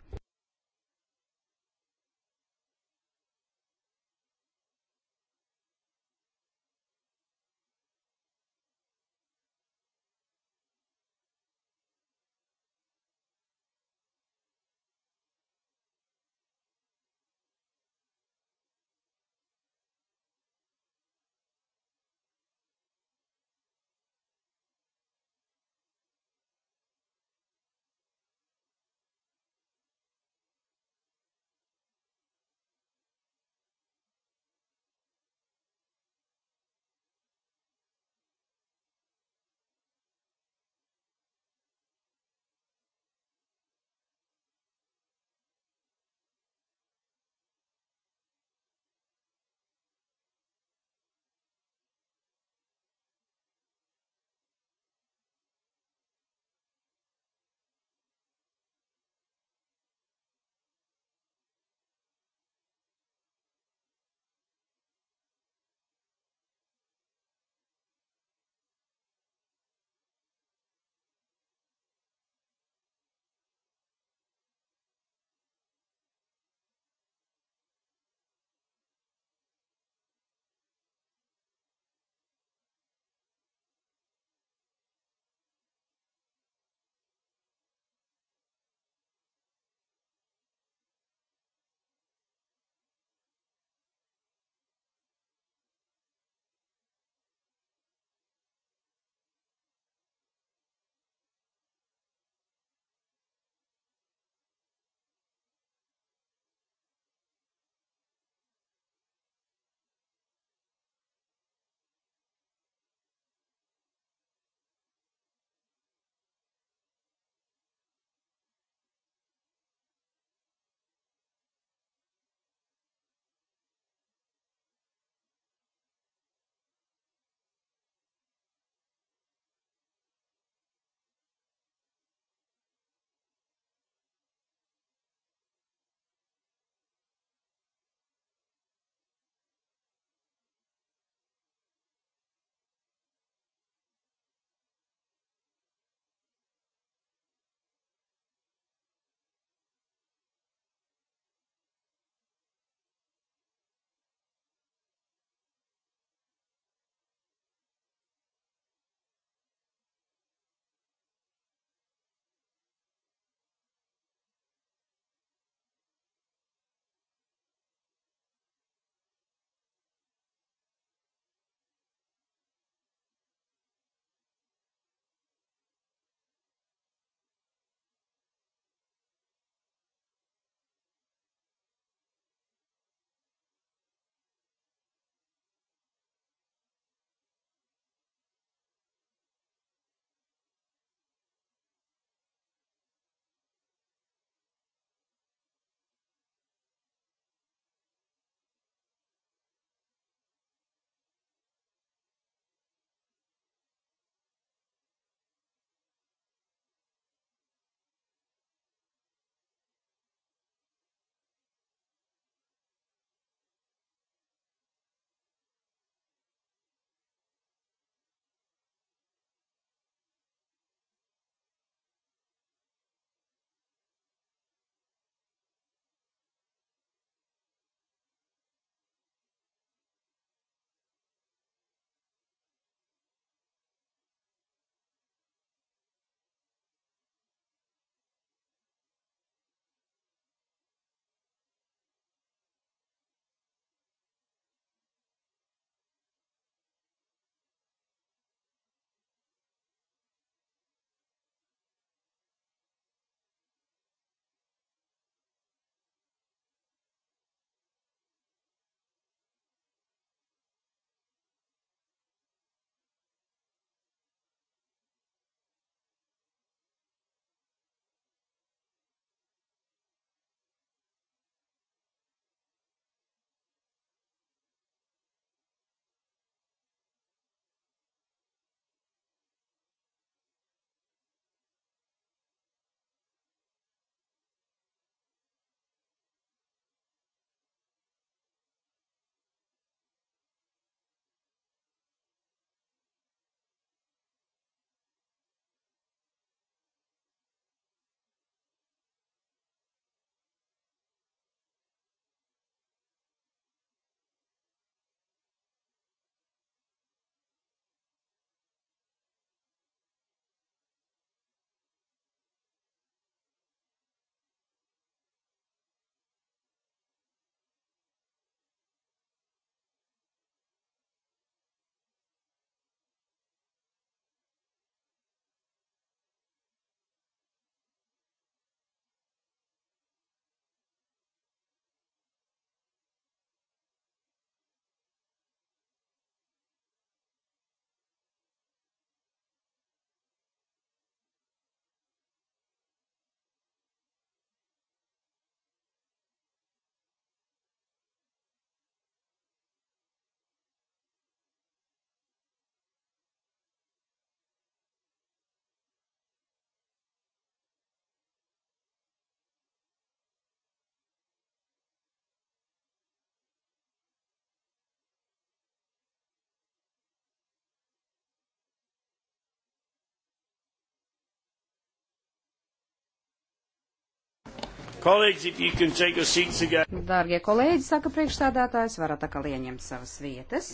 Dārgie kolēģi, saka priekšstādātājs, varat atkal ieņemt savas vietas.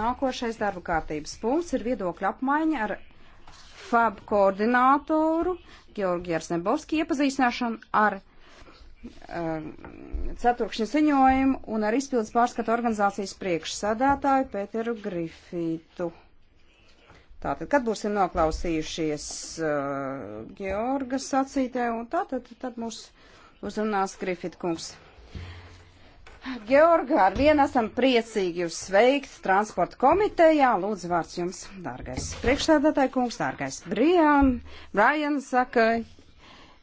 Nākošais darba kārtības punkts ir viedokļa apmaiņa ar FAB koordinātoru Georgi Arsnebovski iepazīstināšanu ar uh, um, ceturkšņa ziņojumu un ar izpildes pārskatu organizācijas priekšsādātāju Pēteru Grifītu. Tātad, kad būsim noklausījušies uh, Georgas sacītē, un tātad, tad mūs uzrunās Grifit kungs. Georga, ar vienu esam priecīgi jūs sveikt transporta komitejā. Lūdzu, vārds jums, dārgais priekšstādātāji kungs, dārgais Brian. Brian saka,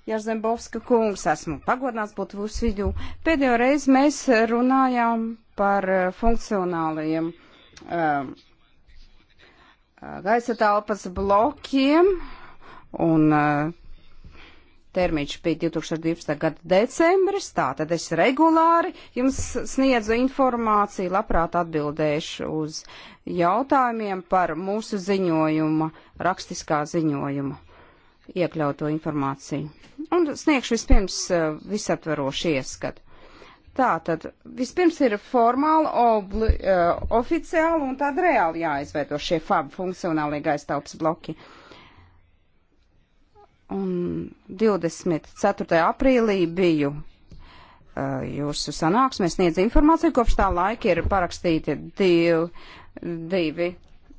Jarzembovska kungs, esmu pagodināts būt jūsu vidū. Pēdējo reizi mēs runājām par uh, funkcionālajiem. Um, uh, gaisa telpas blokiem un e, termiņš bija 2012. gada decembris, tātad es regulāri jums sniedzu informāciju, labprāt atbildēšu uz jautājumiem par mūsu ziņojuma, rakstiskā ziņojuma iekļauto informāciju. Un sniegšu vispirms e, visaptverošu ieskatu. Tātad vispirms ir formāli, obli, uh, oficiāli un tad reāli jāizveido šie fab funkcionālie gaistaupas bloki. Un 24. aprīlī biju uh, jūsu sanāksmē sniedz informāciju, kopš tā laika ir parakstīti divi, divi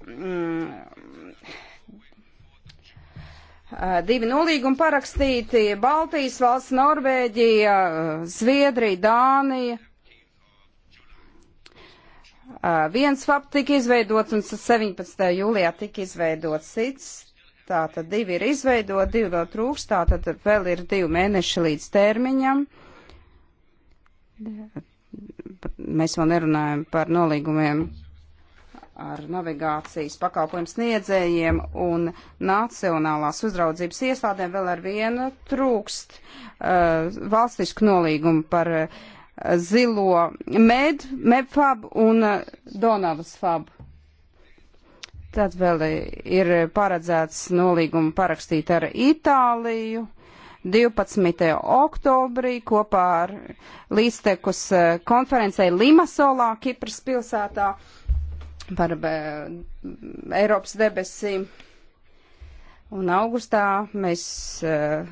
mm, Eh, divi nolīgumi parakstīti - Baltijas valsts, Norvēģija, eh, Zviedrija, Dānija. Eh, viens FAP tika izveidots un 17. jūlijā tika izveidots cits. Tātad divi ir izveidoti, divi vēl trūks, tātad vēl ir divi mēneši līdz termiņam. Mēs vēl nerunājam par nolīgumiem ar navigācijas pakalpojumu sniedzējiem un nacionālās uzraudzības iestādēm vēl ar vienu trūkst uh, valstisku nolīgumu par uh, zilo med, medfab un uh, Donavas fab. Tad vēl ir paredzēts nolīgumu parakstīt ar Itāliju. 12. oktobrī kopā ar līdztekus uh, konferencei Limasolā, Kipras pilsētā. Uh, par eh, Eiropas debesīm. Un augustā mēs uh,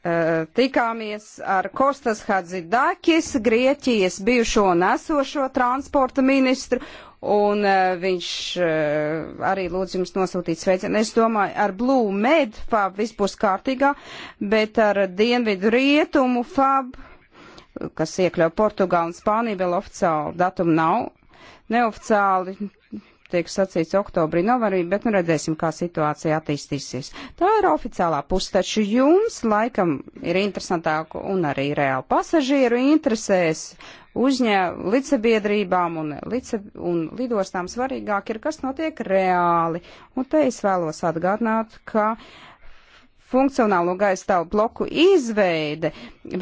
uh, tikāmies ar Kostas Hadzidakis, Grieķijas bijušo un esošo transporta ministru, un uh, viņš uh, arī lūdz jums nosūtīt sveicienu. Es domāju, ar Blue Med fab viss būs kārtīgā, bet ar Dienvidu rietumu fab, kas iekļauj Portugālu un Spāniju, vēl oficiālu datumu nav neoficiāli tiek sacīts oktobrī, novembrī, bet nu redzēsim, kā situācija attīstīsies. Tā ir oficiālā puse, taču jums laikam ir interesantāk un arī reāli pasažieru interesēs uzņē līdzsabiedrībām un, lice, un lidostām svarīgāk ir, kas notiek reāli. Un te es vēlos atgādināt, ka funkcionālo gaistāvu bloku izveide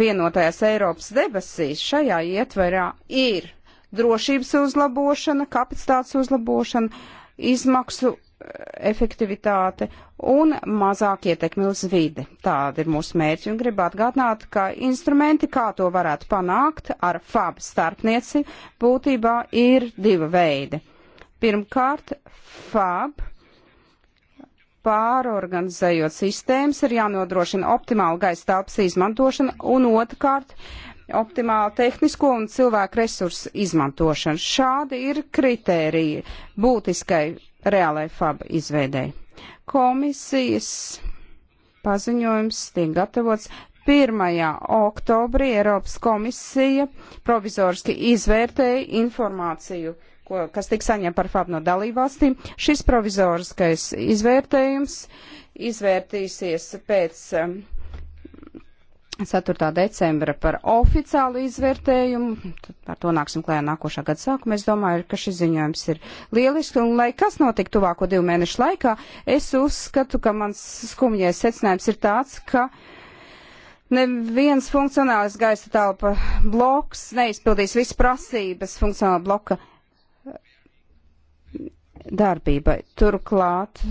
vienotajās Eiropas debesīs šajā ietverā ir drošības uzlabošana, kapacitātes uzlabošana, izmaksu eh, efektivitāte un mazāk ietekmi uz vidi. Tāda ir mūsu mērķi un gribu atgādināt, ka instrumenti, kā to varētu panākt ar FAB starpnieci, būtībā ir divi veidi. Pirmkārt, FAB pārorganizējot sistēmas ir jānodrošina optimāla gaisa telpas izmantošana un otrkārt, uh, optimāla tehnisko un cilvēku resursu izmantošana. Šādi ir kritēriji būtiskai reālai faba izveidēji. Komisijas paziņojums tiek gatavots. 1. oktobrī Eiropas komisija provizoriski izvērtēja informāciju, ko, kas tika saņemta par FAB no dalībvalstīm. Šis provizoriskais izvērtējums izvērtīsies pēc um, 4. decembra par oficiālu izvērtējumu, tad par to nāksim klējā nākošā gada sākumā. Es domāju, ka šis ziņojums ir lielisks, un lai kas notiek tuvāko divu mēnešu laikā, es uzskatu, ka mans skumjais secinājums ir tāds, ka neviens funkcionālis gaisa telpa bloks neizpildīs visas prasības funkcionāla bloka darbībai. Turklāt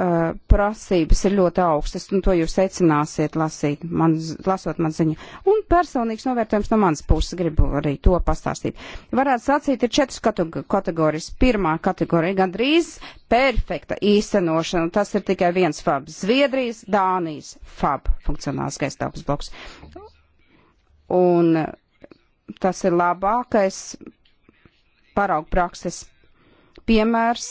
uh, prasības ir ļoti augstas, un to jūs secināsiet lasīt, man, lasot man ziņu. Un personīgs novērtējums no manas puses gribu arī to pastāstīt. Varētu sacīt, ir četras kategorijas. Pirmā kategorija gandrīz perfekta īstenošana, un tas ir tikai viens fab. Zviedrijas, Dānijas fab funkcionāls gaistāpas bloks. Un tas ir labākais paraugu prakses piemērs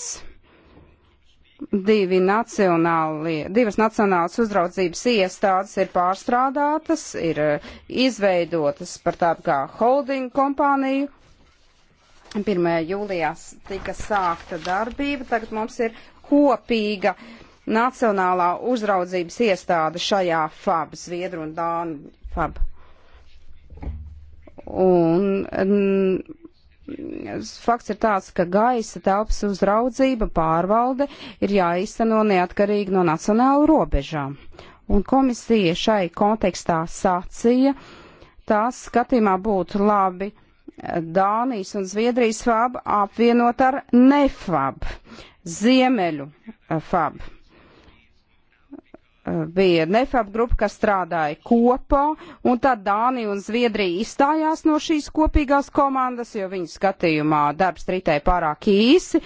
divi nacionāli, divas nacionālas uzraudzības iestādes ir pārstrādātas, ir eh, izveidotas par tādu kā holding kompāniju. 1. jūlijā tika sākta darbība, tagad mums ir kopīga nacionālā uzraudzības iestāde šajā FAB, Zviedru un Dānu FAB. Un fakts ir tāds, ka gaisa telpas uzraudzība pārvalde ir jāizteno neatkarīgi no nacionālu robežām. Un komisija šai kontekstā sacīja, tās skatījumā būtu labi eh, Dānijas un Zviedrijas fab apvienot ar nefab, ziemeļu eh, fab bija NEFAP grupa, kas strādāja kopā, un tad Dānija un Zviedrija izstājās no šīs kopīgās komandas, jo viņu skatījumā darbs tritēja pārāk īsi.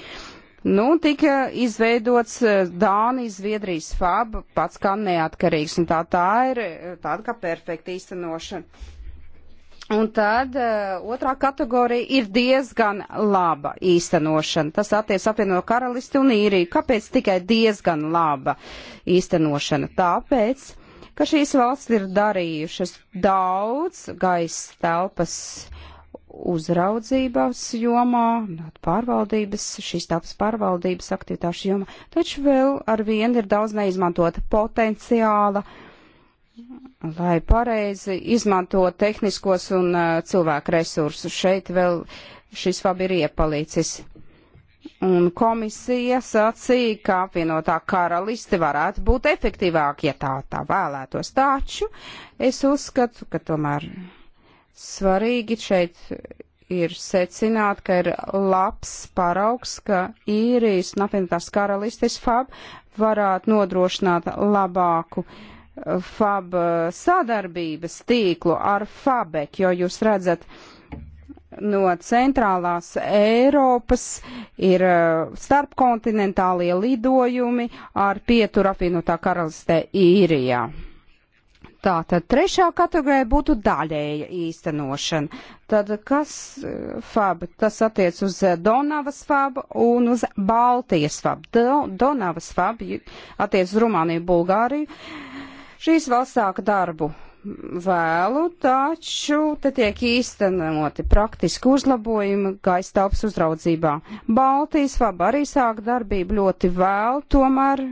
Nu, tika izveidots eh, Dānijas, Zviedrijas fab, pats kā neatkarīgs, un tā tā ir eh, tāda kā perfekta īstenošana. Un tad uh, otrā kategorija ir diezgan laba īstenošana. Tas attiec apvieno karalisti un īriju. Kāpēc tikai diezgan laba īstenošana? Tāpēc, ka šīs valsts ir darījušas daudz gaisa telpas uzraudzības jomā, pārvaldības, šīs telpas pārvaldības aktivitāšu jomā, taču vēl ar vienu ir daudz neizmantota potenciāla. Uh, lai pareizi izmanto tehniskos un uh, cilvēku resursus. Šeit vēl šis fab ir iepalicis. Un komisija sacīja, ka apvienotā karaliste varētu būt efektīvāk, ja tā tā vēlētos. Taču es uzskatu, ka tomēr svarīgi šeit ir secināt, ka ir labs paraugs, ka īrijas un apvienotās karalistes fab varētu nodrošināt labāku uh, FAB eh, sadarbības tīklu ar FABEK, jo jūs redzat, no centrālās Eiropas ir eh, starpkontinentālie lidojumi ar pieturu apvienotā karalistē īrijā. Tātad trešā kategorija būtu daļēja īstenošana. Tad kas eh, fab? Tas attiec uz Donavas fab un uz Baltijas fab. Do, Donavas fab attiec uz Rumāniju, Bulgāriju. Uh, Šīs valsts sāk darbu vēlu, taču te tiek īstenoti praktiski uzlabojumi gaisa telpas uzraudzībā. Baltijas vaba arī sāk darbību ļoti vēlu, tomēr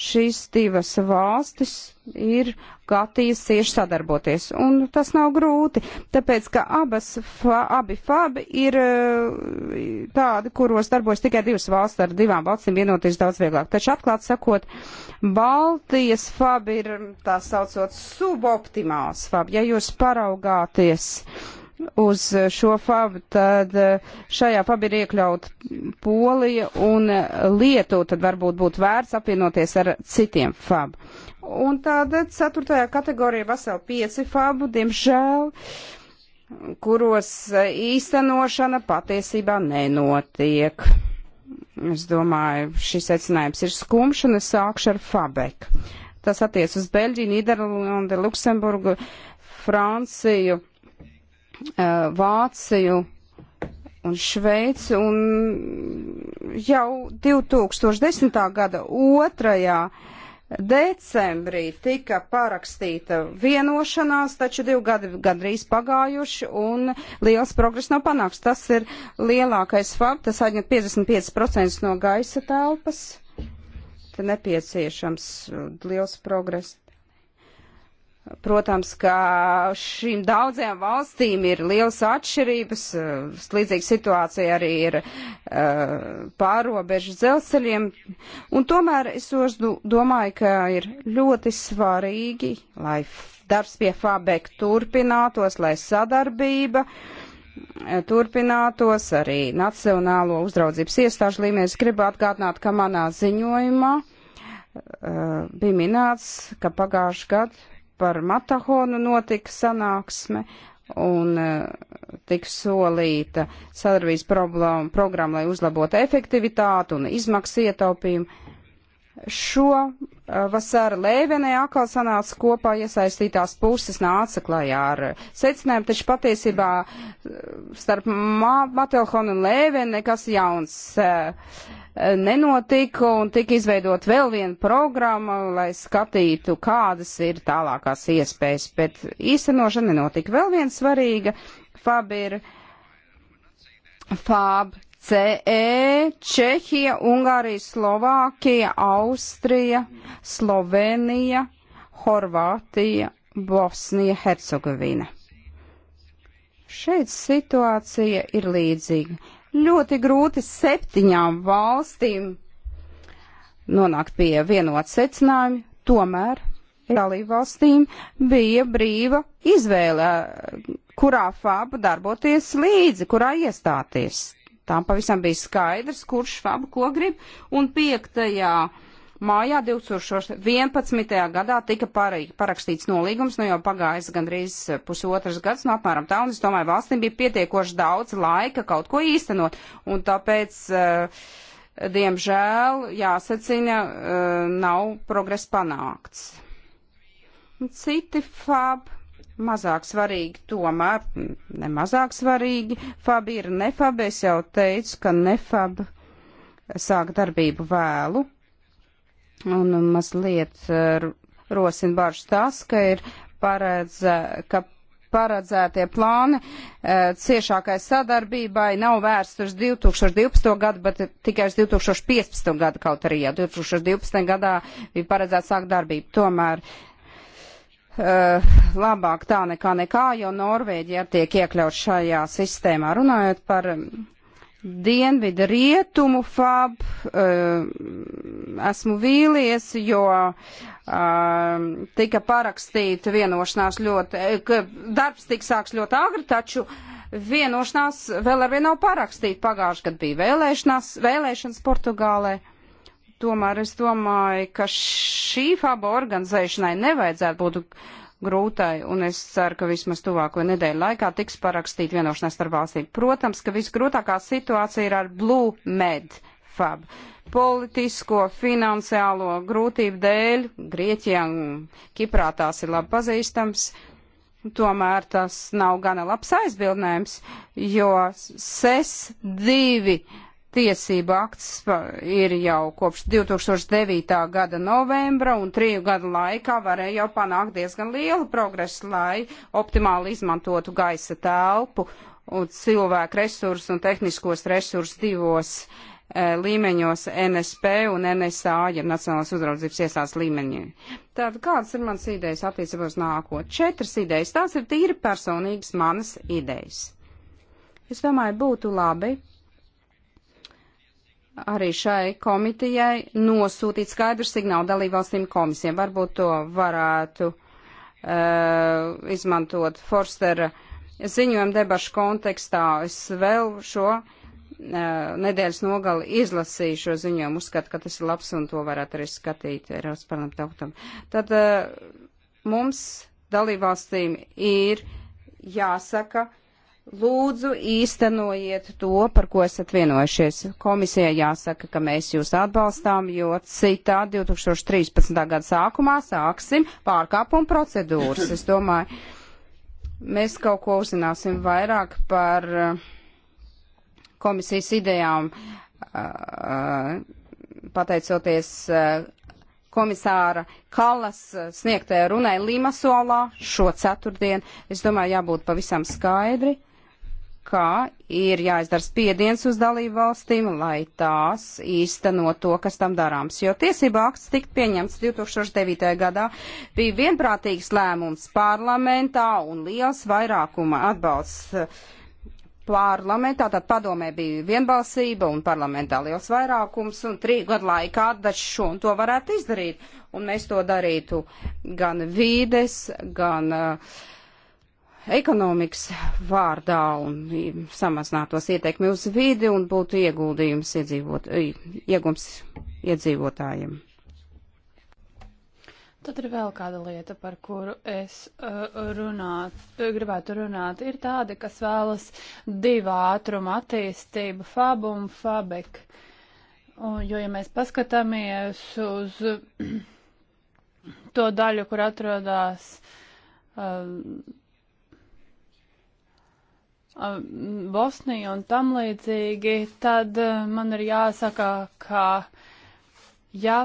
šīs divas valstis ir gatavas cieši sadarboties. Un tas nav grūti, tāpēc ka abas, fa, abi fabi ir eh, tādi, kuros darbojas tikai divas valsts, ar divām valstīm vienoties daudz vieglāk. Taču atklāt sakot, Baltijas fabi ir tā saucot suboptimāls fabi. Ja jūs paraugāties uz šo fabu, tad eh, šajā fabu ir iekļaut Polija un eh, Lietuva, tad varbūt būtu vērts apvienoties ar citiem fabu. Un tātad ceturtajā kategorijā vesel pieci fabu, diemžēl, kuros eh, īstenošana patiesībā nenotiek. Es domāju, šis secinājums ir skumšs, un es sākšu ar Fabeku. Tas attiec uz Beļģiju, Nīderlandi, Luksemburgu, Franciju, Vāciju un Šveici, un jau 2010. gada 2. decembrī tika parakstīta vienošanās, taču divi gadi gandrīz pagājuši, un liels progress nav panāks. Tas ir lielākais fab, tas aizņem 55% no gaisa telpas, te nepieciešams liels progress. Protams, ka šīm daudzajām valstīm ir liels atšķirības, eh, līdzīga situācija arī ir uh, pārobežu dzelzceļiem, un tomēr es domāju, ka ir ļoti svarīgi, lai darbs pie Fabek turpinātos, lai sadarbība eh, turpinātos arī Nacionālo uzraudzības iestāžu līmenī. Es gribu atgādināt, ka manā ziņojumā uh, bija minēts, ka pagājuši gadu par Matahonu notika sanāksme un eh, tiks solīta sadarbības programma, lai uzlabotu efektivitātu un izmaksu ietaupījumu. Šo eh, vasaru Lēvenē atkal sanāca kopā iesaistītās puses nāca klajā ar secinājumu, taču patiesībā eh, starp Matelhonu un Lēveni nekas jauns eh, nenotika un tika izveidot vēl viena programma, lai skatītu, kādas ir tālākās iespējas, bet īstenošana nenotika. Vēl viena svarīga fab ir fab CE, Čehija, Ungārija, Slovākija, Austrija, Slovenija, Horvātija, Bosnija, Hercegovina. Šeit situācija ir līdzīga. Ļoti grūti septiņām valstīm nonākt pie vienotas secinājuma, tomēr dalībvalstīm bija brīva izvēle, kurā fāba darboties līdzi, kurā iestāties tām pavisam bija skaidrs, kurš švab ko grib, un 5. mājā 2011. gadā tika parakstīts nolīgums, nu jau pagājis gandrīz pusotras gads, nu apmēram tā, un es domāju, valstīm bija pietiekoši daudz laika kaut ko īstenot, un tāpēc. Eh, diemžēl, jāsacina, eh, nav progress panākts. Citi fab mazāk svarīgi, tomēr nemazāk svarīgi. Fab ir nefab, es jau teicu, ka nefab sāk darbību vēlu un mazliet eh, rosina bažas tas, ka ir paredz, ka paredzētie plāni eh, ciešākai sadarbībai nav vērsti uz 2012. gadu, bet tikai uz 2015. gadu, kaut arī, ja 2012. gadā bija paredzēts sākt darbību. Tomēr uh, Uh, labāk tā nekā nekā, jo Norvēģija tiek iekļaut šajā sistēmā. Runājot par mm, dienvidu rietumu fab, uh, esmu vīlies, jo uh, tika parakstīta vienošanās ļoti, ka darbs tiks sāks ļoti agri, taču vienošanās vēl arvien nav parakstīta. Pagājuši gadu bija vēlēšanās, vēlēšanas Portugālē. Uh, Tomēr es domāju, ka šī faba organizēšanai nevajadzētu būt grūtai, un es ceru, ka vismaz tuvāko nedēļu laikā tiks parakstīt vienošanās starp valstīm. Protams, ka visgrūtākā situācija ir ar Blue Med fab. Politisko, finansiālo grūtību dēļ Grieķijā un Kiprā tās ir labi pazīstams. Tomēr tas nav gana labs aizbildinājums, jo SES divi uh, tiesība akts ir jau kopš 2009. gada novembra un triju gadu laikā varēja jau panākt diezgan lielu progresu, lai optimāli izmantotu gaisa telpu un cilvēku resursus un tehniskos resursus divos e, līmeņos NSP un NSA, ja Nacionālās uzraudzības iestādes līmeņi. Tad kādas ir manas idejas attiecībā uz nākotnē? Četras idejas. Tās ir tīri personīgas manas idejas. Es domāju, būtu labi, arī šai komitejai nosūtīt skaidru signālu dalībvalstīm komisijām. Varbūt to varētu uh, izmantot Forstera ziņojumu debašu kontekstā. Es vēl šo uh, nedēļas nogali izlasīju šo ziņojumu, uzskatu, ka tas ir labs un to varētu arī skatīt Eiropas parlamenta tautam. Tad uh, mums dalībvalstīm ir jāsaka, Lūdzu, īstenojiet to, par ko esat vienojušies. Komisijai jāsaka, ka mēs jūs atbalstām, jo citā 2013. gada sākumā sāksim pārkāpumu procedūras. Es domāju, mēs kaut ko uzzināsim vairāk par uh, komisijas idejām, uh, uh, pateicoties komisāra Kallas sniegtajai runai Limasolā šo ceturtdienu. Es domāju, jābūt pavisam skaidri ka ir jāizdara spiediens uz dalību valstīm, lai tās īsteno to, kas tam darāms. Jo tiesība akts tika pieņemts 2009. gadā, bija vienprātīgs lēmums parlamentā un liels vairākuma atbalsts eh, parlamentā, tad padomē bija vienbalsība un parlamentā liels vairākums, un trīs gadu laikā taču šo un to varētu izdarīt. Un mēs to darītu gan vīdes, gan uh, ekonomikas vārdā un samazinātos ietekmi uz vidi un būtu ieguldījums iedzīvot, iegums iedzīvotājiem. Tad ir vēl kāda lieta, par kuru es uh, runāt, e, gribētu runāt. Ir tādi, kas vēlas divu ātrumu attīstību, fab un fabek. Un, jo, ja mēs paskatāmies uz to daļu, kur atrodas uh, Bosniju un tam līdzīgi, tad e, man ir jāsaka, ka ja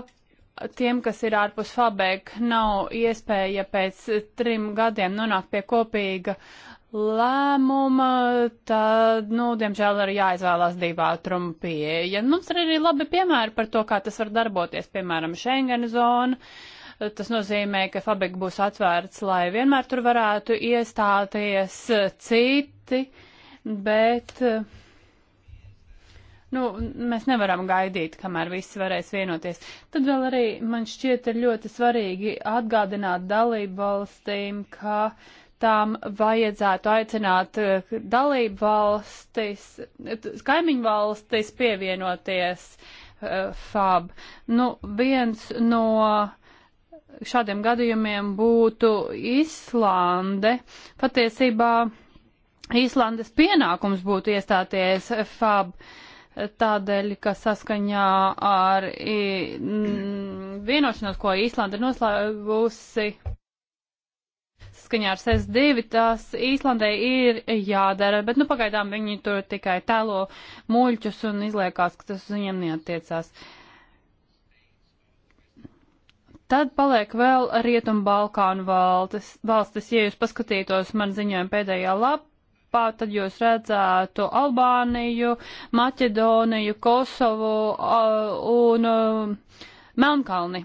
tiem, kas ir ārpus fabēk, nav iespēja pēc trim gadiem nonākt pie kopīga lēmuma, tad, nu, diemžēl ir jāizvēlās divu ātrumu pieeja. Mums ir arī labi piemēri par to, kā tas var darboties, piemēram, Schengen zona. Tas nozīmē, ka fabrika būs atvērts, lai vienmēr tur varētu iestāties citi bet eh, nu, mēs nevaram gaidīt, kamēr visi varēs vienoties. Tad vēl arī man šķiet ir ļoti svarīgi atgādināt dalību valstīm, ka tām vajadzētu aicināt eh, dalību valstis, kaimiņu valstis pievienoties uh, FAB. Nu, viens no šādiem gadījumiem būtu Islande. Patiesībā Īslandes pienākums būtu iestāties FAB tādēļ, ka saskaņā ar vienošanos, ko Īslanda ir noslēgusi, saskaņā ar SES2, tās Īslandai ir jādara, bet nu pagaidām viņi tur tikai tēlo muļķus un izliekās, ka tas uz viņiem neatiecās. Tad paliek vēl Rietumu Balkānu valstis. valstis. Ja jūs paskatītos man ziņojumu pēdējā lapā, mapā, tad jūs redzētu Albāniju, Maķedoniju, Kosovu un Melnkalni.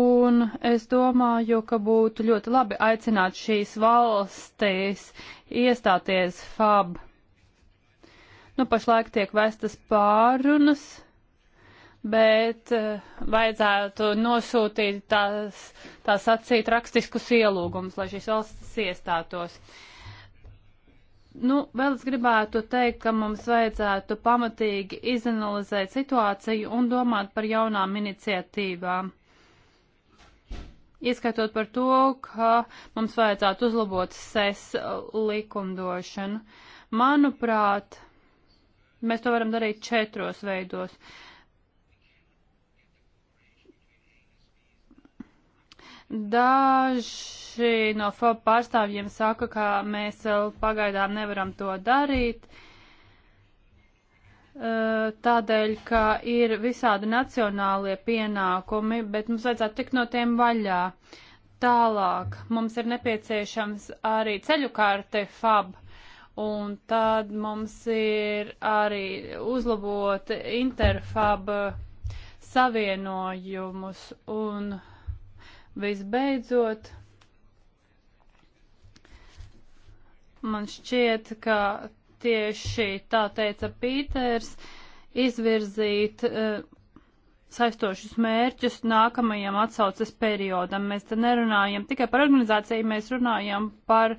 Un es domāju, ka būtu ļoti labi aicināt šīs valstis iestāties FAB. Nu, pašlaik tiek vestas pārunas bet eh, vajadzētu nosūtīt tās, tā sacīt, rakstiskus ielūgumus, lai šīs valstis iestātos. Nu, vēl es gribētu teikt, ka mums vajadzētu pamatīgi izanalizēt situāciju un domāt par jaunām iniciatīvām. Ieskaitot par to, ka mums vajadzētu uzlabot SES e likumdošanu. Manuprāt, mēs to varam darīt četros veidos. Uh, Daži no FOB pārstāvjiem saka, ka mēs pagaidām nevaram to darīt, eh, tādēļ, ka ir visādi nacionālie pienākumi, bet mums vajadzētu tikt no tiem vaļā. Tālāk mums ir nepieciešams arī ceļu karte FAB, un tad mums ir arī uzlabot interfab savienojumus un Visbeidzot, man šķiet, ka tieši tā teica Pīters, izvirzīt uh, saistošus mērķus nākamajam atsauces periodam. Mēs te nerunājam tikai par organizāciju, mēs runājam par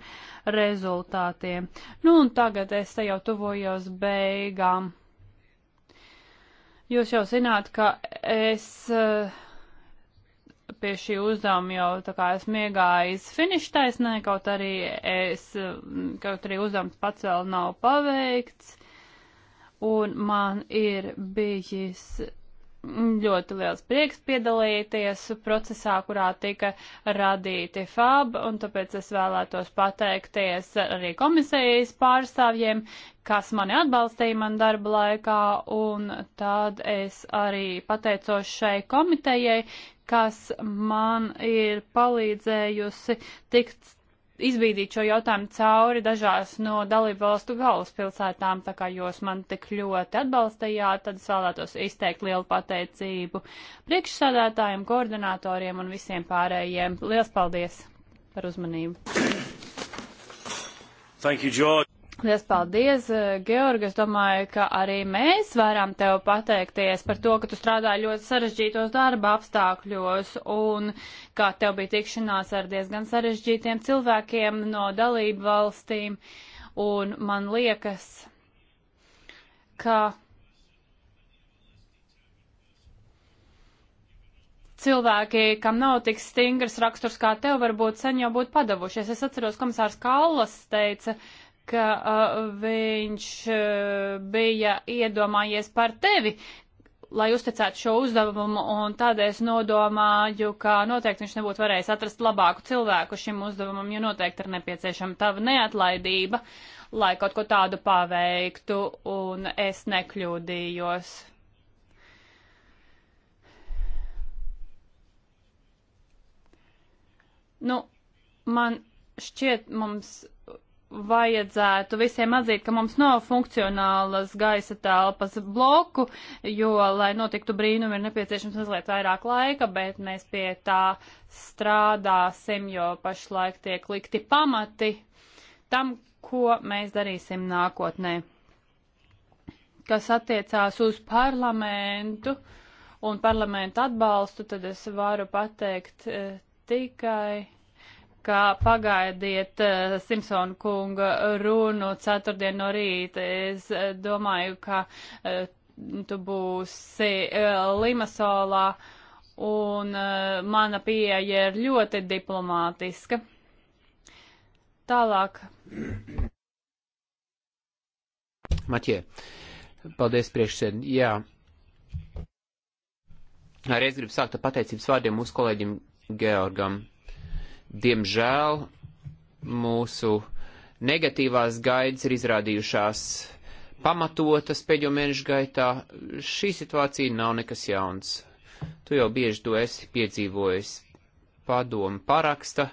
rezultātiem. Nu un tagad es te jau tuvojos beigām. Jūs jau zināt, ka es. Uh, pie šī uzdevuma jau tā kā esmu iegājis finiša taisnē, kaut arī es, kaut arī uzdevums pats vēl nav paveikts. Un man ir bijis ļoti liels prieks piedalīties procesā, kurā tika radīti FAB, un tāpēc es vēlētos pateikties arī komisijas pārstāvjiem, kas mani atbalstīja man darba laikā, un tad es arī pateicos šai komitejai, kas man ir palīdzējusi tikt izbīdīt šo jautājumu cauri dažās no dalību valstu galvaspilsētām, tā kā jūs man tik ļoti atbalstījāt, tad es vēlētos izteikt lielu pateicību priekšsādātājiem, koordinatoriem un visiem pārējiem. Lielas paldies par uzmanību! Thank you, George. Liels paldies, eh, Georgi. Es domāju, ka arī mēs varam tev pateikties par to, ka tu strādā ļoti sarežģītos darba apstākļos un kā tev bija tikšanās ar diezgan sarežģītiem cilvēkiem no dalību valstīm. Un man liekas, ka cilvēki, kam nav tik stingrs raksturs kā tev, varbūt sen jau būtu padavušies. Es atceros, komisārs Kallas teica, ka uh, viņš uh, bija iedomājies par tevi, lai uzticētu šo uzdevumu, un tādēļ es nodomāju, ka noteikti viņš nebūtu varējis atrast labāku cilvēku šim uzdevumam, jo noteikti ir nepieciešama tava neatlaidība, lai kaut ko tādu paveiktu, un es nekļūdījos. Nu, man šķiet, mums vajadzētu visiem atzīt, ka mums nav funkcionālas gaisa telpas bloku, jo, lai notiktu brīnumi, ir nepieciešams mazliet vairāk laika, bet mēs pie tā strādāsim, jo pašlaik tiek likti pamati tam, ko mēs darīsim nākotnē. Kas attiecās uz parlamentu un parlamentu atbalstu, tad es varu pateikt eh, tikai kā pagaidiet uh, Simpsona kunga runu ceturtdien no rīta. Es uh, domāju, ka uh, tu būsi uh, Limasolā un uh, mana pieeja ir ļoti diplomātiska. Tālāk. Maķie, paldies priekšsēd. Jā. Arī es gribu sākt ar pateicības vārdiem mūsu kolēģim Georgam Diemžēl mūsu negatīvās gaidas ir izrādījušās pamatotas pēdējo mēnešu gaitā. Šī situācija nav nekas jauns. Tu jau bieži to esi piedzīvojis. Padomu paraksta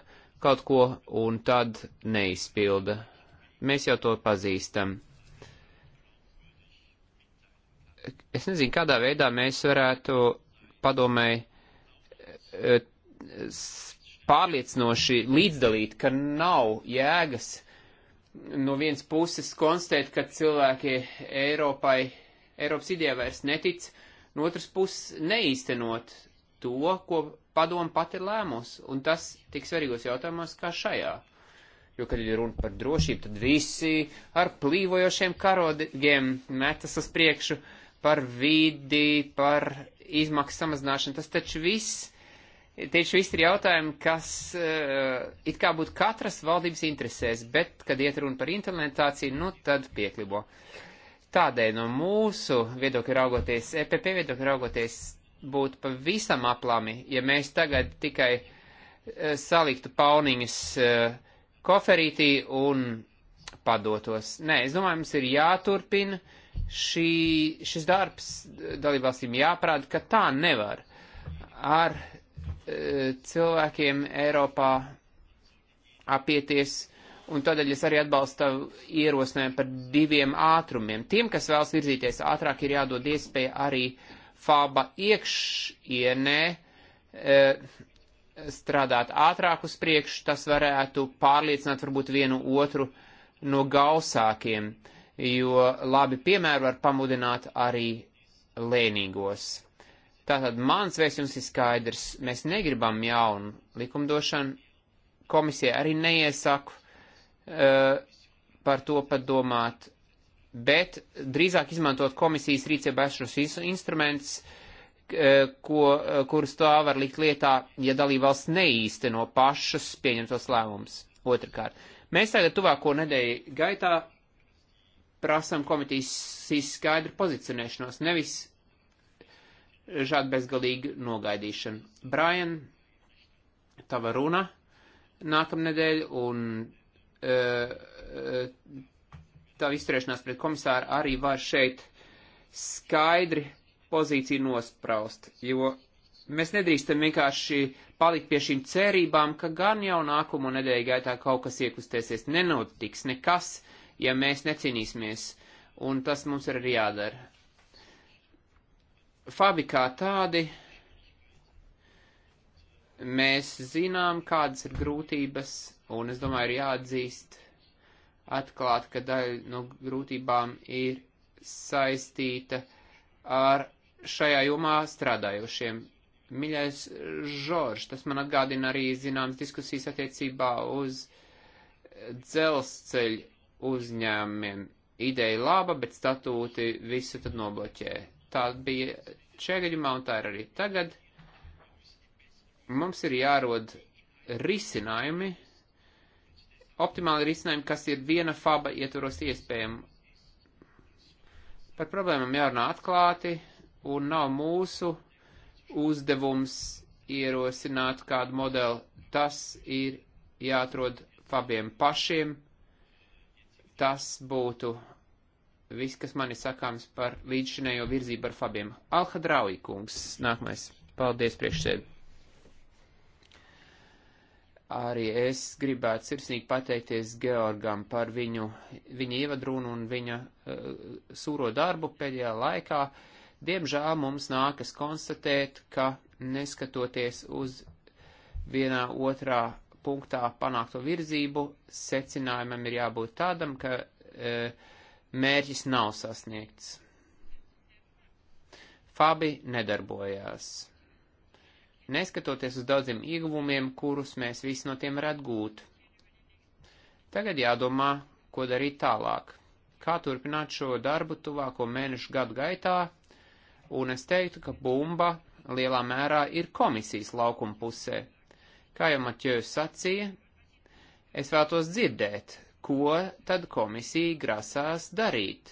kaut ko un tad neizpilda. Mēs jau to pazīstam. Es nezinu, kādā veidā mēs varētu padomēji eh, pārliecinoši līdzdalīt, ka nav jēgas no vienas puses konstatēt, ka cilvēki Eiropai, Eiropas idejā vairs netic, no otras puses neīstenot to, ko padomu pat ir lēmus, un tas tik svarīgos jautājumos kā šajā. Jo, kad ir runa par drošību, tad visi ar plīvojošiem karodiem metas uz priekšu par vidi, par izmaksu samazināšanu. Tas taču viss Tieši visi ir jautājumi, kas uh, it kā būtu katras valdības interesēs, bet, kad iet runa par implementāciju, nu tad pieklibo. Tādēļ no mūsu viedokļa raugoties, EPP viedokļa raugoties, būtu pavisam aplami, ja mēs tagad tikai uh, saliktu pauniņas uh, koferītī un padotos. Nē, es domāju, mums ir jāturpina šī, šis darbs, dalībvalstīm jāprāda, ka tā nevar. Ar cilvēkiem Eiropā apieties, un tādēļ es arī atbalstu ierosinājumu par diviem ātrumiem. Tiem, kas vēlas virzīties ātrāk, ir jādod iespēja arī fāba iekšienē e, strādāt ātrāk uz priekšu, tas varētu pārliecināt varbūt vienu otru no gausākiem, jo labi piemēru var pamudināt arī lēnīgos. Tātad mans vēstījums ir skaidrs. Mēs negribam jaunu likumdošanu. Komisija arī neiesaku uh, par to pat domāt, bet drīzāk izmantot komisijas rīcībā esošos instrumentus, uh, ko, uh, kurus tā var likt lietā, ja dalībvalsts neīsteno pašas pieņemtos lēmumus. Otrakārt, mēs tagad tuvāko nedēļu gaitā prasam komitīs skaidru pozicionēšanos, nevis šādu bezgalīgu nogaidīšanu. Brian, tava runa nākamnedēļ un uh, e, e, tava izturēšanās pret komisāru arī var šeit skaidri pozīciju nospraust, jo mēs nedrīkstam vienkārši palikt pie šīm cerībām, ka gan jau nākamo nedēļu gaitā kaut kas iekustēsies, nenotiks nekas, ja mēs necīnīsimies, un tas mums ir arī jādara. Fabi kā tādi, mēs zinām, kādas ir grūtības, un es domāju, ir jāatzīst atklāt, ka daļa no grūtībām ir saistīta ar šajā jomā strādājošiem. Miļais Žorž, tas man atgādina arī zināmas diskusijas attiecībā uz dzelzceļu uzņēmumiem. Ideja laba, bet statūti visu tad nobloķē. Tā bija šajā gadījumā, un tā ir arī tagad, mums ir jārod risinājumi, optimāli risinājumi, kas ir viena faba ietvaros iespējama. Par problēmām jārunā atklāti, un nav mūsu uzdevums ierosināt kādu modeli. Tas ir jāatrod fabiem pašiem. Tas būtu viss, kas man ir sakāms par līdzšinējo virzību ar Fabiem. Alhadrauji kungs, nākamais. Paldies priekšsēd. Arī es gribētu sirsnīgi pateikties Georgam par viņu, viņa ievadrunu un viņa uh, sūro darbu pēdējā laikā. Diemžēl mums nākas konstatēt, ka neskatoties uz vienā otrā punktā panākto virzību, secinājumam ir jābūt tādam, ka uh, mērķis nav sasniegts. Fabi nedarbojās. Neskatoties uz daudziem ieguvumiem, kurus mēs visi no tiem varētu gūt. Tagad jādomā, ko darīt tālāk. Kā turpināt šo darbu tuvāko mēnešu gadu gaitā, un es teiktu, ka bumba lielā mērā ir komisijas laukuma pusē. Kā jau Maķēvs sacīja, es vēlos dzirdēt ko tad komisija grasās darīt.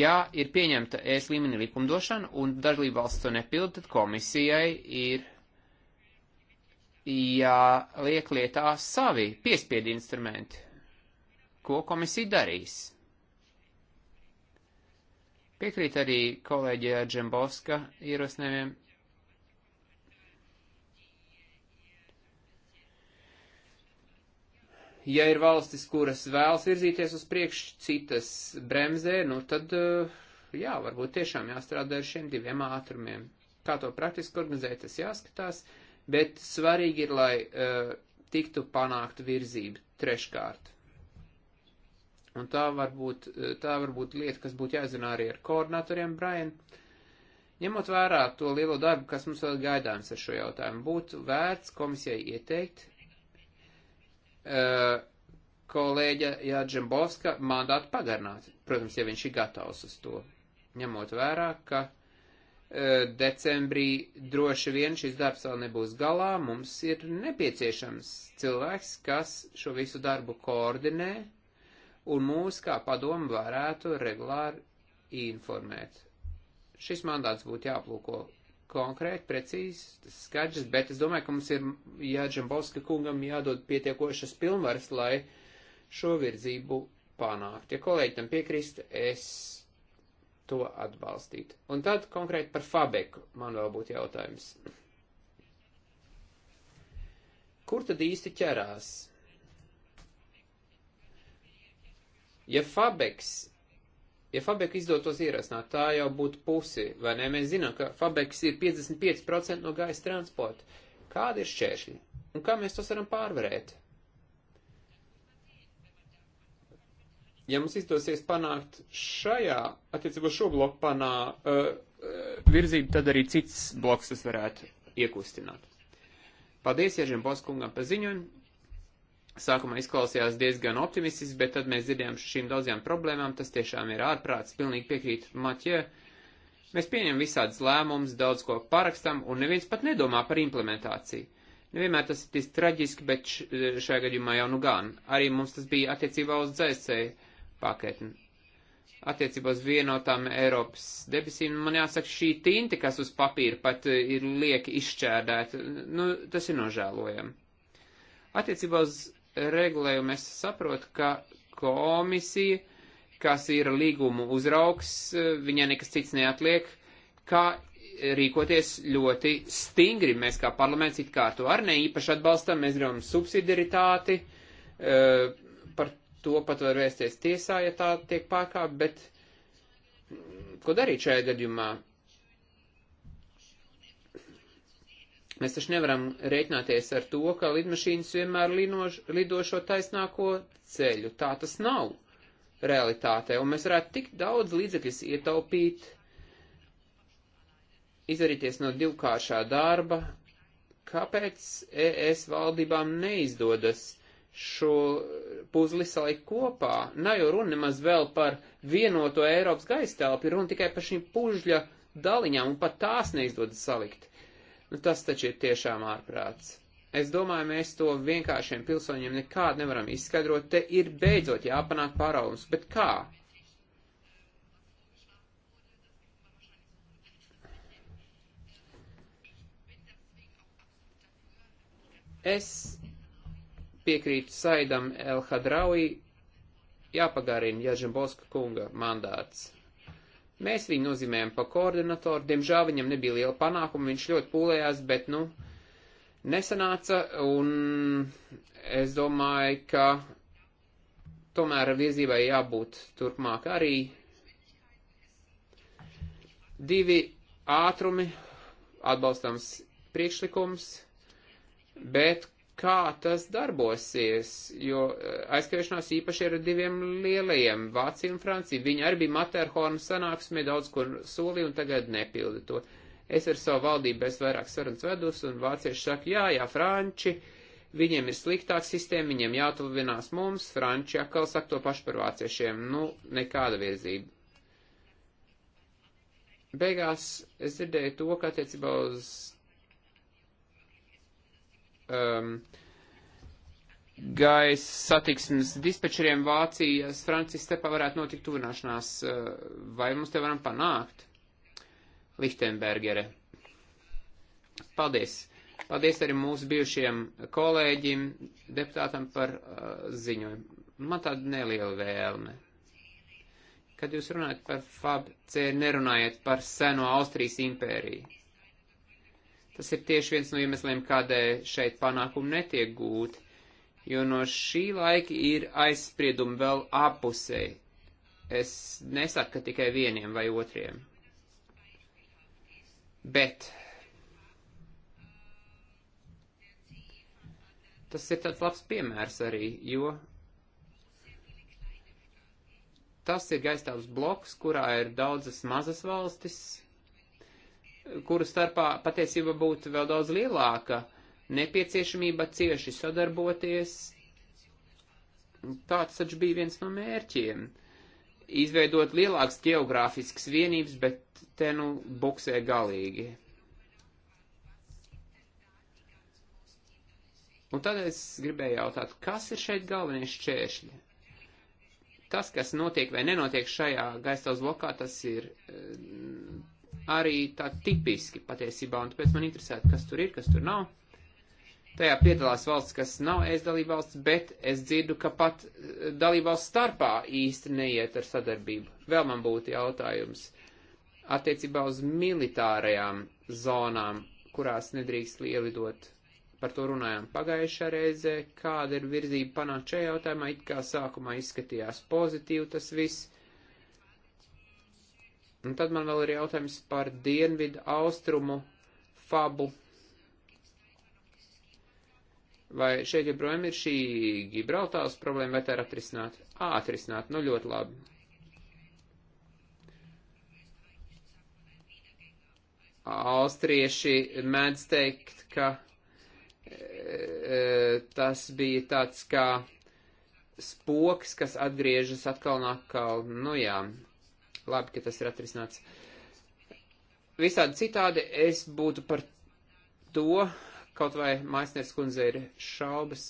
Ja ir pieņemta ES līmenī likumdošana un dažlība valsts to nepilda, tad komisijai ir jāliek lietā savi piespiedu instrumenti. Ko komisija darīs? Piekrīt arī kolēģijā Džembovska ierosinājumiem ja ir valstis, kuras vēlas virzīties uz priekšu, citas bremzē, nu tad, eh, jā, varbūt tiešām jāstrādā ar šiem diviem ātrumiem. Kā to praktiski organizēt, tas jāskatās, bet svarīgi ir, lai uh, tiktu panākt virzība treškārt. Un tā var būt, eh, tā var būt lieta, kas būtu jāzina arī ar koordinatoriem, Brian. Ņemot vērā to lielo darbu, kas mums vēl gaidāms ar šo jautājumu, būtu vērts komisijai ieteikt Eh, kolēģa Jāģembovska mandātu pagarināt. Protams, ja viņš ir gatavs uz to, ņemot vērā, ka eh, decembrī droši vien šis darbs vēl nebūs galā, mums ir nepieciešams cilvēks, kas šo visu darbu koordinē un mūs kā padomu varētu regulāri informēt. Šis mandāts būtu jāplūko konkrēti, precīzi skaidrs, bet es domāju, ka mums ir jāģembauska kungam jādod pietiekošas pilnvaras, lai šo virzību panākt. Ja kolēģi tam piekrist, es to atbalstītu. Un tad konkrēti par Fabeku man vēl būtu jautājums. Kur tad īsti ķerās? Ja Fabeks ja Fabek izdotos ierosināt, tā jau būtu pusi, vai ne? Mēs zinām, ka Fabeks ir 55% no gaisa transporta. Kādi ir šķēršļi? Un kā mēs tos varam pārvarēt? Ja mums izdosies panākt šajā, attiecībā šo bloku panā uh, uh, virzību, tad arī cits bloks tas varētu iekustināt. Paldies Iežiem Boskungam par ziņojumu sākumā izklausījās diezgan optimistisks, bet tad mēs dzirdējām šīm daudzajām problēmām, tas tiešām ir ārprāts, pilnīgi piekrīt Maķē. Mēs pieņem visādas lēmumus, daudz ko parakstam, un neviens pat nedomā par implementāciju. Nevienmēr tas ir tik traģiski, bet šajā gadījumā jau nu gan. Arī mums tas bija attiecībā uz dzēsēju paketni. Attiecībā uz vienotām Eiropas debesīm, man jāsaka, šī tinta, kas uz papīra pat ir lieki izšķērdēta, nu, tas ir nožēlojami. Attiecībā uz regulējumu es saprotu, ka komisija, kas ir līgumu uzraugs, viņai nekas cits neatliek, kā rīkoties ļoti stingri. Mēs kā parlaments it kā to arī ne īpaši atbalstam, mēs gribam subsidiaritāti, e, par to pat var vērsties tiesā, ja tā tiek pārkāpta, bet ko darīt šajā gadījumā? Mēs taču nevaram rēķināties ar to, ka lidmašīnas vienmēr linoš, lido šo taisnāko ceļu. Tā tas nav realitātē, un mēs varētu tik daudz līdzekļus ietaupīt, izvarīties no divkāršā darba, kāpēc ES valdībām neizdodas šo puzli salikt kopā. Nav jau runa nemaz vēl par vienoto Eiropas gaistelpu, ir runa tikai par šīm pužļa daliņām, un pat tās neizdodas salikt. Nu, tas taču ir tiešām ārprāts. Es domāju, mēs to vienkāršiem pilsoņiem nekādu nevaram izskaidrot. Te ir beidzot jāpanāk pāraums, bet kā? Es piekrītu Saidam Elhadraui, jāpagarina Jažembovska kunga mandāts. Mēs viņu nozīmējam pa koordinatoru, diemžēl viņam nebija liela panākuma, viņš ļoti pūlējās, bet, nu, nesanāca, un es domāju, ka tomēr virzībai jābūt turpmāk arī. Divi ātrumi, atbalstams priekšlikums, bet kā tas darbosies, jo eh, aizkavēšanās īpaši ir ar diviem lielajiem, Vācija un Francija. Viņi arī bija Materhorna sanāksmē daudz kur solīja un tagad nepilda to. Es ar savu valdību es vairāk sarunas vedus un vācieši saka, jā, jā, Franči, viņiem ir sliktāk sistēma, viņiem jātuvinās mums, Franči atkal saka to pašu par vāciešiem. Nu, nekāda virzība. Beigās es dzirdēju to, ka attiecībā uz um, gaisa satiksmes dispečeriem Vācijas, Francijas stepā varētu notikt tuvināšanās. Uh, vai mums te varam panākt? Lichtenbergere. Paldies. Paldies arī mūsu bijušiem kolēģim, deputātam par uh, ziņojumu. Man tāda neliela vēlme. Kad jūs runājat par FABC, nerunājat par seno Austrijas impēriju. Tas ir tieši viens no iemesliem, kādēļ šeit panākumi netiek gūti, jo no šī laika ir aizspriedumi vēl apusē. Es nesaku, ka tikai vieniem vai otriem. Bet tas ir tāds labs piemērs arī, jo tas ir gaistāvs bloks, kurā ir daudzas mazas valstis, kuru starpā patiesība būtu vēl daudz lielāka, nepieciešamība cieši sadarboties. Tāds taču bija viens no mērķiem. Izveidot lielākas geogrāfiskas vienības, bet te nu buksē galīgi. Un tad es gribēju jautāt, kas ir šeit galvenie šķēršļi? Tas, kas notiek vai nenotiek šajā gaistāvs blokā, tas ir eh, arī tā tipiski patiesībā, un tāpēc man interesētu, kas tur ir, kas tur nav. Tajā piedalās valsts, kas nav es dalībvalsts, bet es dzirdu, ka pat eh, dalībvalsts starpā īsti neiet ar sadarbību. Vēl man būtu jautājums attiecībā uz militārajām zonām, kurās nedrīkst ielidot. Par to runājām pagājušā reizē, kāda ir virzība panākt šajā jautājumā, it kā sākumā izskatījās pozitīvi tas viss Un tad man vēl ir jautājums par dienvidu austrumu fabu. Vai šeit joprojām ir šī Gibraltāras problēma, vai tā ir atrisināta? Ā, atrisināta, nu ļoti labi. Austrieši mēdz teikt, ka e, tas bija tāds kā spoks, kas atgriežas atkal un atkal, nu jā, Labi, ka tas ir atrisināts. Visādi citādi es būtu par to, kaut vai Maisnieks kundze ir šaubas,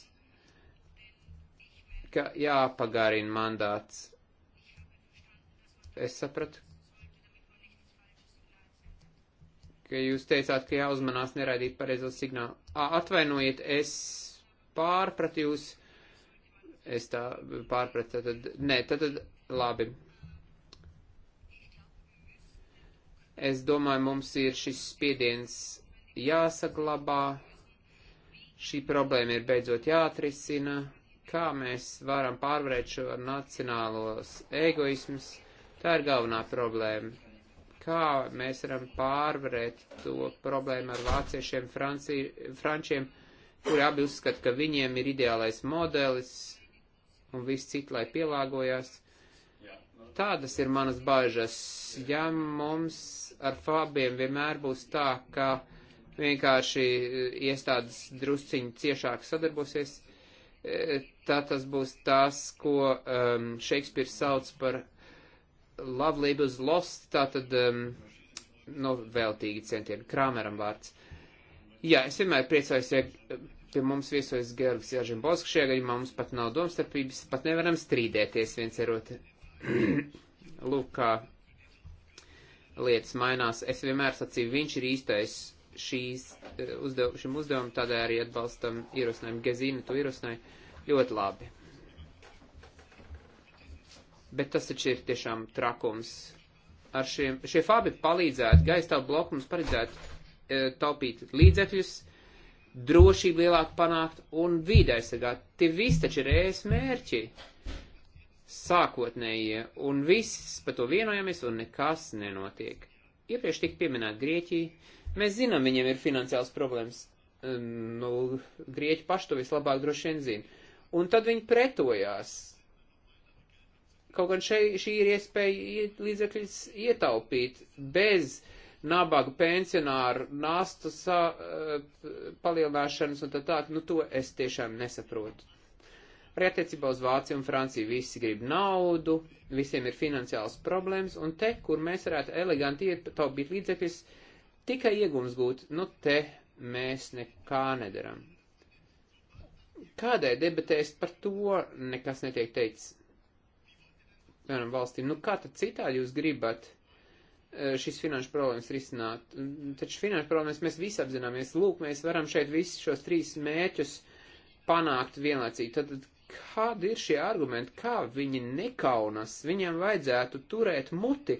ka jāpagarina mandāts. Es sapratu, ka jūs teicāt, ka jāuzmanās neraidīt pareizo signālu. À, atvainojiet, es pārpratu jūs. Es tā pārpratu, tad, nē, tad, labi. Es domāju, mums ir šis spiediens jāsaglabā, šī problēma ir beidzot jāatrisina, kā mēs varam pārvarēt šo nacionālos egoismus, tā ir galvenā problēma. Kā mēs varam pārvarēt to problēmu ar vāciešiem, franci, frančiem, kuri abi uzskata, ka viņiem ir ideālais modelis un viss cits, lai pielāgojās. Tādas ir manas bažas. Ja mums ar fabiem vienmēr būs tā, ka vienkārši eh, iestādes drusciņi ciešāk sadarbosies. Eh, tā tas būs tas, ko um, ehm, Šekspīrs sauc par Love Labels Lost, tātad, um, ehm, nu, veltīgi centieni, Krāmeram vārds. Jā, es vienmēr priecājos, ja pie mums viesojas Georgs Jāžim Bosk, šajā gadījumā mums pat nav domstarpības, pat nevaram strīdēties viens ar otru. Lūk, kā lietas mainās. Es vienmēr sacīju, viņš ir īstais šīs, eh, uzdev, šim uzdevumam, tādēļ arī atbalstam ierosinājumu. Gezīna, tu ierosināji ļoti labi. Bet tas taču ir tiešām trakums. Ar šiem, šie fabi palīdzētu, gaistāvu bloku mums paredzētu e, eh, taupīt līdzekļus, drošību lielāku panākt un vīdē sagāt. Tie visi taču ir ēs mērķi. E sākotnējie, un viss par to vienojamies, un nekas nenotiek. Iepriekš tik pieminēt Grieķiju, mēs zinām, viņiem ir finansiāls problēmas, ehm, nu, Grieķi paši to vislabāk droši vien zina. Un tad viņi pretojās. Kaut gan šeit, šī ir iespēja līdzekļus ietaupīt bez nabagu pensionāru nastu sa, eh, palielināšanas un tā tā, nu to es tiešām nesaprotu Arī attiecībā uz Vāciju un Franciju visi grib naudu, visiem ir finansiāls problēmas, un te, kur mēs varētu eleganti ietaupīt līdzekļus, tikai iegums gūt, nu te mēs nekā nedaram. Kādēļ debatēs par to nekas netiek teikts? Piemēram, valstīm, nu kā tad citādi jūs gribat eh, šīs finanšu problēmas risināt? Mm, taču finanšu problēmas mēs visi apzināmies. Lūk, mēs varam šeit visus šos trīs mērķus panākt vienlaicīgi. Tad kādi ir šie argumenti, kā viņi nekaunas, viņiem vajadzētu turēt muti,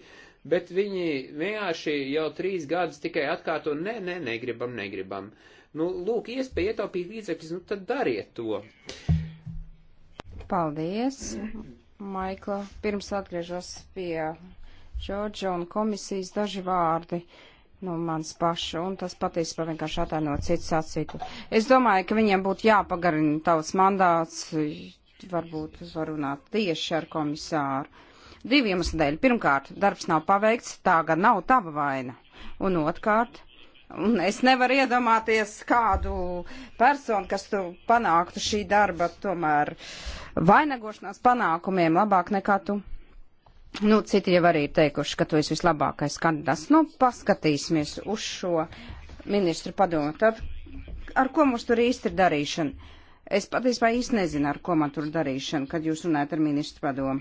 bet viņi vienkārši jau trīs gadus tikai atkārto, nē, nē, negribam, negribam. Nu, lūk, iespēja ietaupīt līdzekļus, nu tad dariet to. Paldies, Maikla. Pirms atgriežos pie Džordža un komisijas daži vārdi. Uh, no nu, mans pašu, un tas patiesībā vienkārši ataino citu sacītu. Es domāju, ka viņiem būtu jāpagarina tavs mandāts, varbūt es varu runāt tieši ar komisāru. Divi iemesli dēļ. Pirmkārt, darbs nav paveikts, tā gan nav tava vaina. Un otrkārt, un es nevaru iedomāties kādu personu, kas tu panāktu šī darba tomēr vainagošanās panākumiem labāk nekā tu Nu, citi jau arī teikuši, ka tu esi vislabākais kandidāts. Nu, paskatīsimies uz šo ministru padomu. Tad ar ko mums tur īsti ir darīšana? Es patiesībā īsti nezinu, ar ko man tur darīšana, kad jūs runājat ar ministru padomu.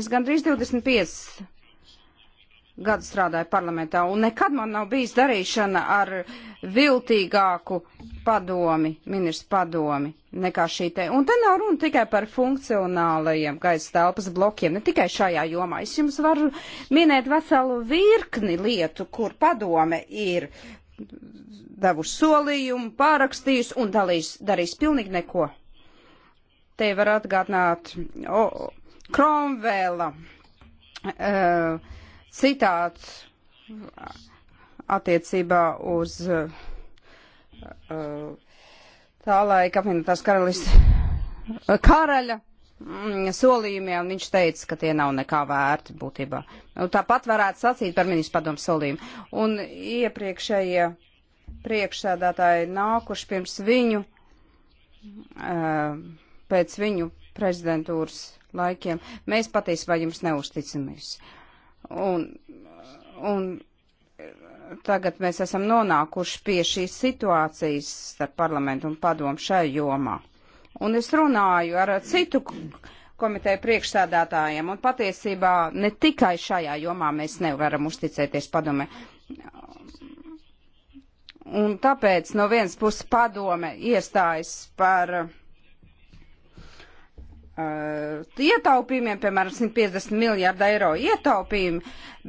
Es gandrīz 25 gadu strādāju parlamentā, un nekad man nav bijis darīšana ar viltīgāku padomi, ministrs padomi, nekā šī te. Un te nav runa tikai par funkcionālajiem gaisa telpas blokiem, ne tikai šajā jomā. Es jums varu minēt veselu virkni lietu, kur padome ir devuši solījumu, pārakstījusi un dalīs, darīs pilnīgi neko. Te var atgādināt o, Kromvēla. Uh, eh, citāts attiecībā uz uh, tā laika apvienotās karalistas uh, karaļa mm, solījumiem, viņš teica, ka tie nav nekā vērti būtībā. Un nu, tāpat varētu sacīt par ministru padomu solījumu. Un iepriekšējie priekšsēdētāji nākuši pirms viņu, uh, pēc viņu prezidentūras laikiem, mēs patiesībā jums neusticamies. Un, un tagad mēs esam nonākuši pie šīs situācijas starp parlamentu un padomu šai jomā. Un es runāju ar citu komiteju priekšsēdētājiem, un patiesībā ne tikai šajā jomā mēs nevaram uzticēties padome. Un tāpēc no vienas puses padome iestājas par Uh, ietaupījumiem, piemēram, 150 miljārdu eiro ietaupījumi,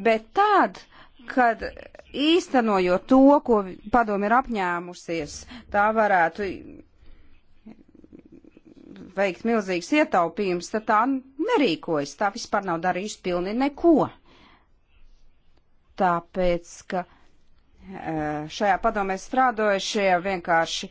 bet tad, kad īstenojot to, ko padomi ir apņēmusies, tā varētu veikt milzīgs ietaupījums, tad tā nerīkojas, tā vispār nav darījusi pilni neko. Tāpēc, ka uh, šajā padomē strādojušie vienkārši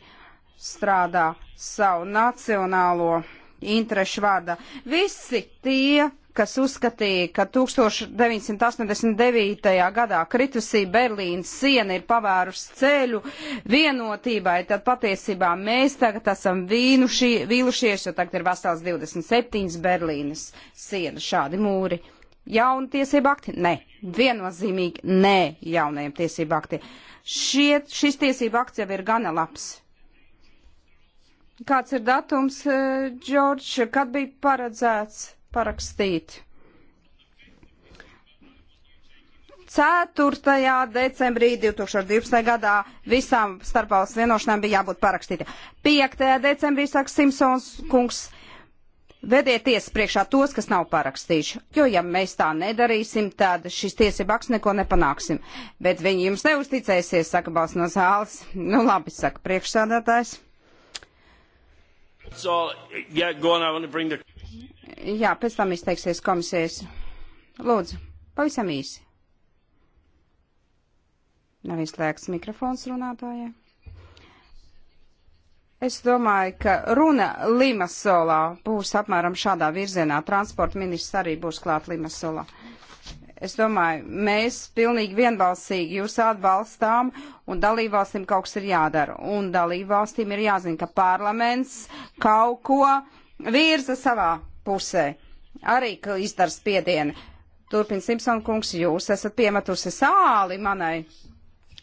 strādā savu nacionālo interešu vārdā. Visi tie, kas uzskatīja, ka 1989. gadā kritusī Berlīnas siena ir pavērusi ceļu vienotībai, tad patiesībā mēs tagad esam vīnuši, vīlušies, jo tagad ir vesels 27 Berlīnas siena šādi mūri. Jauni tiesību akti? Nē, viennozīmīgi nē jaunajiem tiesību aktiem. Šie, šis tiesību akts jau ir gana labs. Kāds ir datums, eh, Džordž, kad bija paredzēts parakstīt? 4. decembrī 2012. gadā visām starpvalsts vienošanām bija jābūt parakstītiem. 5. decembrī saka Simpsons kungs, vedieties priekšā tos, kas nav parakstījuši, jo ja mēs tā nedarīsim, tad šis tiesība aks neko nepanāksim. Bet viņi jums neusticēsies, saka balss no zāles. Nu labi, saka priekšsādātājs. So, yeah, on, the... Jā, pēc tam izteiksies komisijas. Lūdzu, pavisam īsi. Nav izslēgts mikrofons runātājai. Es domāju, ka runa Limasolā būs apmēram šādā virzienā. Transporta ministrs arī būs klāt Limasolā. Uh, Es domāju, mēs pilnīgi vienbalsīgi jūs atbalstām, un dalībvalstīm kaut kas ir jādara. Un dalībvalstīm ir jāzina, ka parlaments kaut ko virza savā pusē. Arī izdara spiedienu. Turpin Simpson kungs, jūs esat piemetusi sāli manai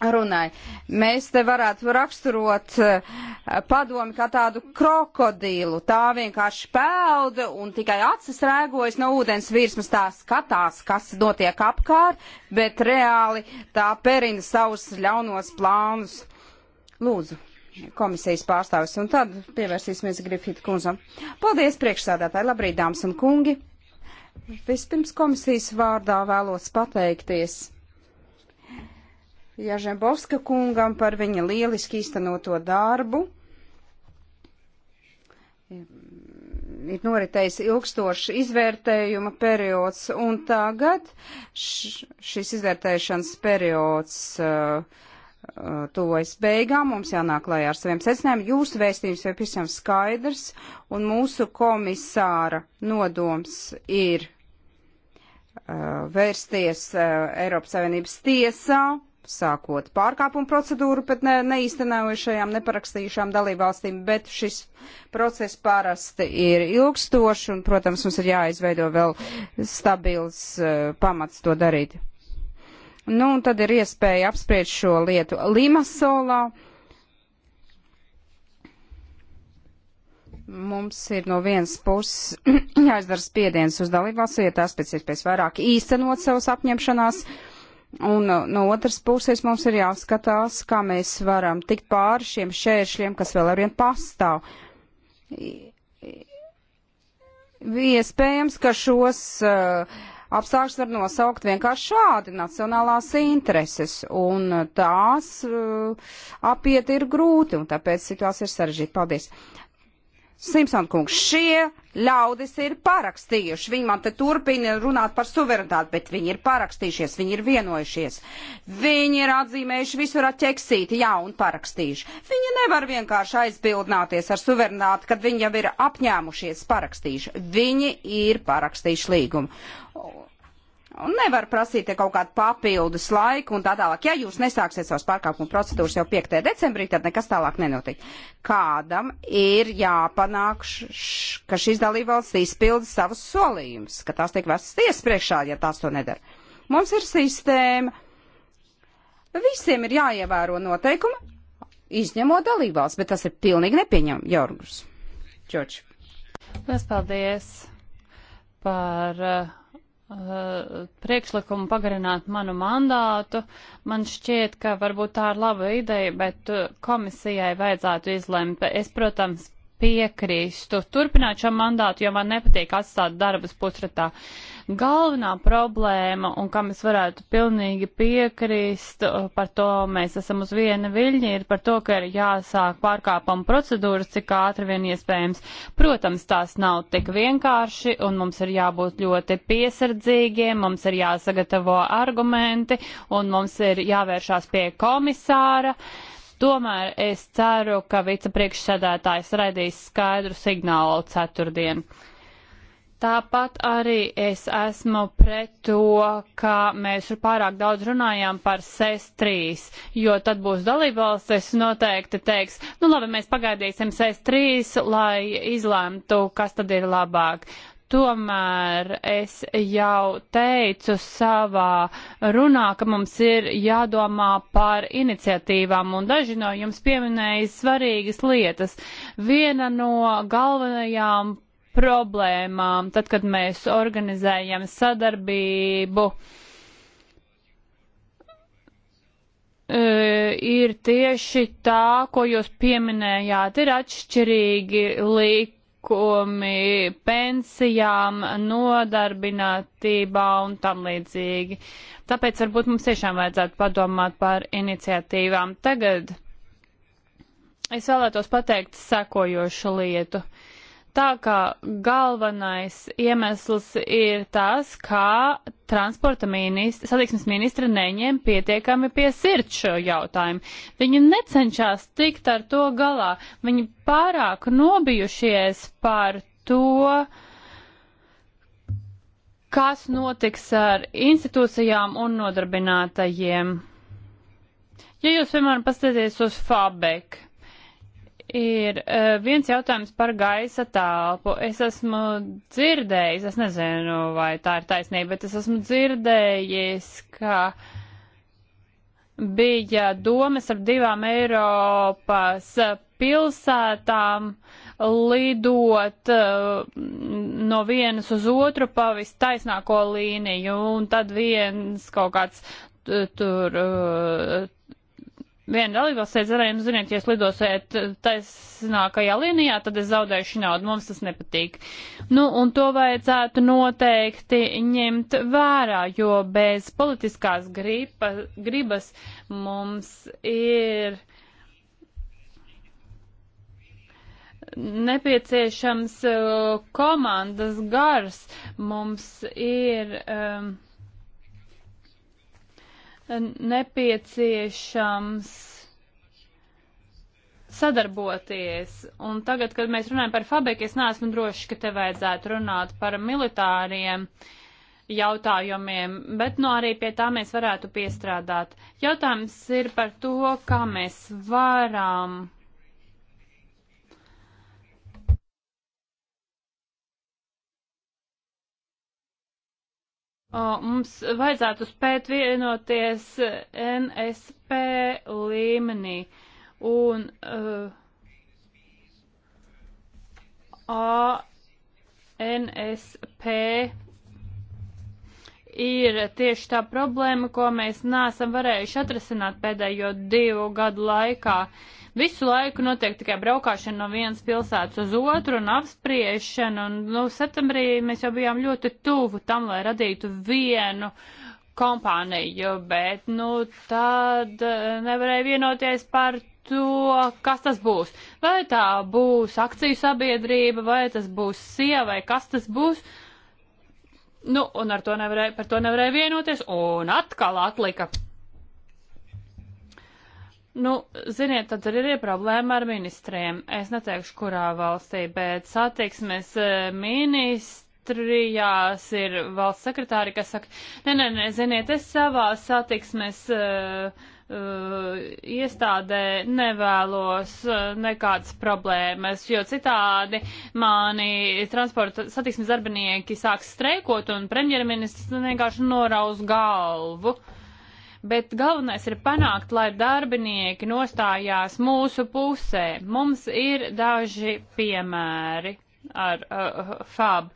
runāja. Mēs te varētu raksturot eh, padomi kā tādu krokodilu. Tā vienkārši pelda un tikai acis rēgojas no ūdens virsmas, tā skatās, kas notiek apkārt, bet reāli tā perina savus ļaunos plānus. Lūdzu, komisijas pārstāvis, un tad pievērsīsimies Grifita kundzam. Paldies, priekšsādātāji, labrīt, dāmas un kungi! Vispirms komisijas vārdā vēlos pateikties Jažembovska kungam par viņa lieliski īstenoto darbu. Ir noritējis ilgstošs izvērtējuma periods, un tagad šis izvērtēšanas periods uh, uh, tuvojas beigām, mums jānāk klajā ar saviem secinājumiem. Jūsu vēstījums ir visam skaidrs, un mūsu komisāra nodoms ir uh, vērsties uh, Eiropas Savienības tiesā sākot pārkāpumu procedūru, bet ne, neīstenojušajām, neparakstījušām dalībvalstīm, bet šis process parasti ir ilgstošs un, protams, mums ir jāizveido vēl stabils uh, pamats to darīt. Nu, un tad ir iespēja apspriest šo lietu Limasolā. Mums ir no vienas puses jāizdara spiediens uz dalībvalsts, ja tās pēc iespējas vairāk īstenot savus apņemšanās. Uh, Un uh, no otras puses mums ir jāskatās, kā mēs varam tikt pāri šiem šēršļiem, kas vēl arvien pastāv. Iespējams, ka šos uh, apstākļus var nosaukt vienkārši šādi nacionālās intereses, un uh, tās uh, apiet ir grūti, un tāpēc situācija ir sarežģīta. Paldies! Simpson kungs, šie ļaudis ir parakstījuši. Viņi man te turpina runāt par suverenitāti, bet viņi ir parakstījušies, viņi ir vienojušies. Viņi ir atzīmējuši visur atķeksīti, jā, un parakstījuši. Viņi nevar vienkārši aizbildināties ar suverenitāti, kad viņi jau ir apņēmušies parakstījuši. Viņi ir parakstījuši līgumu. Un nevar prasīt kaut kādu papildus laiku un tā tālāk. Ja jūs nesāksiet savas pārkāpuma procedūras jau 5. decembrī, tad nekas tālāk nenotiek. Kādam ir jāpanāk, š, ka šīs dalībvalsts izpilda savus solījumus, ka tās tiek vestas tiesas priekšā, ja tās to nedara. Mums ir sistēma. Visiem ir jāievēro noteikumi, izņemot dalībvalsts, bet tas ir pilnīgi nepieņemami, Jorgus. Čoč. Lielas paldies par uh, Uh, priekšlikumu pagarināt manu mandātu. Man šķiet, ka varbūt tā ir laba ideja, bet uh, komisijai vajadzētu izlemt. Es, protams, piekrīstu turpināt šo mandātu, jo man nepatīk atstāt darbas pusratā. Uh, Galvenā problēma, un kam es varētu pilnīgi piekrīst, uh, par to mēs esam uz viena viļņa, ir par to, ka ir jāsāk pārkāpuma procedūras, cik ātri vien iespējams. Protams, tās nav tik vienkārši, un mums ir jābūt ļoti piesardzīgiem, mums ir jāsagatavo argumenti, un mums ir jāvēršās pie komisāra. Tomēr es ceru, ka vicepriekšsēdētājs raidīs skaidru signālu ceturtdienu. Tāpat arī es esmu pret to, ka mēs pārāk daudz runājām par SES3, jo tad būs dalībvalstis noteikti teiks, nu labi, mēs pagaidīsim SES3, lai izlēmtu, kas tad ir labāk. Tomēr es jau teicu savā runā, ka mums ir jādomā par iniciatīvām, un daži no jums pieminēja svarīgas lietas. Viena no galvenajām problēmām, tad, kad mēs organizējam sadarbību. E, ir tieši tā, ko jūs pieminējāt, ir atšķirīgi līk, ienākumi, pensijām, nodarbinātībā un tam līdzīgi. Tāpēc varbūt mums tiešām vajadzētu padomāt par iniciatīvām. Tagad es vēlētos pateikt sekojošu lietu. Uh, tā kā galvenais iemesls ir tas, kā transporta ministra, satiksmes ministra neņem pietiekami pie sirds šo jautājumu. Viņi necenšas tikt ar to galā. Viņi pārāk nobijušies par to, kas notiks ar institūcijām un nodarbinātajiem. Ja jūs, piemēram, paskatieties uz Fabek, ir eh, viens jautājums par gaisa telpu. Es esmu dzirdējis, es nezinu, vai tā ir taisnība, bet es esmu dzirdējis, ka bija domas ar divām Eiropas pilsētām lidot eh, no vienas uz otru pa vistaisnāko līniju, un tad viens kaut kāds tur eh, viena dalībvalsts teica, arī, nu, ziniet, ja es lidosiet taisnākajā līnijā, tad es zaudēšu naudu, mums tas nepatīk. Nu, un to vajadzētu noteikti ņemt vērā, jo bez politiskās gripa, gribas mums ir nepieciešams uh, komandas gars, mums ir. Um, nepieciešams sadarboties. Un tagad, kad mēs runājam par fabriku, es neesmu droši, ka te vajadzētu runāt par militāriem jautājumiem, bet no nu arī pie tā mēs varētu piestrādāt. Jautājums ir par to, kā mēs varam mums vajadzētu spēt vienoties NSP līmenī un uh, ANSP ir tieši tā problēma, ko mēs nesam varējuši atrasināt pēdējo divu gadu laikā. Uh, Visu laiku notiek tikai braukšana no vienas pilsētas uz otru un apspriešana. Un, nu, septembrī mēs jau bijām ļoti tuvu tam, lai radītu vienu kompāniju, bet nu, tad eh, nevarēja vienoties par to, kas tas būs. Vai tā būs akciju sabiedrība, vai tas būs sieva, vai kas tas būs. Nu, un ar to nevarēja, par to nevarēja vienoties, un atkal atlika Nu, ziniet, tad arī ir problēma ar ministriem. Es neteikšu, kurā valstī, bet satiksmes eh, ministrijās ir valsts sekretāri, kas saka, nē, nē, nē, ziniet, es savā satiksmes uh, uh, iestādē nevēlos uh, nekādas problēmas, jo citādi mani transporta satiksmes darbinieki sāks streikot un premjerministrs vienkārši noraus galvu. Uh, bet galvenais ir panākt, lai darbinieki nostājās mūsu pusē. Mums ir daži piemēri ar uh, FAB.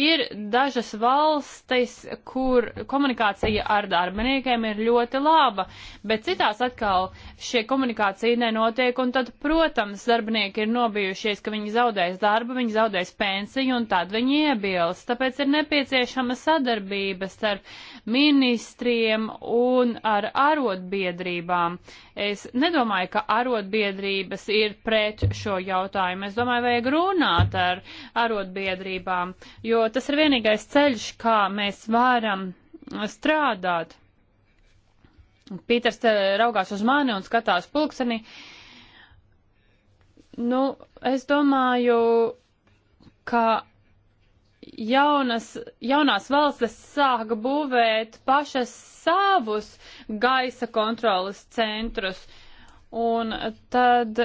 Ir dažas valstis, kur komunikācija ar darbiniekiem ir ļoti laba, bet citās atkal šie komunikācija nenotiek, un tad, protams, darbinieki ir nobijušies, ka viņi zaudēs darbu, viņi zaudēs pensiju, un tad viņi iebilst. Tāpēc ir nepieciešama sadarbība starp ministriem un ar arotbiedrībām. Es nedomāju, ka arotbiedrības ir pret šo jautājumu. Es domāju, vajag runāt ar arotbiedrībām, jo tas ir vienīgais ceļš, kā mēs varam strādāt. Pīters raugās uz mani un skatās pulksenī. Nu, es domāju, ka jaunas, jaunās valstis sāka būvēt pašas savus gaisa kontrolas centrus. Un tad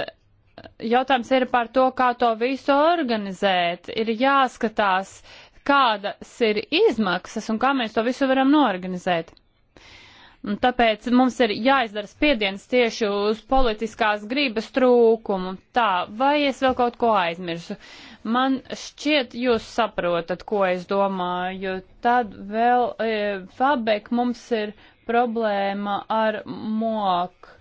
jautājums ir par to, kā to visu organizēt. Ir jāskatās, kādas ir izmaksas un kā mēs to visu varam norganizēt. Un tāpēc mums ir jāizdara spiediens tieši uz politiskās gribas trūkumu. Tā, vai es vēl kaut ko aizmirsu? Man šķiet, jūs saprotat, ko es domāju. Tad vēl e, Fabek mums ir problēma ar moku.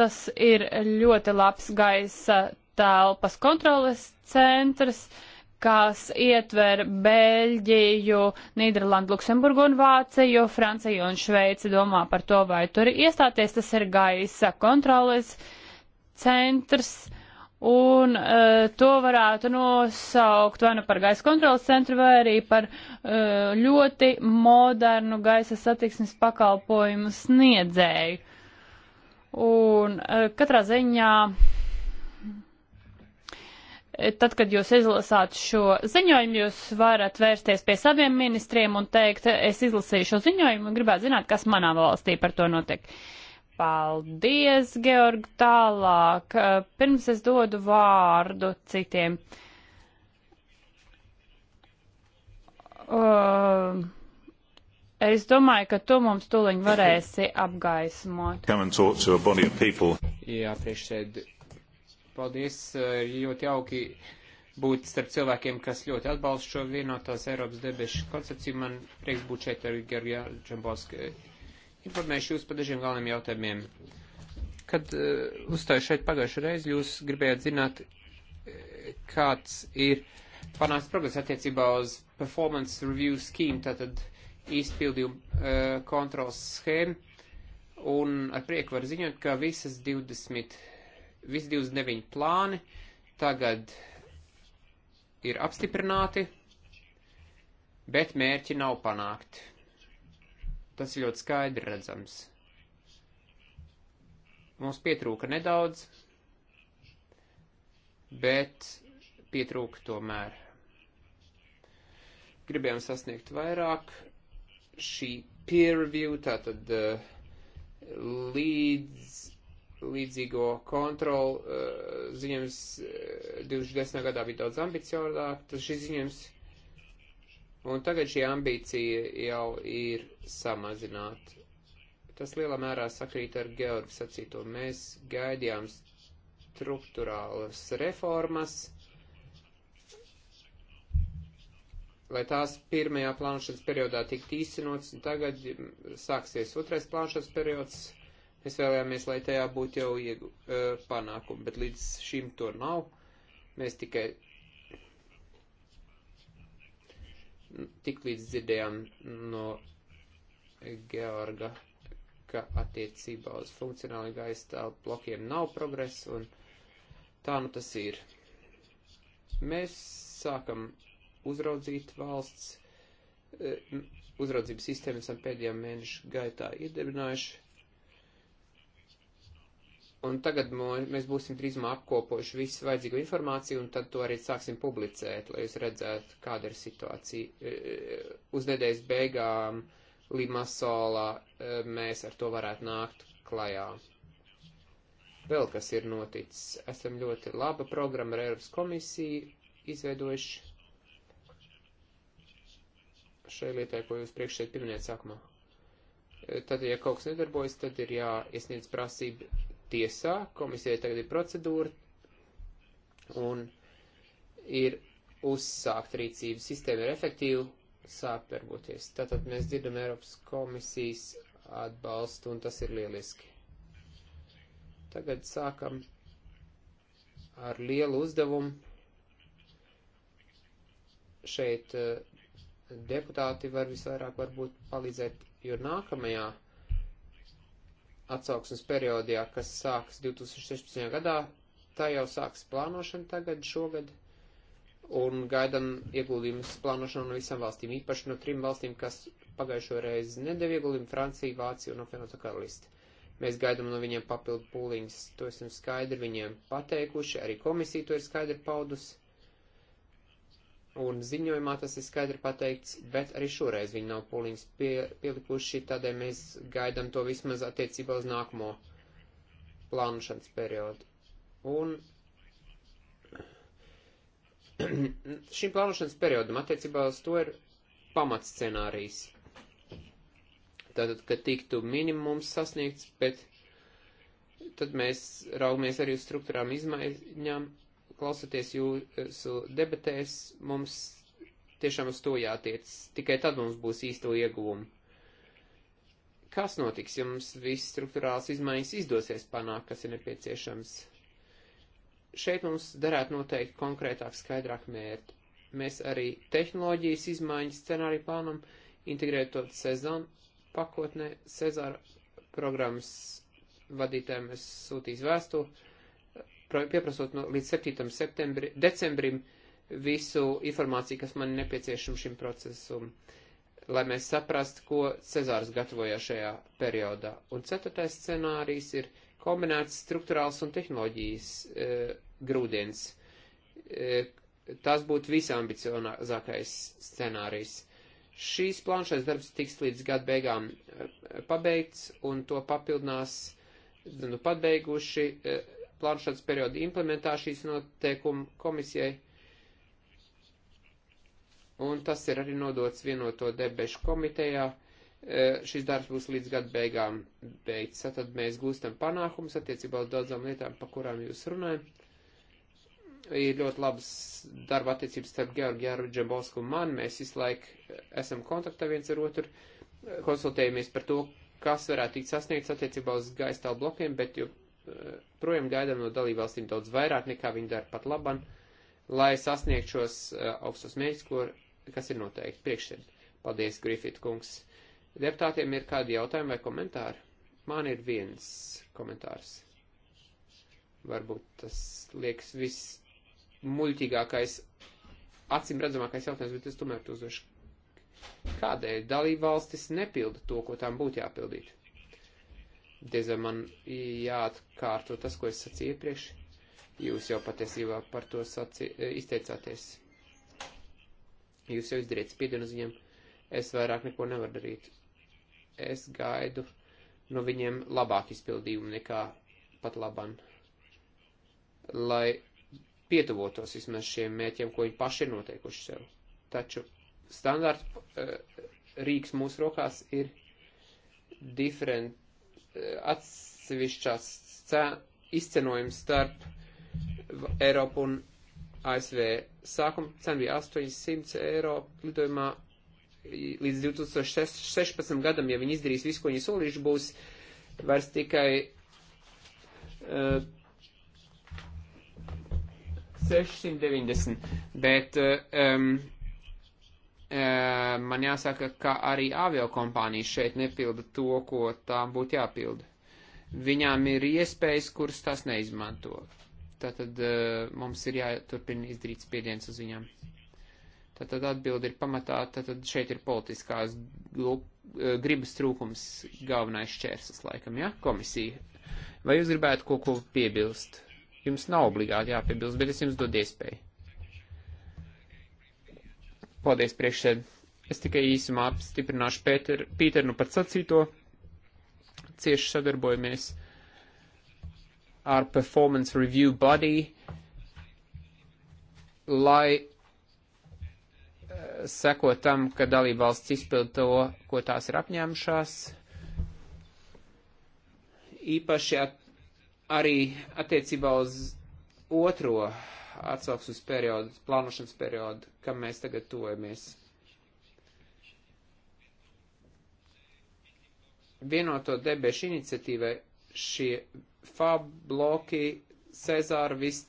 Tas ir ļoti labs gaisa telpas kontroles centrs. Uh, kas ietver Beļģiju, Nīderlandu, Luksemburgu un Vāciju, Franciju un Šveici domā par to, vai tur iestāties. Tas ir gaisa kontroles centrs, un uh, to varētu nosaukt vai nu par gaisa kontroles centru, vai arī par uh, ļoti modernu gaisa satiksmes pakalpojumu sniedzēju. Un uh, katrā ziņā uh, Tad, kad jūs izlasāt šo ziņojumu, jūs varat vērsties pie saviem ministriem un teikt, es izlasīju šo ziņojumu un gribētu zināt, kas manā valstī par to notiek. Paldies, Georg, tālāk. Pirms es dodu vārdu citiem. Uh, es domāju, ka tu mums tūliņ varēsi apgaismot. Jā, priekšsēd, Paldies, eh, ļoti jauki būt starp cilvēkiem, kas ļoti atbalsta šo vienotās Eiropas debešu koncepciju. Man prieks būt šeit ar Gergijā Čembovskai. Informēšu jūs par dažiem galveniem jautājumiem. Kad uh, uzstāju šeit pagājušajā reizē, jūs gribējāt zināt, eh, kāds ir panāks progress attiecībā uz performance review scheme, tātad izpildījuma uh, kontrols schēmu. Un ar prieku var ziņot, ka visas 20 visi 29 plāni tagad ir apstiprināti, bet mērķi nav panākti. Tas ir ļoti skaidri redzams. Mums pietrūka nedaudz, bet pietrūka tomēr. Gribējām sasniegt vairāk. Šī peer review, tātad uh, līdz līdzīgo kontroli. Uh, ziņojums 2010. Eh, gadā bija daudz ambiciozāk, tas šis ziņojums, un tagad šī ambīcija jau ir samazināta. Tas lielā mērā sakrīt ar Georgu sacīto. Mēs gaidījām struktūrālas reformas, lai tās pirmajā plānošanas periodā tiktu īstenots, un tagad sāksies otrais plānošanas periods Mēs vēlējāmies, lai tajā būtu jau iegu, uh, panākumi, bet līdz šim to nav. Mēs tikai tik līdz dzirdējām no Georga, ka attiecībā uz funkcionāli gaistālu blokiem nav progresa, un tā nu tas ir. Mēs sākam uzraudzīt valsts, e, uzraudzības sistēmu esam pēdējā mēneša gaitā iedibinājuši Un tagad mēs būsim drīzumā apkopojuši visu vajadzīgo informāciju, un tad to arī sāksim publicēt, lai jūs redzētu, kāda ir situācija. E, e, uz nedēļas beigām Limasolā e, mēs ar to varētu nākt klajā. Vēl kas ir noticis. Esam ļoti laba programma ar Eiropas komisiju izveidojuši šai lietai, ko jūs priekšēji pieminējāt sākumā. Tad, ja kaut kas nedarbojas, tad ir jāiesniedz prasība tiesā, komisijai tagad ir procedūra, un ir uzsākt rīcību sistēma ir efektīva, sāk darboties. Tātad mēs dzirdam Eiropas komisijas atbalstu, un tas ir lieliski. Tagad sākam ar lielu uzdevumu. Šeit eh, deputāti var visvairāk varbūt palīdzēt, jo nākamajā atsauksmes periodijā, kas sāks 2016. gadā, tā jau sāks plānošana tagad šogad, un gaidam ieguldījumus plānošanu no visām valstīm, īpaši no trim valstīm, kas pagājušo reizi nedēļ ieguldījumu - Francija, Vācija un apvienotā karaliste. Mēs gaidām no viņiem papildu pūliņus, to esam skaidri viņiem pateikuši, arī komisija to ir skaidri paudusi un ziņojumā tas ir skaidri pateikts, bet arī šoreiz viņi nav pūliņus pie, pielikuši, tādēļ mēs gaidām to vismaz attiecībā uz nākamo plānošanas periodu. Un šim plānošanas periodam attiecībā uz to ir pamats scenārijs. Tātad, ka tiktu minimums sasniegts, bet tad mēs raugamies arī uz struktūrām izmaiņām klausoties jūsu debatēs, mums tiešām uz to jātiec. Tikai tad mums būs īsto ieguvumu. Kas notiks, ja mums viss struktūrāls izmaiņas izdosies panākt, kas ir nepieciešams? Šeit mums darētu noteikti konkrētāk, skaidrāk mērķi. Mēs arī tehnoloģijas izmaiņas scenāriju plānam integrētot sezonu pakotnē Cezāra programmas vadītājiem es sūtīšu vēstuli pieprasot no, līdz 7. Septembri, decembrim visu informāciju, kas man nepieciešama šim procesam, lai mēs saprastu, ko Cezārs gatavoja šajā periodā. Un ceturtais scenārijs ir kombinēts struktūrāls un tehnoloģijas e, grūdienis. E, tas būtu visambicionāzākais scenārijs. Šīs plānšais darbs tiks līdz gada beigām e, pabeigts, un to papildinās, nu, pabeiguši e, plānošanas perioda implementācijas noteikumu komisijai. Un tas ir arī nodots vienoto debešu komitejā. E, šis darbs būs līdz gada beigām beigts. Tad mēs gūstam panākumus attiecībā uz daudzām lietām, pa kurām jūs runājam. Ir ļoti labas darba attiecības starp Georgi Jāru Džembosku un mani. Mēs visu laiku esam kontaktā viens ar otru, konsultējamies par to, kas varētu tikt sasniegts attiecībā uz gaistālu blokiem, bet Eh, projām gaidām no dalībvalstīm daudz vairāk nekā viņi dara pat laban, lai sasniegtu šos eh, augstos mērķus, kas ir noteikti priekšsēd. Paldies, Grifita kungs. Deputātiem ir kādi jautājumi vai komentāri? Man ir viens komentārs. Varbūt tas liekas viss muļķīgākais, acīm redzamākais jautājums, bet es tomēr to uzdošu. Kādēļ dalībvalstis nepilda to, ko tām būtu jāpildīt? Diez vai man jāatkārto tas, ko es sacīju iepriekš. Jūs jau patiesībā par to saci, eh, izteicāties. Jūs jau izdarījat spiedienu uz viņiem. Es vairāk neko nevaru darīt. Es gaidu no viņiem labāku izpildījumu nekā pat laban. Lai pietuvotos vismaz šiem mēķiem, ko viņi paši ir noteikuši sev. Taču standārts eh, rīks mūsu rokās ir diferent Eh, atsevišķās izcenojums starp Eiropu un ASV. Sākuma cena bija 800 eiro lidojumā līdz 2016 gadam, ja viņi izdarīs visu, ko viņi solījuši, būs vairs tikai uh, eh, 690. Bet uh, um, E, man jāsaka, ka arī aviokompānijas šeit nepilda to, ko tām būtu jāpilda. Viņām ir iespējas, kuras tas neizmanto. Tātad e, mums ir jāturpina izdarīt spiediens uz viņām. Tātad atbildi ir pamatā, tātad šeit ir politiskās e, gribas trūkums galvenais šķērslis laikam, ja? Komisija. Vai jūs gribētu kaut ko piebilst? Jums nav obligāti jāpiebilst, bet es jums dodu iespēju. Paldies, priekšsēd. Es tikai īsumā apstiprināšu Pēter, Pīteru nu pat sacīto. Cieši sadarbojamies ar Performance Review Body, lai eh, seko tam, ka dalībvalsts izpild to, ko tās ir apņēmušās. Īpaši at, arī attiecībā uz otro atsauksmes periodu, plānošanas periodu, kam mēs tagad tojamies. Vienoto debešu iniciatīvai šie fab bloki Cezāra vis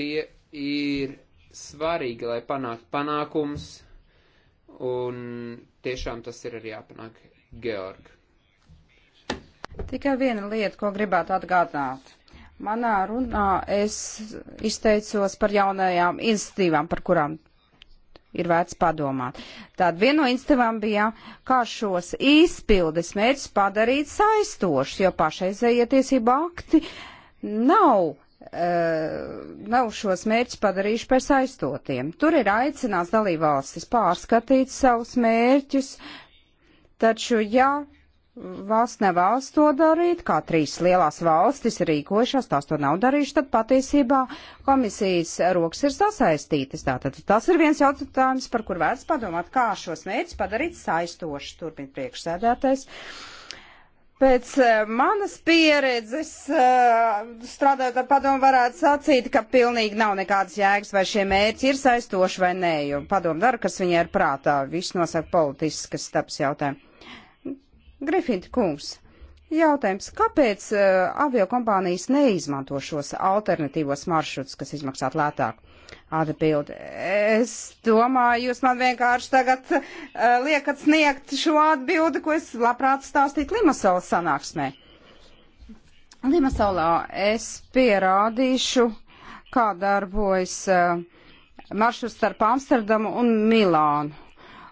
tie ir svarīgi, lai panāktu panākums, un tiešām tas ir arī jāpanāk. Georg. Tikai viena lieta, ko gribētu atgādināt. Manā runā es izteicos par jaunajām institīvām, par kurām ir vērts padomāt. Tāda viena no institīvām bija, kā šos izpildes mērķus padarīt saistošus, jo pašreizējie tiesība akti nav. Uh, nav šos mērķus padarījuši par saistotiem. Tur ir aicināts dalībvalstis pārskatīt savus mērķus, taču, ja valsts nevēlas to darīt, kā trīs lielās valstis rīkojušās, tās to nav darījuši, tad patiesībā komisijas rokas ir sasaistītas. Tātad tas ir viens jautājums, par kur vērts padomāt, kā šos mērķus padarīt saistoši, turpin priekšsēdētais. Pēc eh, manas pieredzes eh, strādājot ar padomu varētu sacīt, ka pilnīgi nav nekādas jēgas, vai šie mērķi ir saistoši vai nē, jo padomu dara, kas viņai ir prātā, viss nosaka politiskas taps jautājumu. Grifita kungs, jautājums, kāpēc uh, aviokompānijas neizmanto šos alternatīvos maršrutus, kas izmaksātu lētāk? Atbildi. Es domāju, jūs man vienkārši tagad uh, liekat sniegt šo atbildi, ko es labprāt stāstītu Limasola sanāksmē. Limasolā es pierādīšu, kā darbojas uh, maršruts starp Amsterdamu un Milānu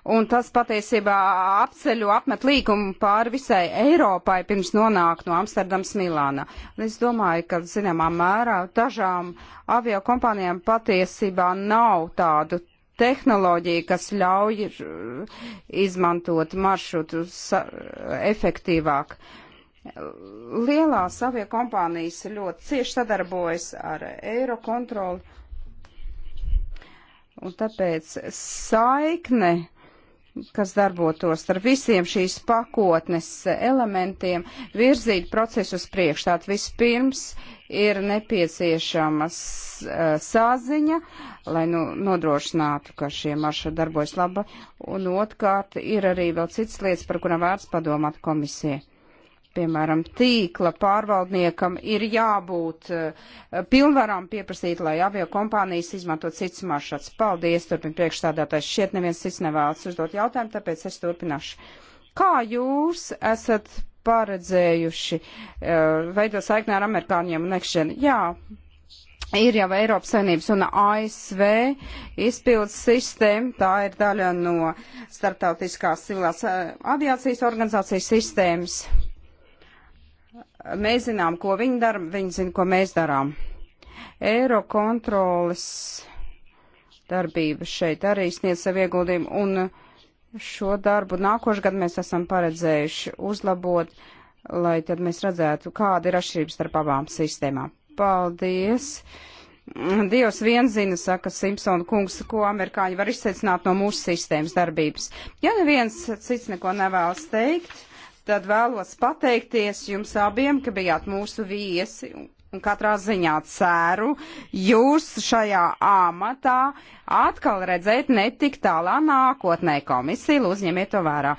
Un tas patiesībā apceļu apmet līgumu pāri visai Eiropai pirms nonāk no Amsterdams Milāna. Un es domāju, ka zināmā mērā dažām avio kompānijām patiesībā nav tādu tehnoloģiju, kas ļauj uh, izmantot maršrutu efektīvāk. Lielās avio kompānijas ļoti cieši sadarbojas ar Eirokontroli. Un tāpēc saikne kas darbotos ar visiem šīs pakotnes elementiem, virzīt procesu uz priekšu. Tātad vispirms ir nepieciešamas uh, e, sāziņa, lai nu, nodrošinātu, ka šie maršruti darbojas laba, un otrkārt ir arī vēl citas lietas, par kurām vērts padomāt komisija piemēram, tīkla pārvaldniekam ir jābūt eh, pilnvarām pieprasīt, lai avio kompānijas izmanto cits maršruts. Paldies, turpin priekšstādātais. Šiet neviens cits nevēlas uzdot jautājumu, tāpēc es turpināšu. Kā jūs esat paredzējuši eh, veidot saikni ar amerikāņiem un ekšķienu? Jā, ir jau Eiropas Savienības un ASV izpildes sistēma, tā ir daļa no starptautiskās civilās eh, aviācijas organizācijas sistēmas. Mēs zinām, ko viņi dara, viņi zina, ko mēs darām. Eiro kontrolas darbība šeit arī sniedz savu ieguldījumu, un šo darbu nākošu gadu mēs esam paredzējuši uzlabot, lai tad mēs redzētu, kāda ir atšķirības starp abām sistēmām. Paldies! Dievs vien zina, saka Simpsona kungs, ko amerikāņi var izsveicināt no mūsu sistēmas darbības. Ja neviens cits neko nevēlas teikt, tad vēlos pateikties jums abiem, ka bijāt mūsu viesi un katrā ziņā ceru jūs šajā amatā atkal redzēt netik tālā nākotnē komisiju, uzņemiet to vērā.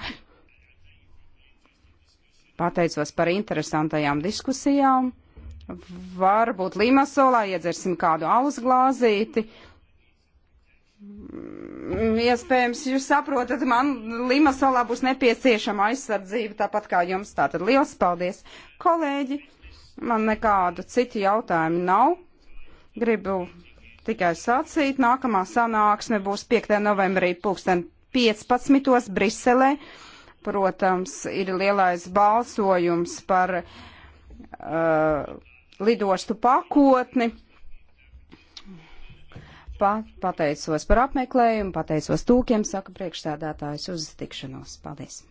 Pateicos par interesantajām diskusijām. Varbūt Limasolā iedzersim kādu alus glāzīti Mm, iespējams, jūs saprotat, man Limasolā būs nepieciešama aizsardzība, tāpat kā jums. Tātad liels paldies, kolēģi! Man nekādu citu jautājumu nav. Gribu tikai sacīt, nākamā sanāksme būs 5. novembrī 2015. Briselē. Protams, ir lielais balsojums par uh, lidostu pakotni pa, pateicos par apmeklējumu, pateicos tūkiem, saka priekšstādātājs uz tikšanos. Paldies!